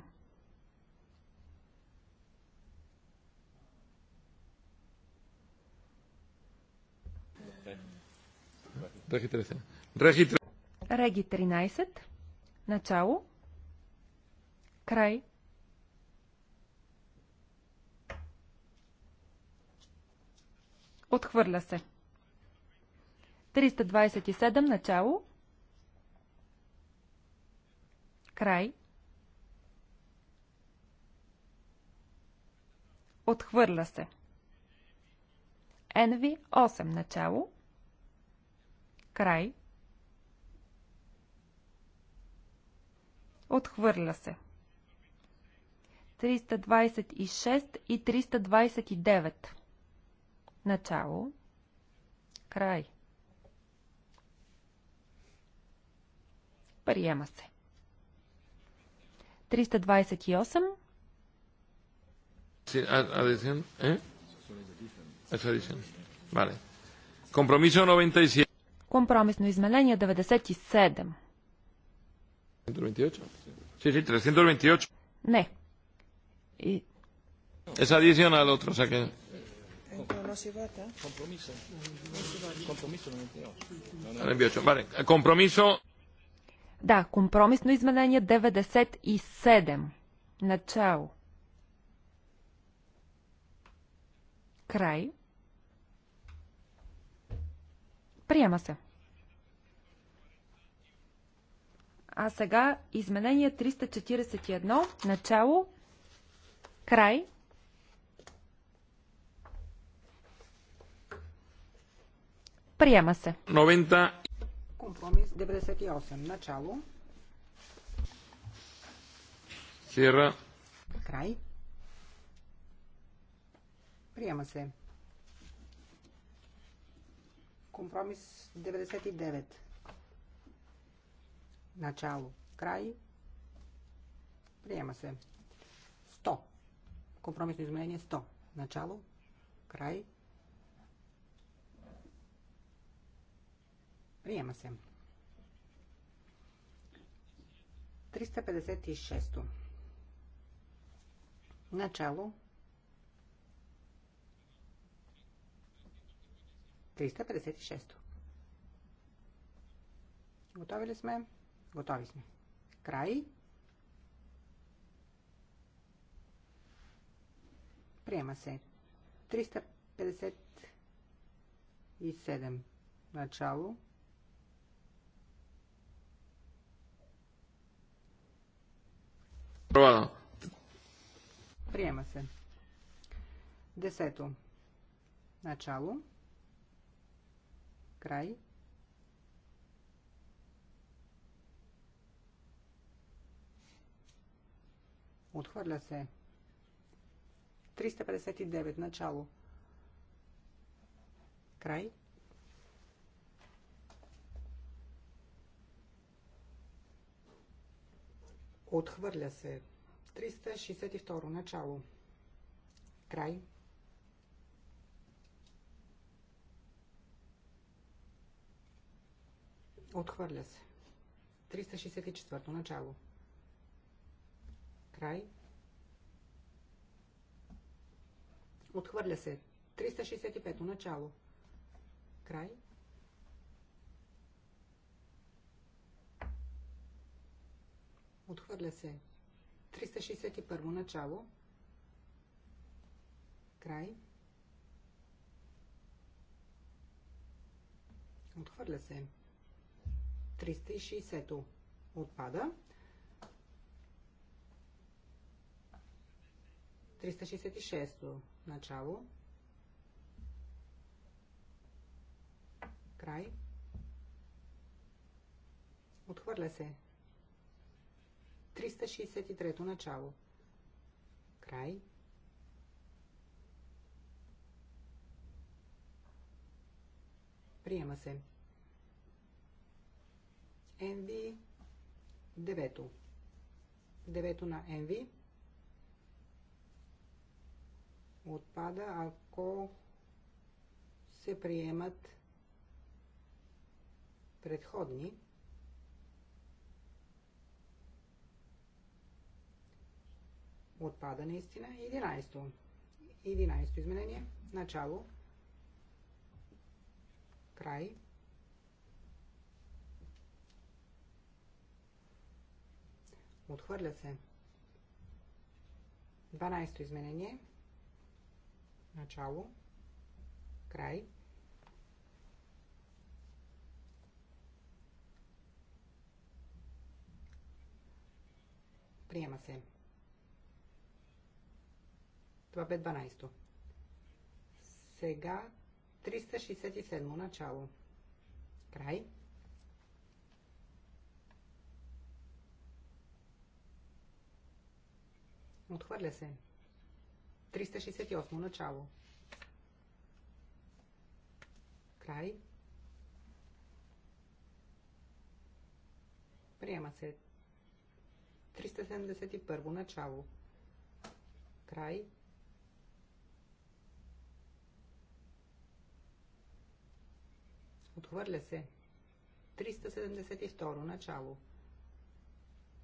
Реги 13. Реги 13. Начало. Край. Отхвърля се. 327 начало. Край. Отхвърля се. Енви 8 начало. Край. Отхвърля се. 326 и 329. Начало. Край. Приема се. 328 Sí, adhesión. ¿eh? Es adhesión. Vale. Compromiso 97. Компромисно изменение 97. 328. Sí, sí, 328. Не. И... Es adicional otro, o sea que... Compromiso. Compromiso 98. Vale. Compromiso. Да, компромисно изменение 97. Начало. Край. Приема се. А сега изменение 341. Начало. Край. Приема се. 90. Компромис 98. Начало. Сира. Край. Приема се. Компромис 99. Начало. Край. Приема се. 100. Компромисно изменение 100. Начало. Край. Приема се. 356. Начало. 356. Готови ли сме? Готови сме. Край. Приема се. 357. Начало. Провано. Приема се. Десето. Начало. Начало. Край. Отхвърля се. 359. Начало. Край. Отхвърля се. 362. Начало. Край. Отхвърля се. 364 начало. Край. Отхвърля се. 365 начало. Край. Отхвърля се. 361 начало. Край. Отхвърля се. 360 отпада. 366 начало. Край. Отхвърля се. 363 начало. Край. Приема се. NV 9. 9 на NV отпада, ако се приемат предходни отпада наистина. 11. 11 изменение. Начало. Край. Отхвърля се. 12 изменение. Начало. Край. Приема се. Това бе 12-то. Сега 367 начало. Край. Отхвърля се. 368. Начало. Край. Приема се. 371. Начало. Край. Отхвърля се. 372. Начало.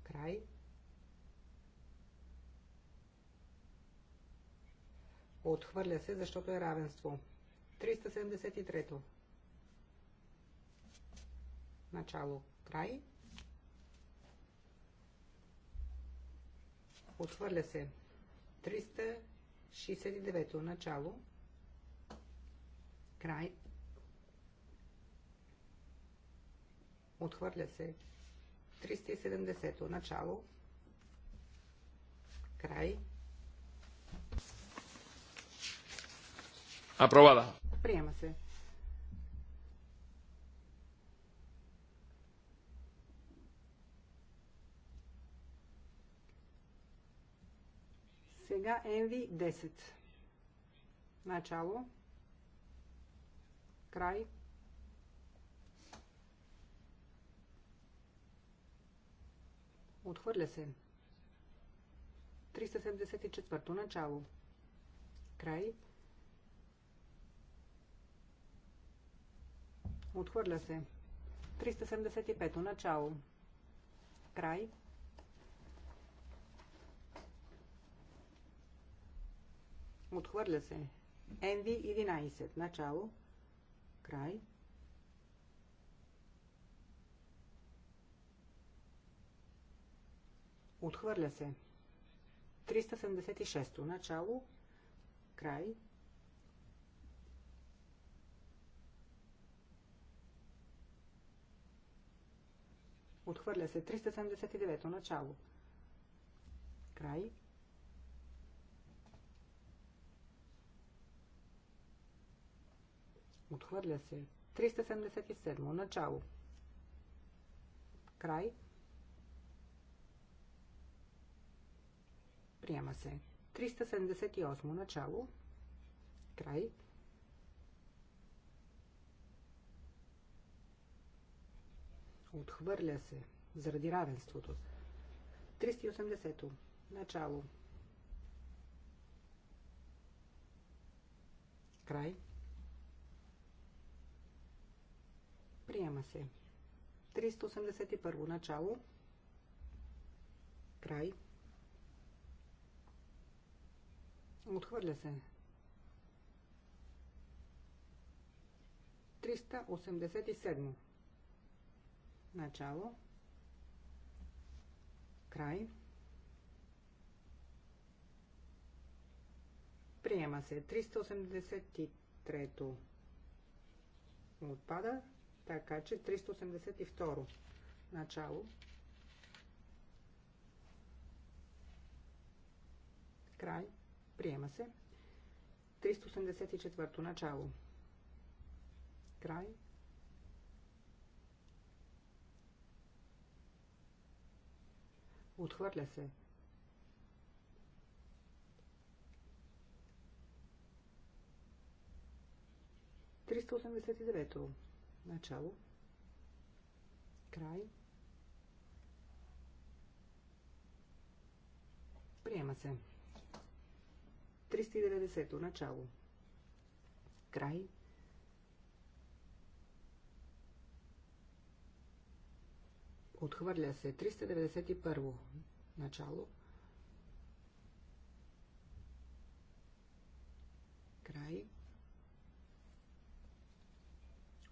Край. Отхвърля се, защото е равенство. 373-то. Начало, край. Отхвърля се. 369-то. Начало. Край. Отхвърля се. 370-то. Начало. Край. Aprobada. Сега NV 10. Начало. Край. Отхвърля се. 374 начало. Край. 375. Отхвърля се. 375. Начало. Край. Отхвърля се. NV 11. Начало. Край. Отхвърля се. 376. Начало. Край. Отхвърля се 379 начало. Край. Отхвърля се 377 начало. Край. Приема се 378 начало. Край. Отхвърля се. Заради равенството. 380-то. Начало. Край. Приема се. 381 во начало. Край. Отхвърля се. 387 Начало. Край. Приема се 383-то отпада, така че 382 начало. Край. Приема се. 384 начало. Край. Отхвърля се. Триста осемдесет и девето. Начало. Край. Приема се. 390. Начало. Край. Отхвърля се. 391. Начало. Край.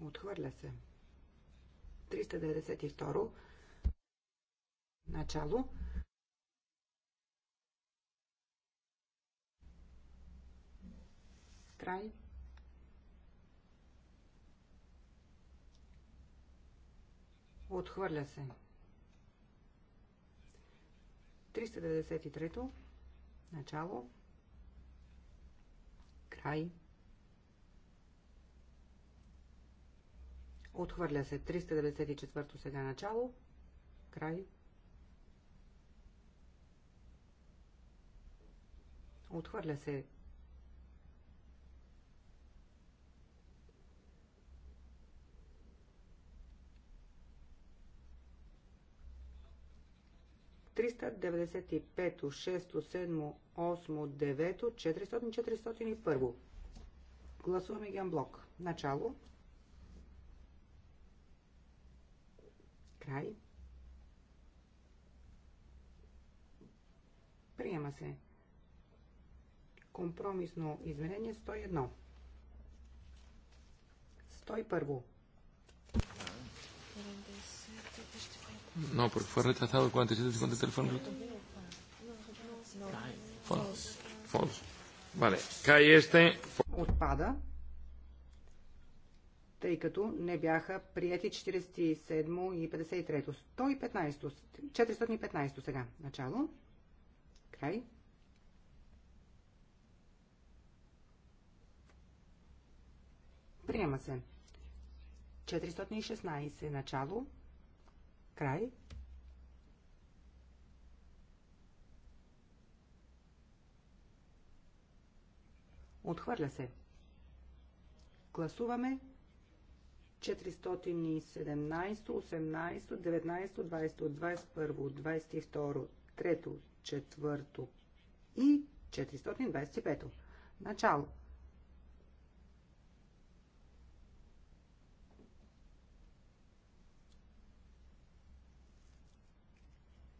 Отхвърля се. 392. Начало. Край. Отхвърля се. 393-то. Начало. Край. Отхвърля се. 394-то сега начало. Край. Отхвърля се. 395, 6, 7, 8, 9, 400, 401. Гласуваме ги блок. Начало. Край. Приема се. Компромисно изменение 101. 101. No, porque fue rechazado 47 4750 teléfonos. no. False. Vale. Cae este. Отпада, тъй като не бяха прияти 47 и 53. 115. 415 сега. Начало. Край. Приема се. 416 начало. Край. Отхвърля се. Гласуваме 417, 18, 19, 20, 21, 22, 3, 4 и 425. Начало.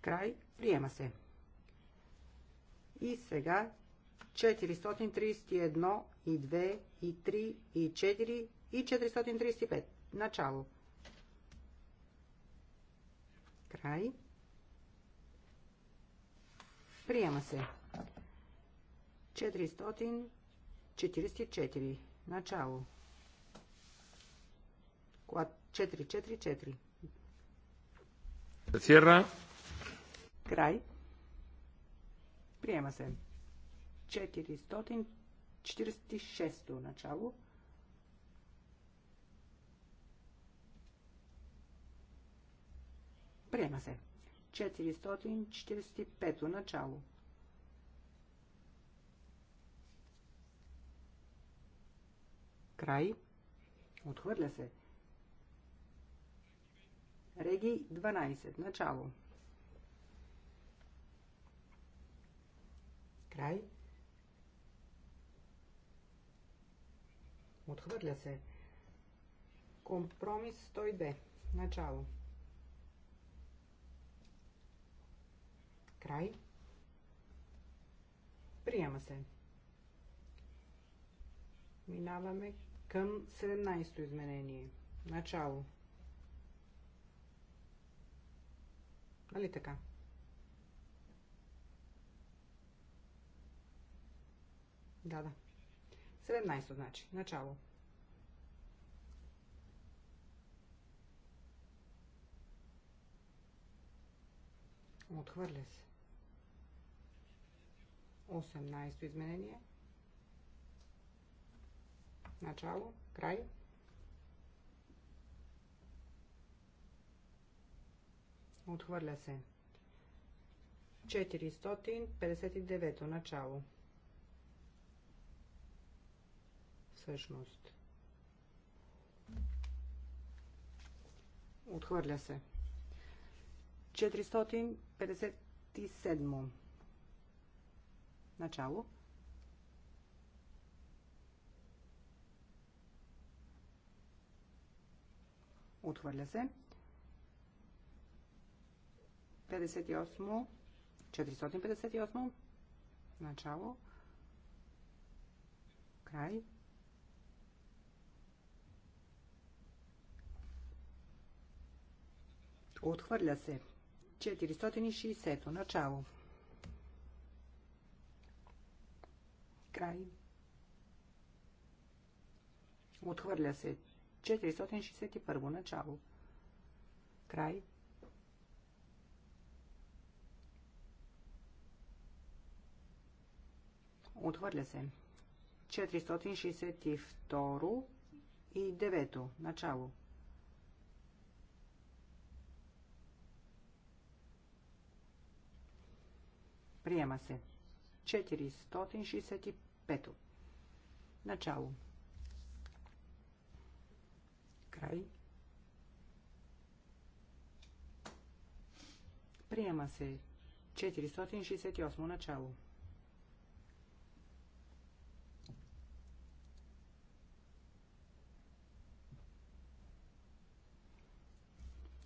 Край. Приема се. И сега 431 и 2 и 3 и 4 и 435. Начало. Край. Приема се. 444. Начало. 444. Се Край. Приема се. 446 начало. Приема се. 445 начало. Край. Отхвърля се. Реги 12. Начало. Край. Отхвърля се. Компромис 102. Начало. Край. Приема се. Минаваме към 17-то изменение. Начало. Нали така? Да, да. 17 значи. Начало. Отхвърля се. 18 изменение. Начало. Край. Отхвърля се. 459 начало. всъщност. Отхвърля се. 457. Начало. Отхвърля се. 58. 458. Начало. Край. Отхвърля се. 460 то начало. Край. Отхвърля се. 461 начало. Край. Отхвърля се. 462 и 9 начало. Приема се. 465. Начало. Край. Приема се. 468. Начало.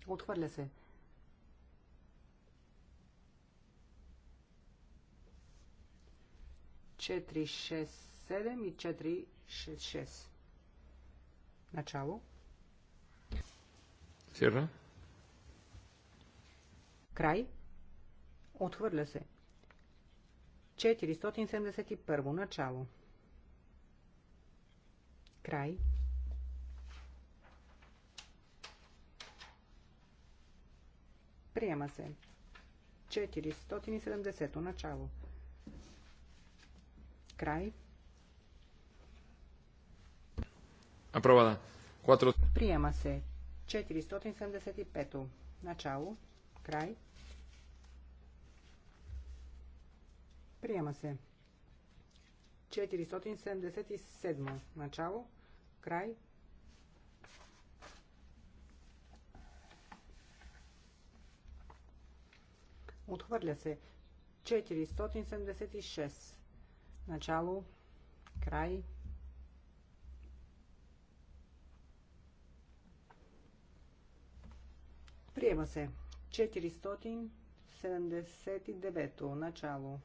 Отхвърля се. 469. 467 и 466. Начало. Сирна. Край. Отхвърля се. 471 начало. Край. Приема се. 470 начало. Край. Апробада. Приема се. 475. Начало. Край. Приема се. 477. Начало. Край. Отхвърля се. 476 начало, край. Приема се 479 начало,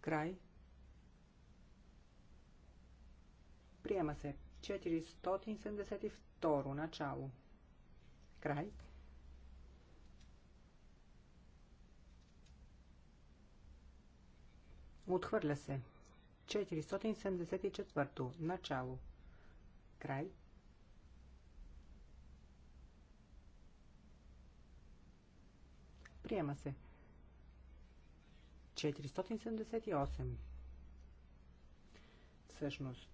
край. Приема се 472 начало, край. Отхвърля се. 474. то Начало. Край. Приема се. 478. Всъщност.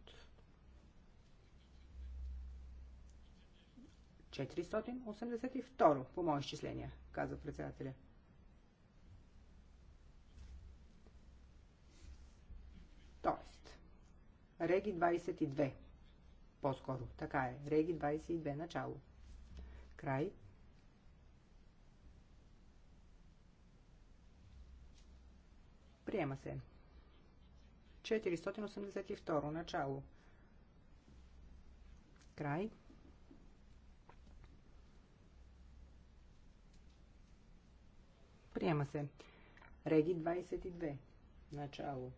482 по мое изчисление, казва председателя. 478. Реги 22. По-скоро. Така е. Реги 22. Начало. Край. Приема се. 482. Начало. Край. Приема се. Реги 22. Начало.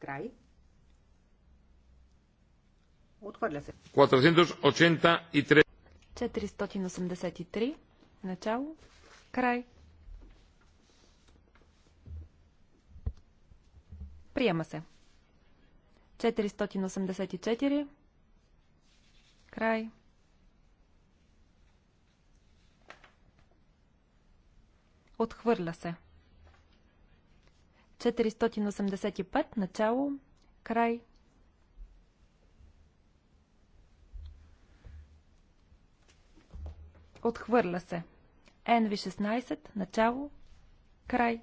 Край. Отхвърля се. 483. 483. Начало. Край. Приема се. 484. Край. Отхвърля се. 485. 485 начало, край. Отхвърля се. NV16 начало, край.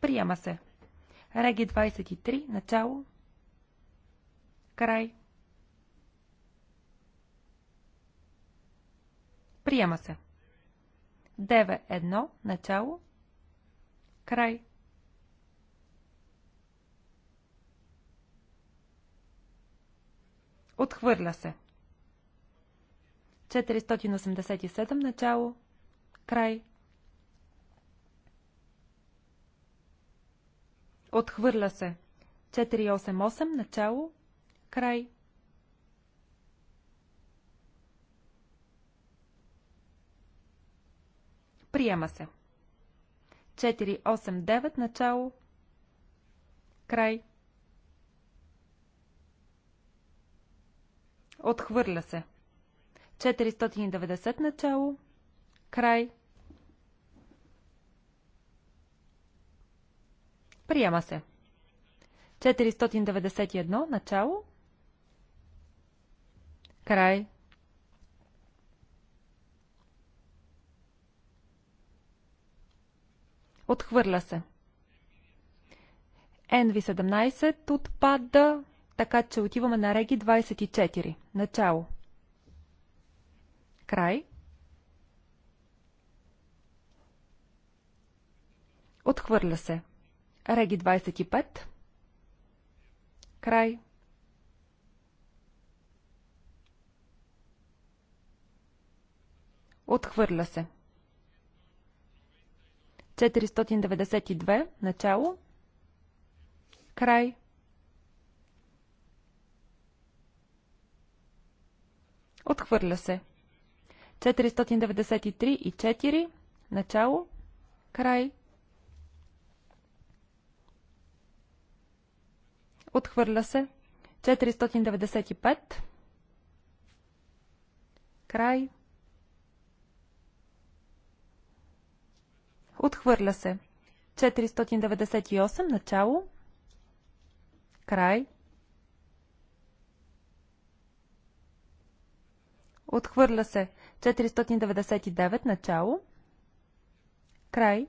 Приема се. Реги 23 начало, край. Приема се. 9.1. Начало. Край. Отхвърля се. 487. Начало. Край. Отхвърля се. 488. Начало. Край. Приема се. 489 начало. Край. Отхвърля се. 490 начало. Край. Приема се. 491 начало. Край. Отхвърля се. NV17 отпада, така че отиваме на Реги 24. Начало. Край. Отхвърля се. Реги 25. Край. Отхвърля се. 492 начало, край. Отхвърля се. 493 и 4 начало, край. Отхвърля се. 495 край. Отхвърля се. 498 начало. Край. Отхвърля се. 499 начало. Край.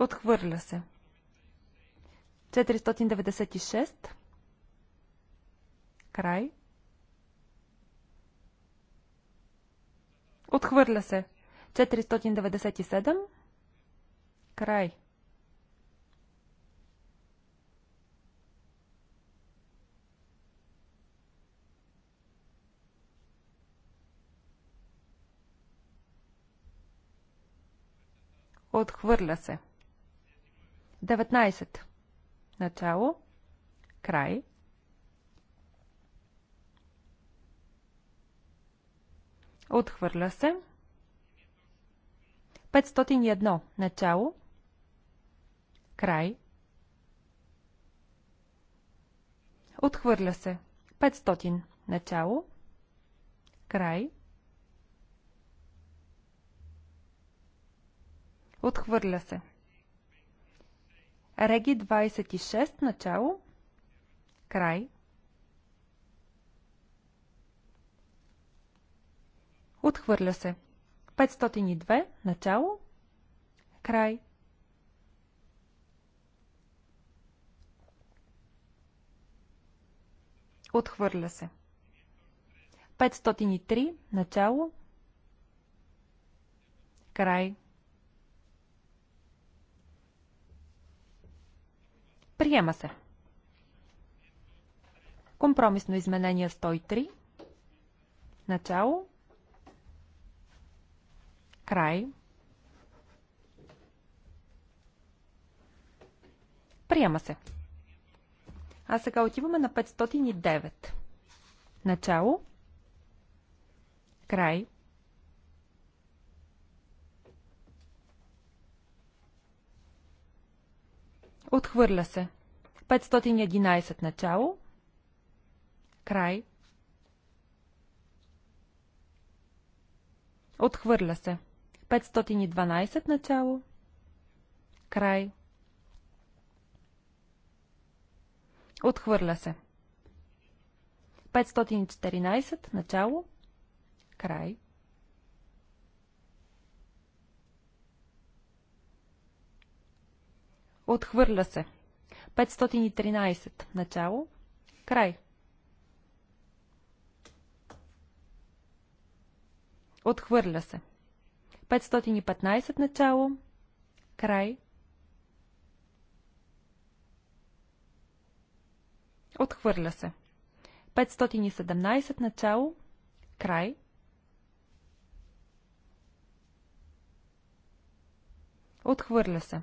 Отхвърля се. 496. Край. Отхвърля се. 497. Край. Отхвърля се. 19. Начало. Край. 20. Отхвърля се. 501. Начало. Край. Отхвърля се. 500. Начало. Край. Отхвърля се. Реги 26. Начало. Край. 501. Отхвърля се. 502. Начало. Край. Отхвърля се. 503. Начало. Край. Приема се. Компромисно изменение 103. Начало. Край. Приема се. А сега отиваме на 509. Начало. Край. Отхвърля се. 511 начало. Край. Отхвърля се. 512 начало. Край. Отхвърля се. 514 начало. Край. Отхвърля се. 513 начало. Край. Отхвърля се. 514 515 начало, край. Отхвърля се. 517 начало, край. Отхвърля се.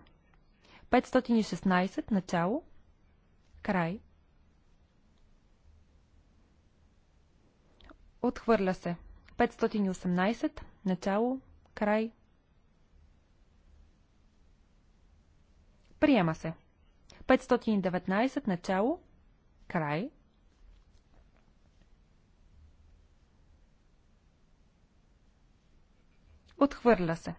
516 начало, край. Отхвърля се. 518 начало, Край. Приема се. 519 начало. Край. Отхвърля се.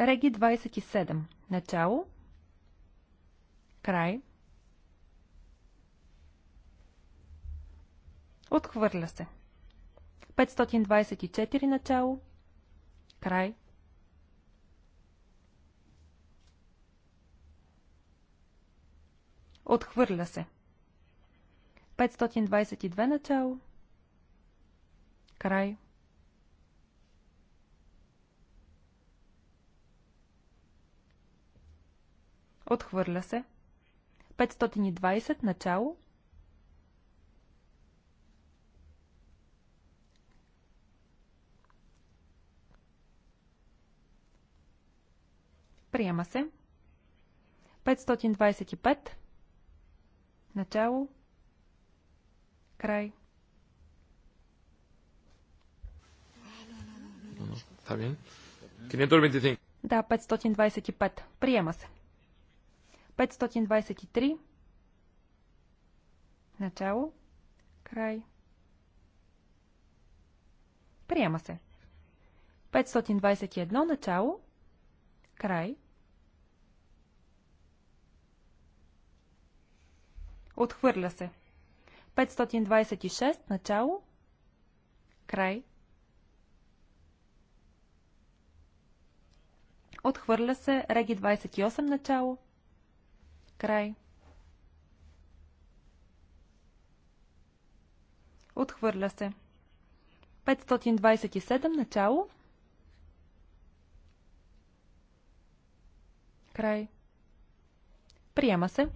Реги 27. Начало. Край. Отхвърля се. 529. 524 начало, край. Отхвърля се. 522 начало, край. Отхвърля се. 520 начало, Приема се. 525. Начало. Край. Да, 525. Приема се. 523. Начало. Край. Приема се. 521. Начало. Край. Отхвърля се. 526. Начало. Край. Отхвърля се. Реги 28. Начало. Край. Отхвърля се. 527. Начало. Край. Приема се.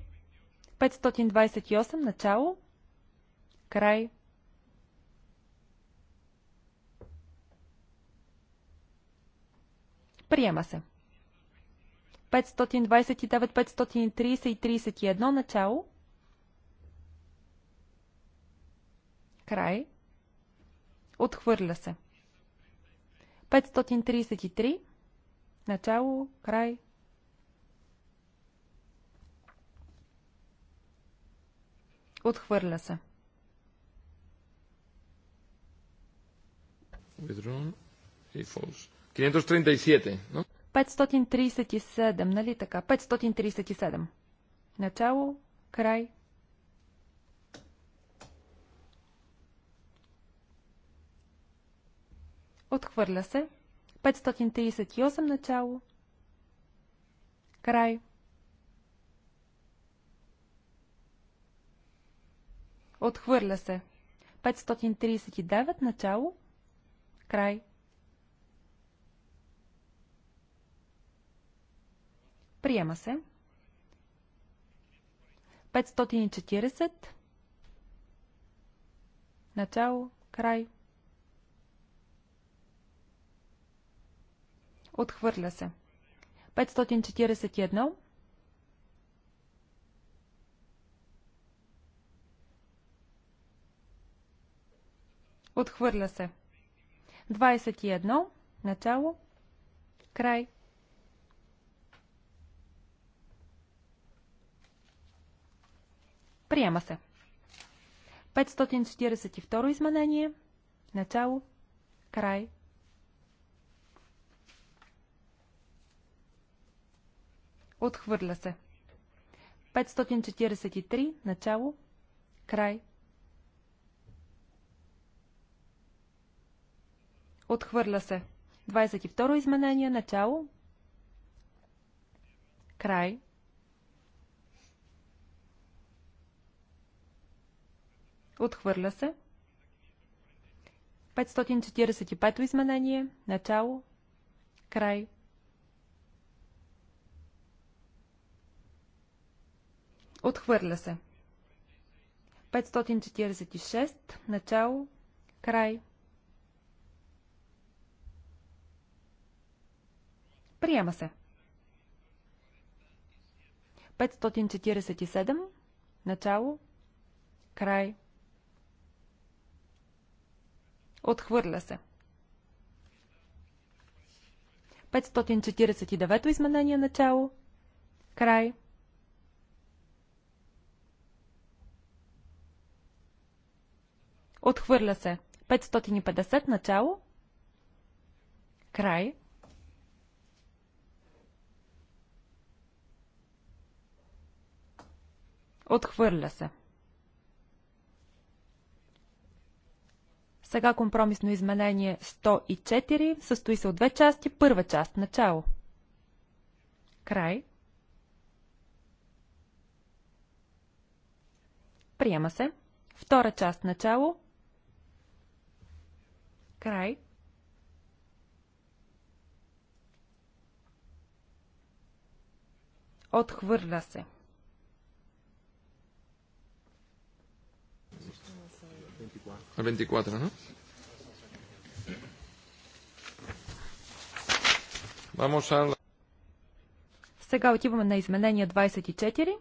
528 начало, край. Приема се. 529, 530 и 31 начало. Край. Отхвърля се. 533. Начало, край, Отхвърля се. Withdrawn. и falls. 537, 537, нали така? 537. Начало, край. Отхвърля се. 538 начало. Край. Отхвърля се. 539 начало. Край. Приема се. 540. Начало. Край. Отхвърля се. 541. Отхвърля се. 21. Начало. Край. Приема се. 542 изменение. Начало. Край. Отхвърля се. 543. Начало. Край. Отхвърля се. 22 изменение. Начало. Край. Отхвърля се. 545 изменение. Начало. Край. Отхвърля се. 546. Начало. Край. Приема се. 547. Начало. Край. Отхвърля се. 549 изменение начало. Край. Отхвърля се. 550 начало. Край. Отхвърля се. Сега компромисно изменение 104 състои се от две части. Първа част – начало. Край. Приема се. Втора част – начало. Край. Отхвърля се. al 24, ¿no? Vamos a la... Сега отиваме на изменение 24.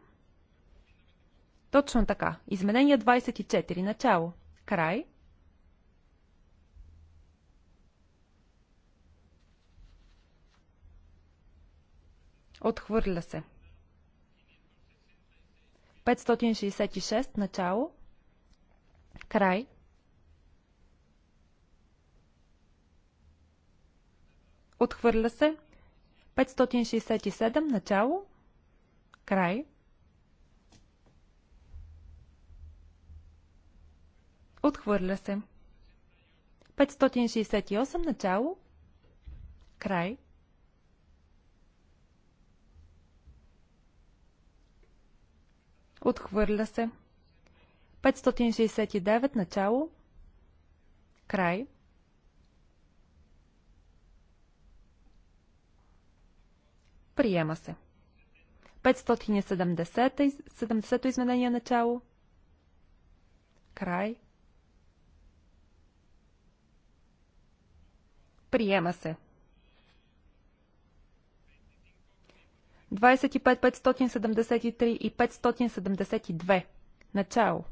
Точно така. Изменение 24. Начало. Край. Отхвърля се. 566. Начало. Край. Отхвърля се. 567 начало. Край. Отхвърля се. 568 начало. Край. Отхвърля се. 569 начало. Край. Приема се. 570-то изменение начало. Край. Приема се. 25 573 и 572. Начало.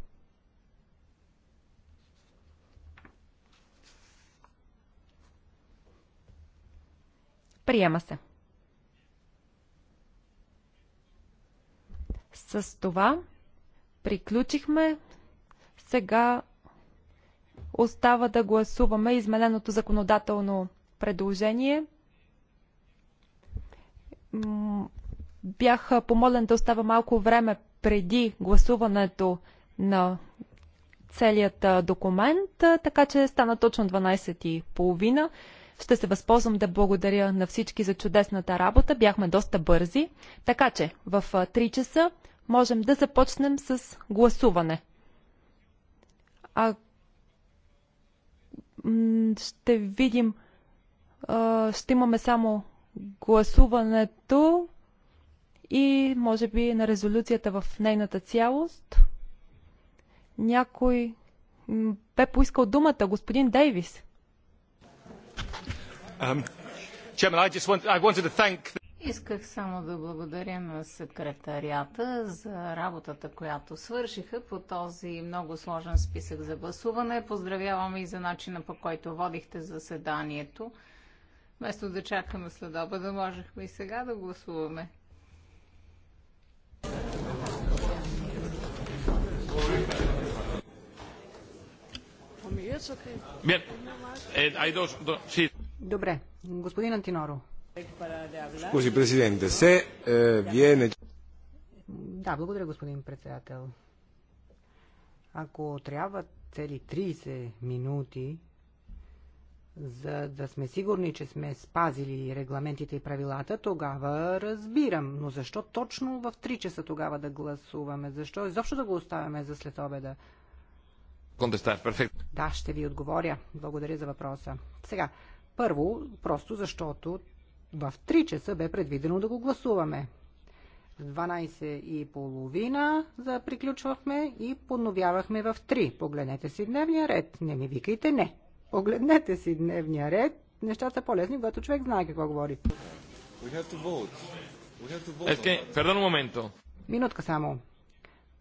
Приема се. 25 573 С това приключихме. Сега остава да гласуваме измененото законодателно предложение. Бях помолен да остава малко време преди гласуването на целият документ, така че стана точно 12.30. Ще се възползвам да благодаря на всички за чудесната работа. Бяхме доста бързи. Така че в 3 часа можем да започнем с гласуване. А ще видим, ще имаме само гласуването и може би на резолюцията в нейната цялост. Някой бе поискал думата, господин Дейвис. Um, Chairman, I just want, I wanted to thank Исках само да благодаря на секретарията за работата, която свършиха по този много сложен списък за гласуване. Поздравяваме и за начина по който водихте заседанието. Вместо да чакаме след обеда, можехме и сега да гласуваме. Eh, Добре, господин Антиноро. Scusi, Presidente, se eh, viene... Да, благодаря, господин председател. Ако трябва цели 30 минути, за да сме сигурни, че сме спазили регламентите и правилата, тогава разбирам. Но защо точно в 3 часа тогава да гласуваме? Защо изобщо да го оставяме за след обеда? Контестар, перфект. Да, ще ви отговоря. Благодаря за въпроса. Сега, първо, просто защото в 3 часа бе предвидено да го гласуваме. В 12 и половина за приключвахме и подновявахме в 3. Погледнете си дневния ред. Не ми викайте не. Погледнете си дневния ред. Нещата са по когато човек знае какво говори. Perdón un momento. Минутка само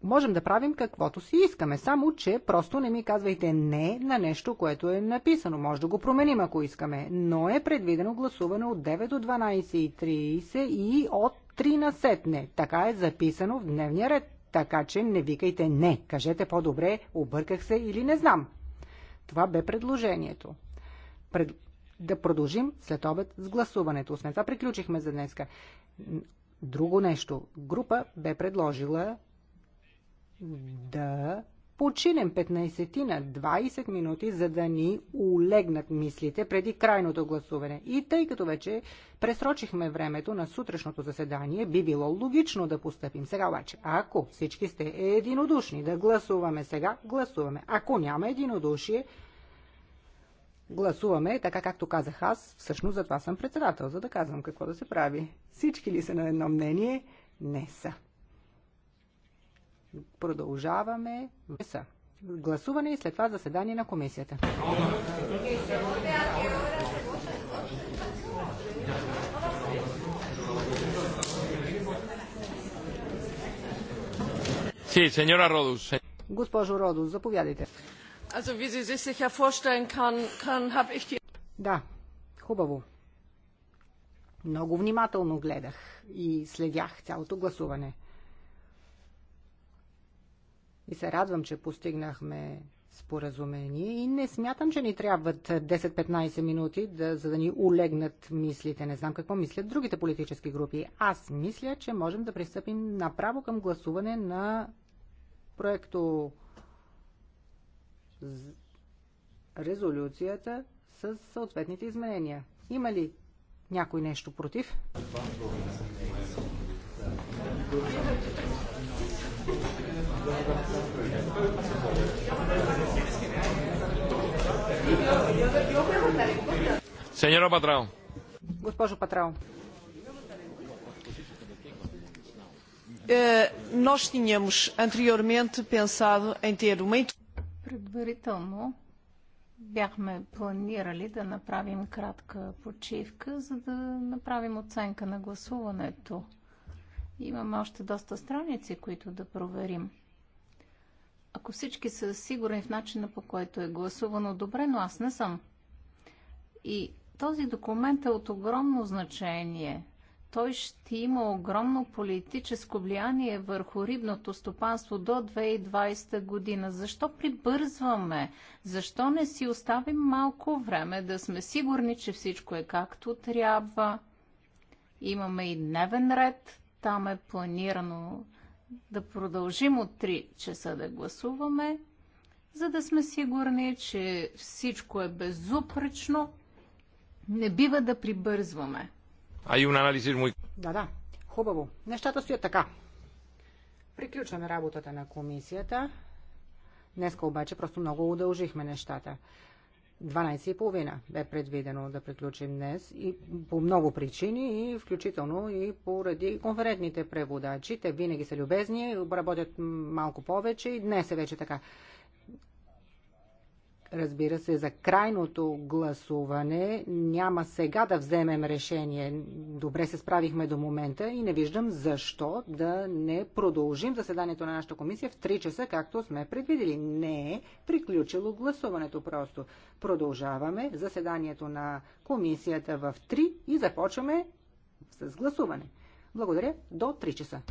можем да правим каквото си искаме, само че просто не ми казвайте не на нещо, което е написано. Може да го променим, ако искаме, но е предвидено гласуване от 9 до 12.30 и от 3 на сетне. Така е записано в дневния ред. Така че не викайте не. Кажете по-добре, обърках се или не знам. Това бе предложението. Пред... Да продължим след обед с гласуването. С това приключихме за днеска. Друго нещо. Група бе предложила да починем 15 на 20 минути, за да ни улегнат мислите преди крайното гласуване. И тъй като вече пресрочихме времето на сутрешното заседание, би било логично да постъпим сега обаче. Ако всички сте единодушни да гласуваме сега, гласуваме. Ако няма единодушие, гласуваме, така както казах аз, всъщност за това съм председател, за да казвам какво да се прави. Всички ли са на едно мнение? Не са. Продължаваме. Са. Гласуване и след това заседание на комисията. Sí, señora Rodus. Госпожо Родус, заповядайте. Also, wie Sie sich sicher vorstellen kann, kann, habe ich die... Да, хубаво. Много внимателно гледах и следях цялото гласуване и се радвам, че постигнахме споразумение и не смятам, че ни трябват 10-15 минути, да, за да ни улегнат мислите. Не знам какво мислят другите политически групи. Аз мисля, че можем да пристъпим направо към гласуване на проекто резолюцията с съответните изменения. Има ли някой нещо против? Señora Patrao. Госпожо Патрао. Nós е, tínhamos anteriormente pensado em ter uma Предварително бяхме планирали да направим кратка почивка, за да направим оценка на гласуването. Имаме още доста страници, които да проверим. Ако всички са сигурни в начина по който е гласувано, добре, но аз не съм. И този документ е от огромно значение. Той ще има огромно политическо влияние върху рибното стопанство до 2020 година. Защо прибързваме? Защо не си оставим малко време да сме сигурни, че всичко е както трябва? Имаме и дневен ред. Там е планирано да продължим от 3 часа да гласуваме, за да сме сигурни, че всичко е безупречно. Не бива да прибързваме. А и анализир му. Да, да. Хубаво. Нещата стоят така. Приключваме работата на комисията. Днеска обаче просто много удължихме нещата. 12.30 бе предвидено да приключим днес и по много причини, и включително и поради конферентните преводачи. Те винаги са любезни, работят малко повече и днес е вече така разбира се, за крайното гласуване. Няма сега да вземем решение. Добре се справихме до момента и не виждам защо да не продължим заседанието на нашата комисия в 3 часа, както сме предвидели. Не е приключило гласуването просто. Продължаваме заседанието на комисията в 3 и започваме с гласуване. Благодаря. До 3 часа.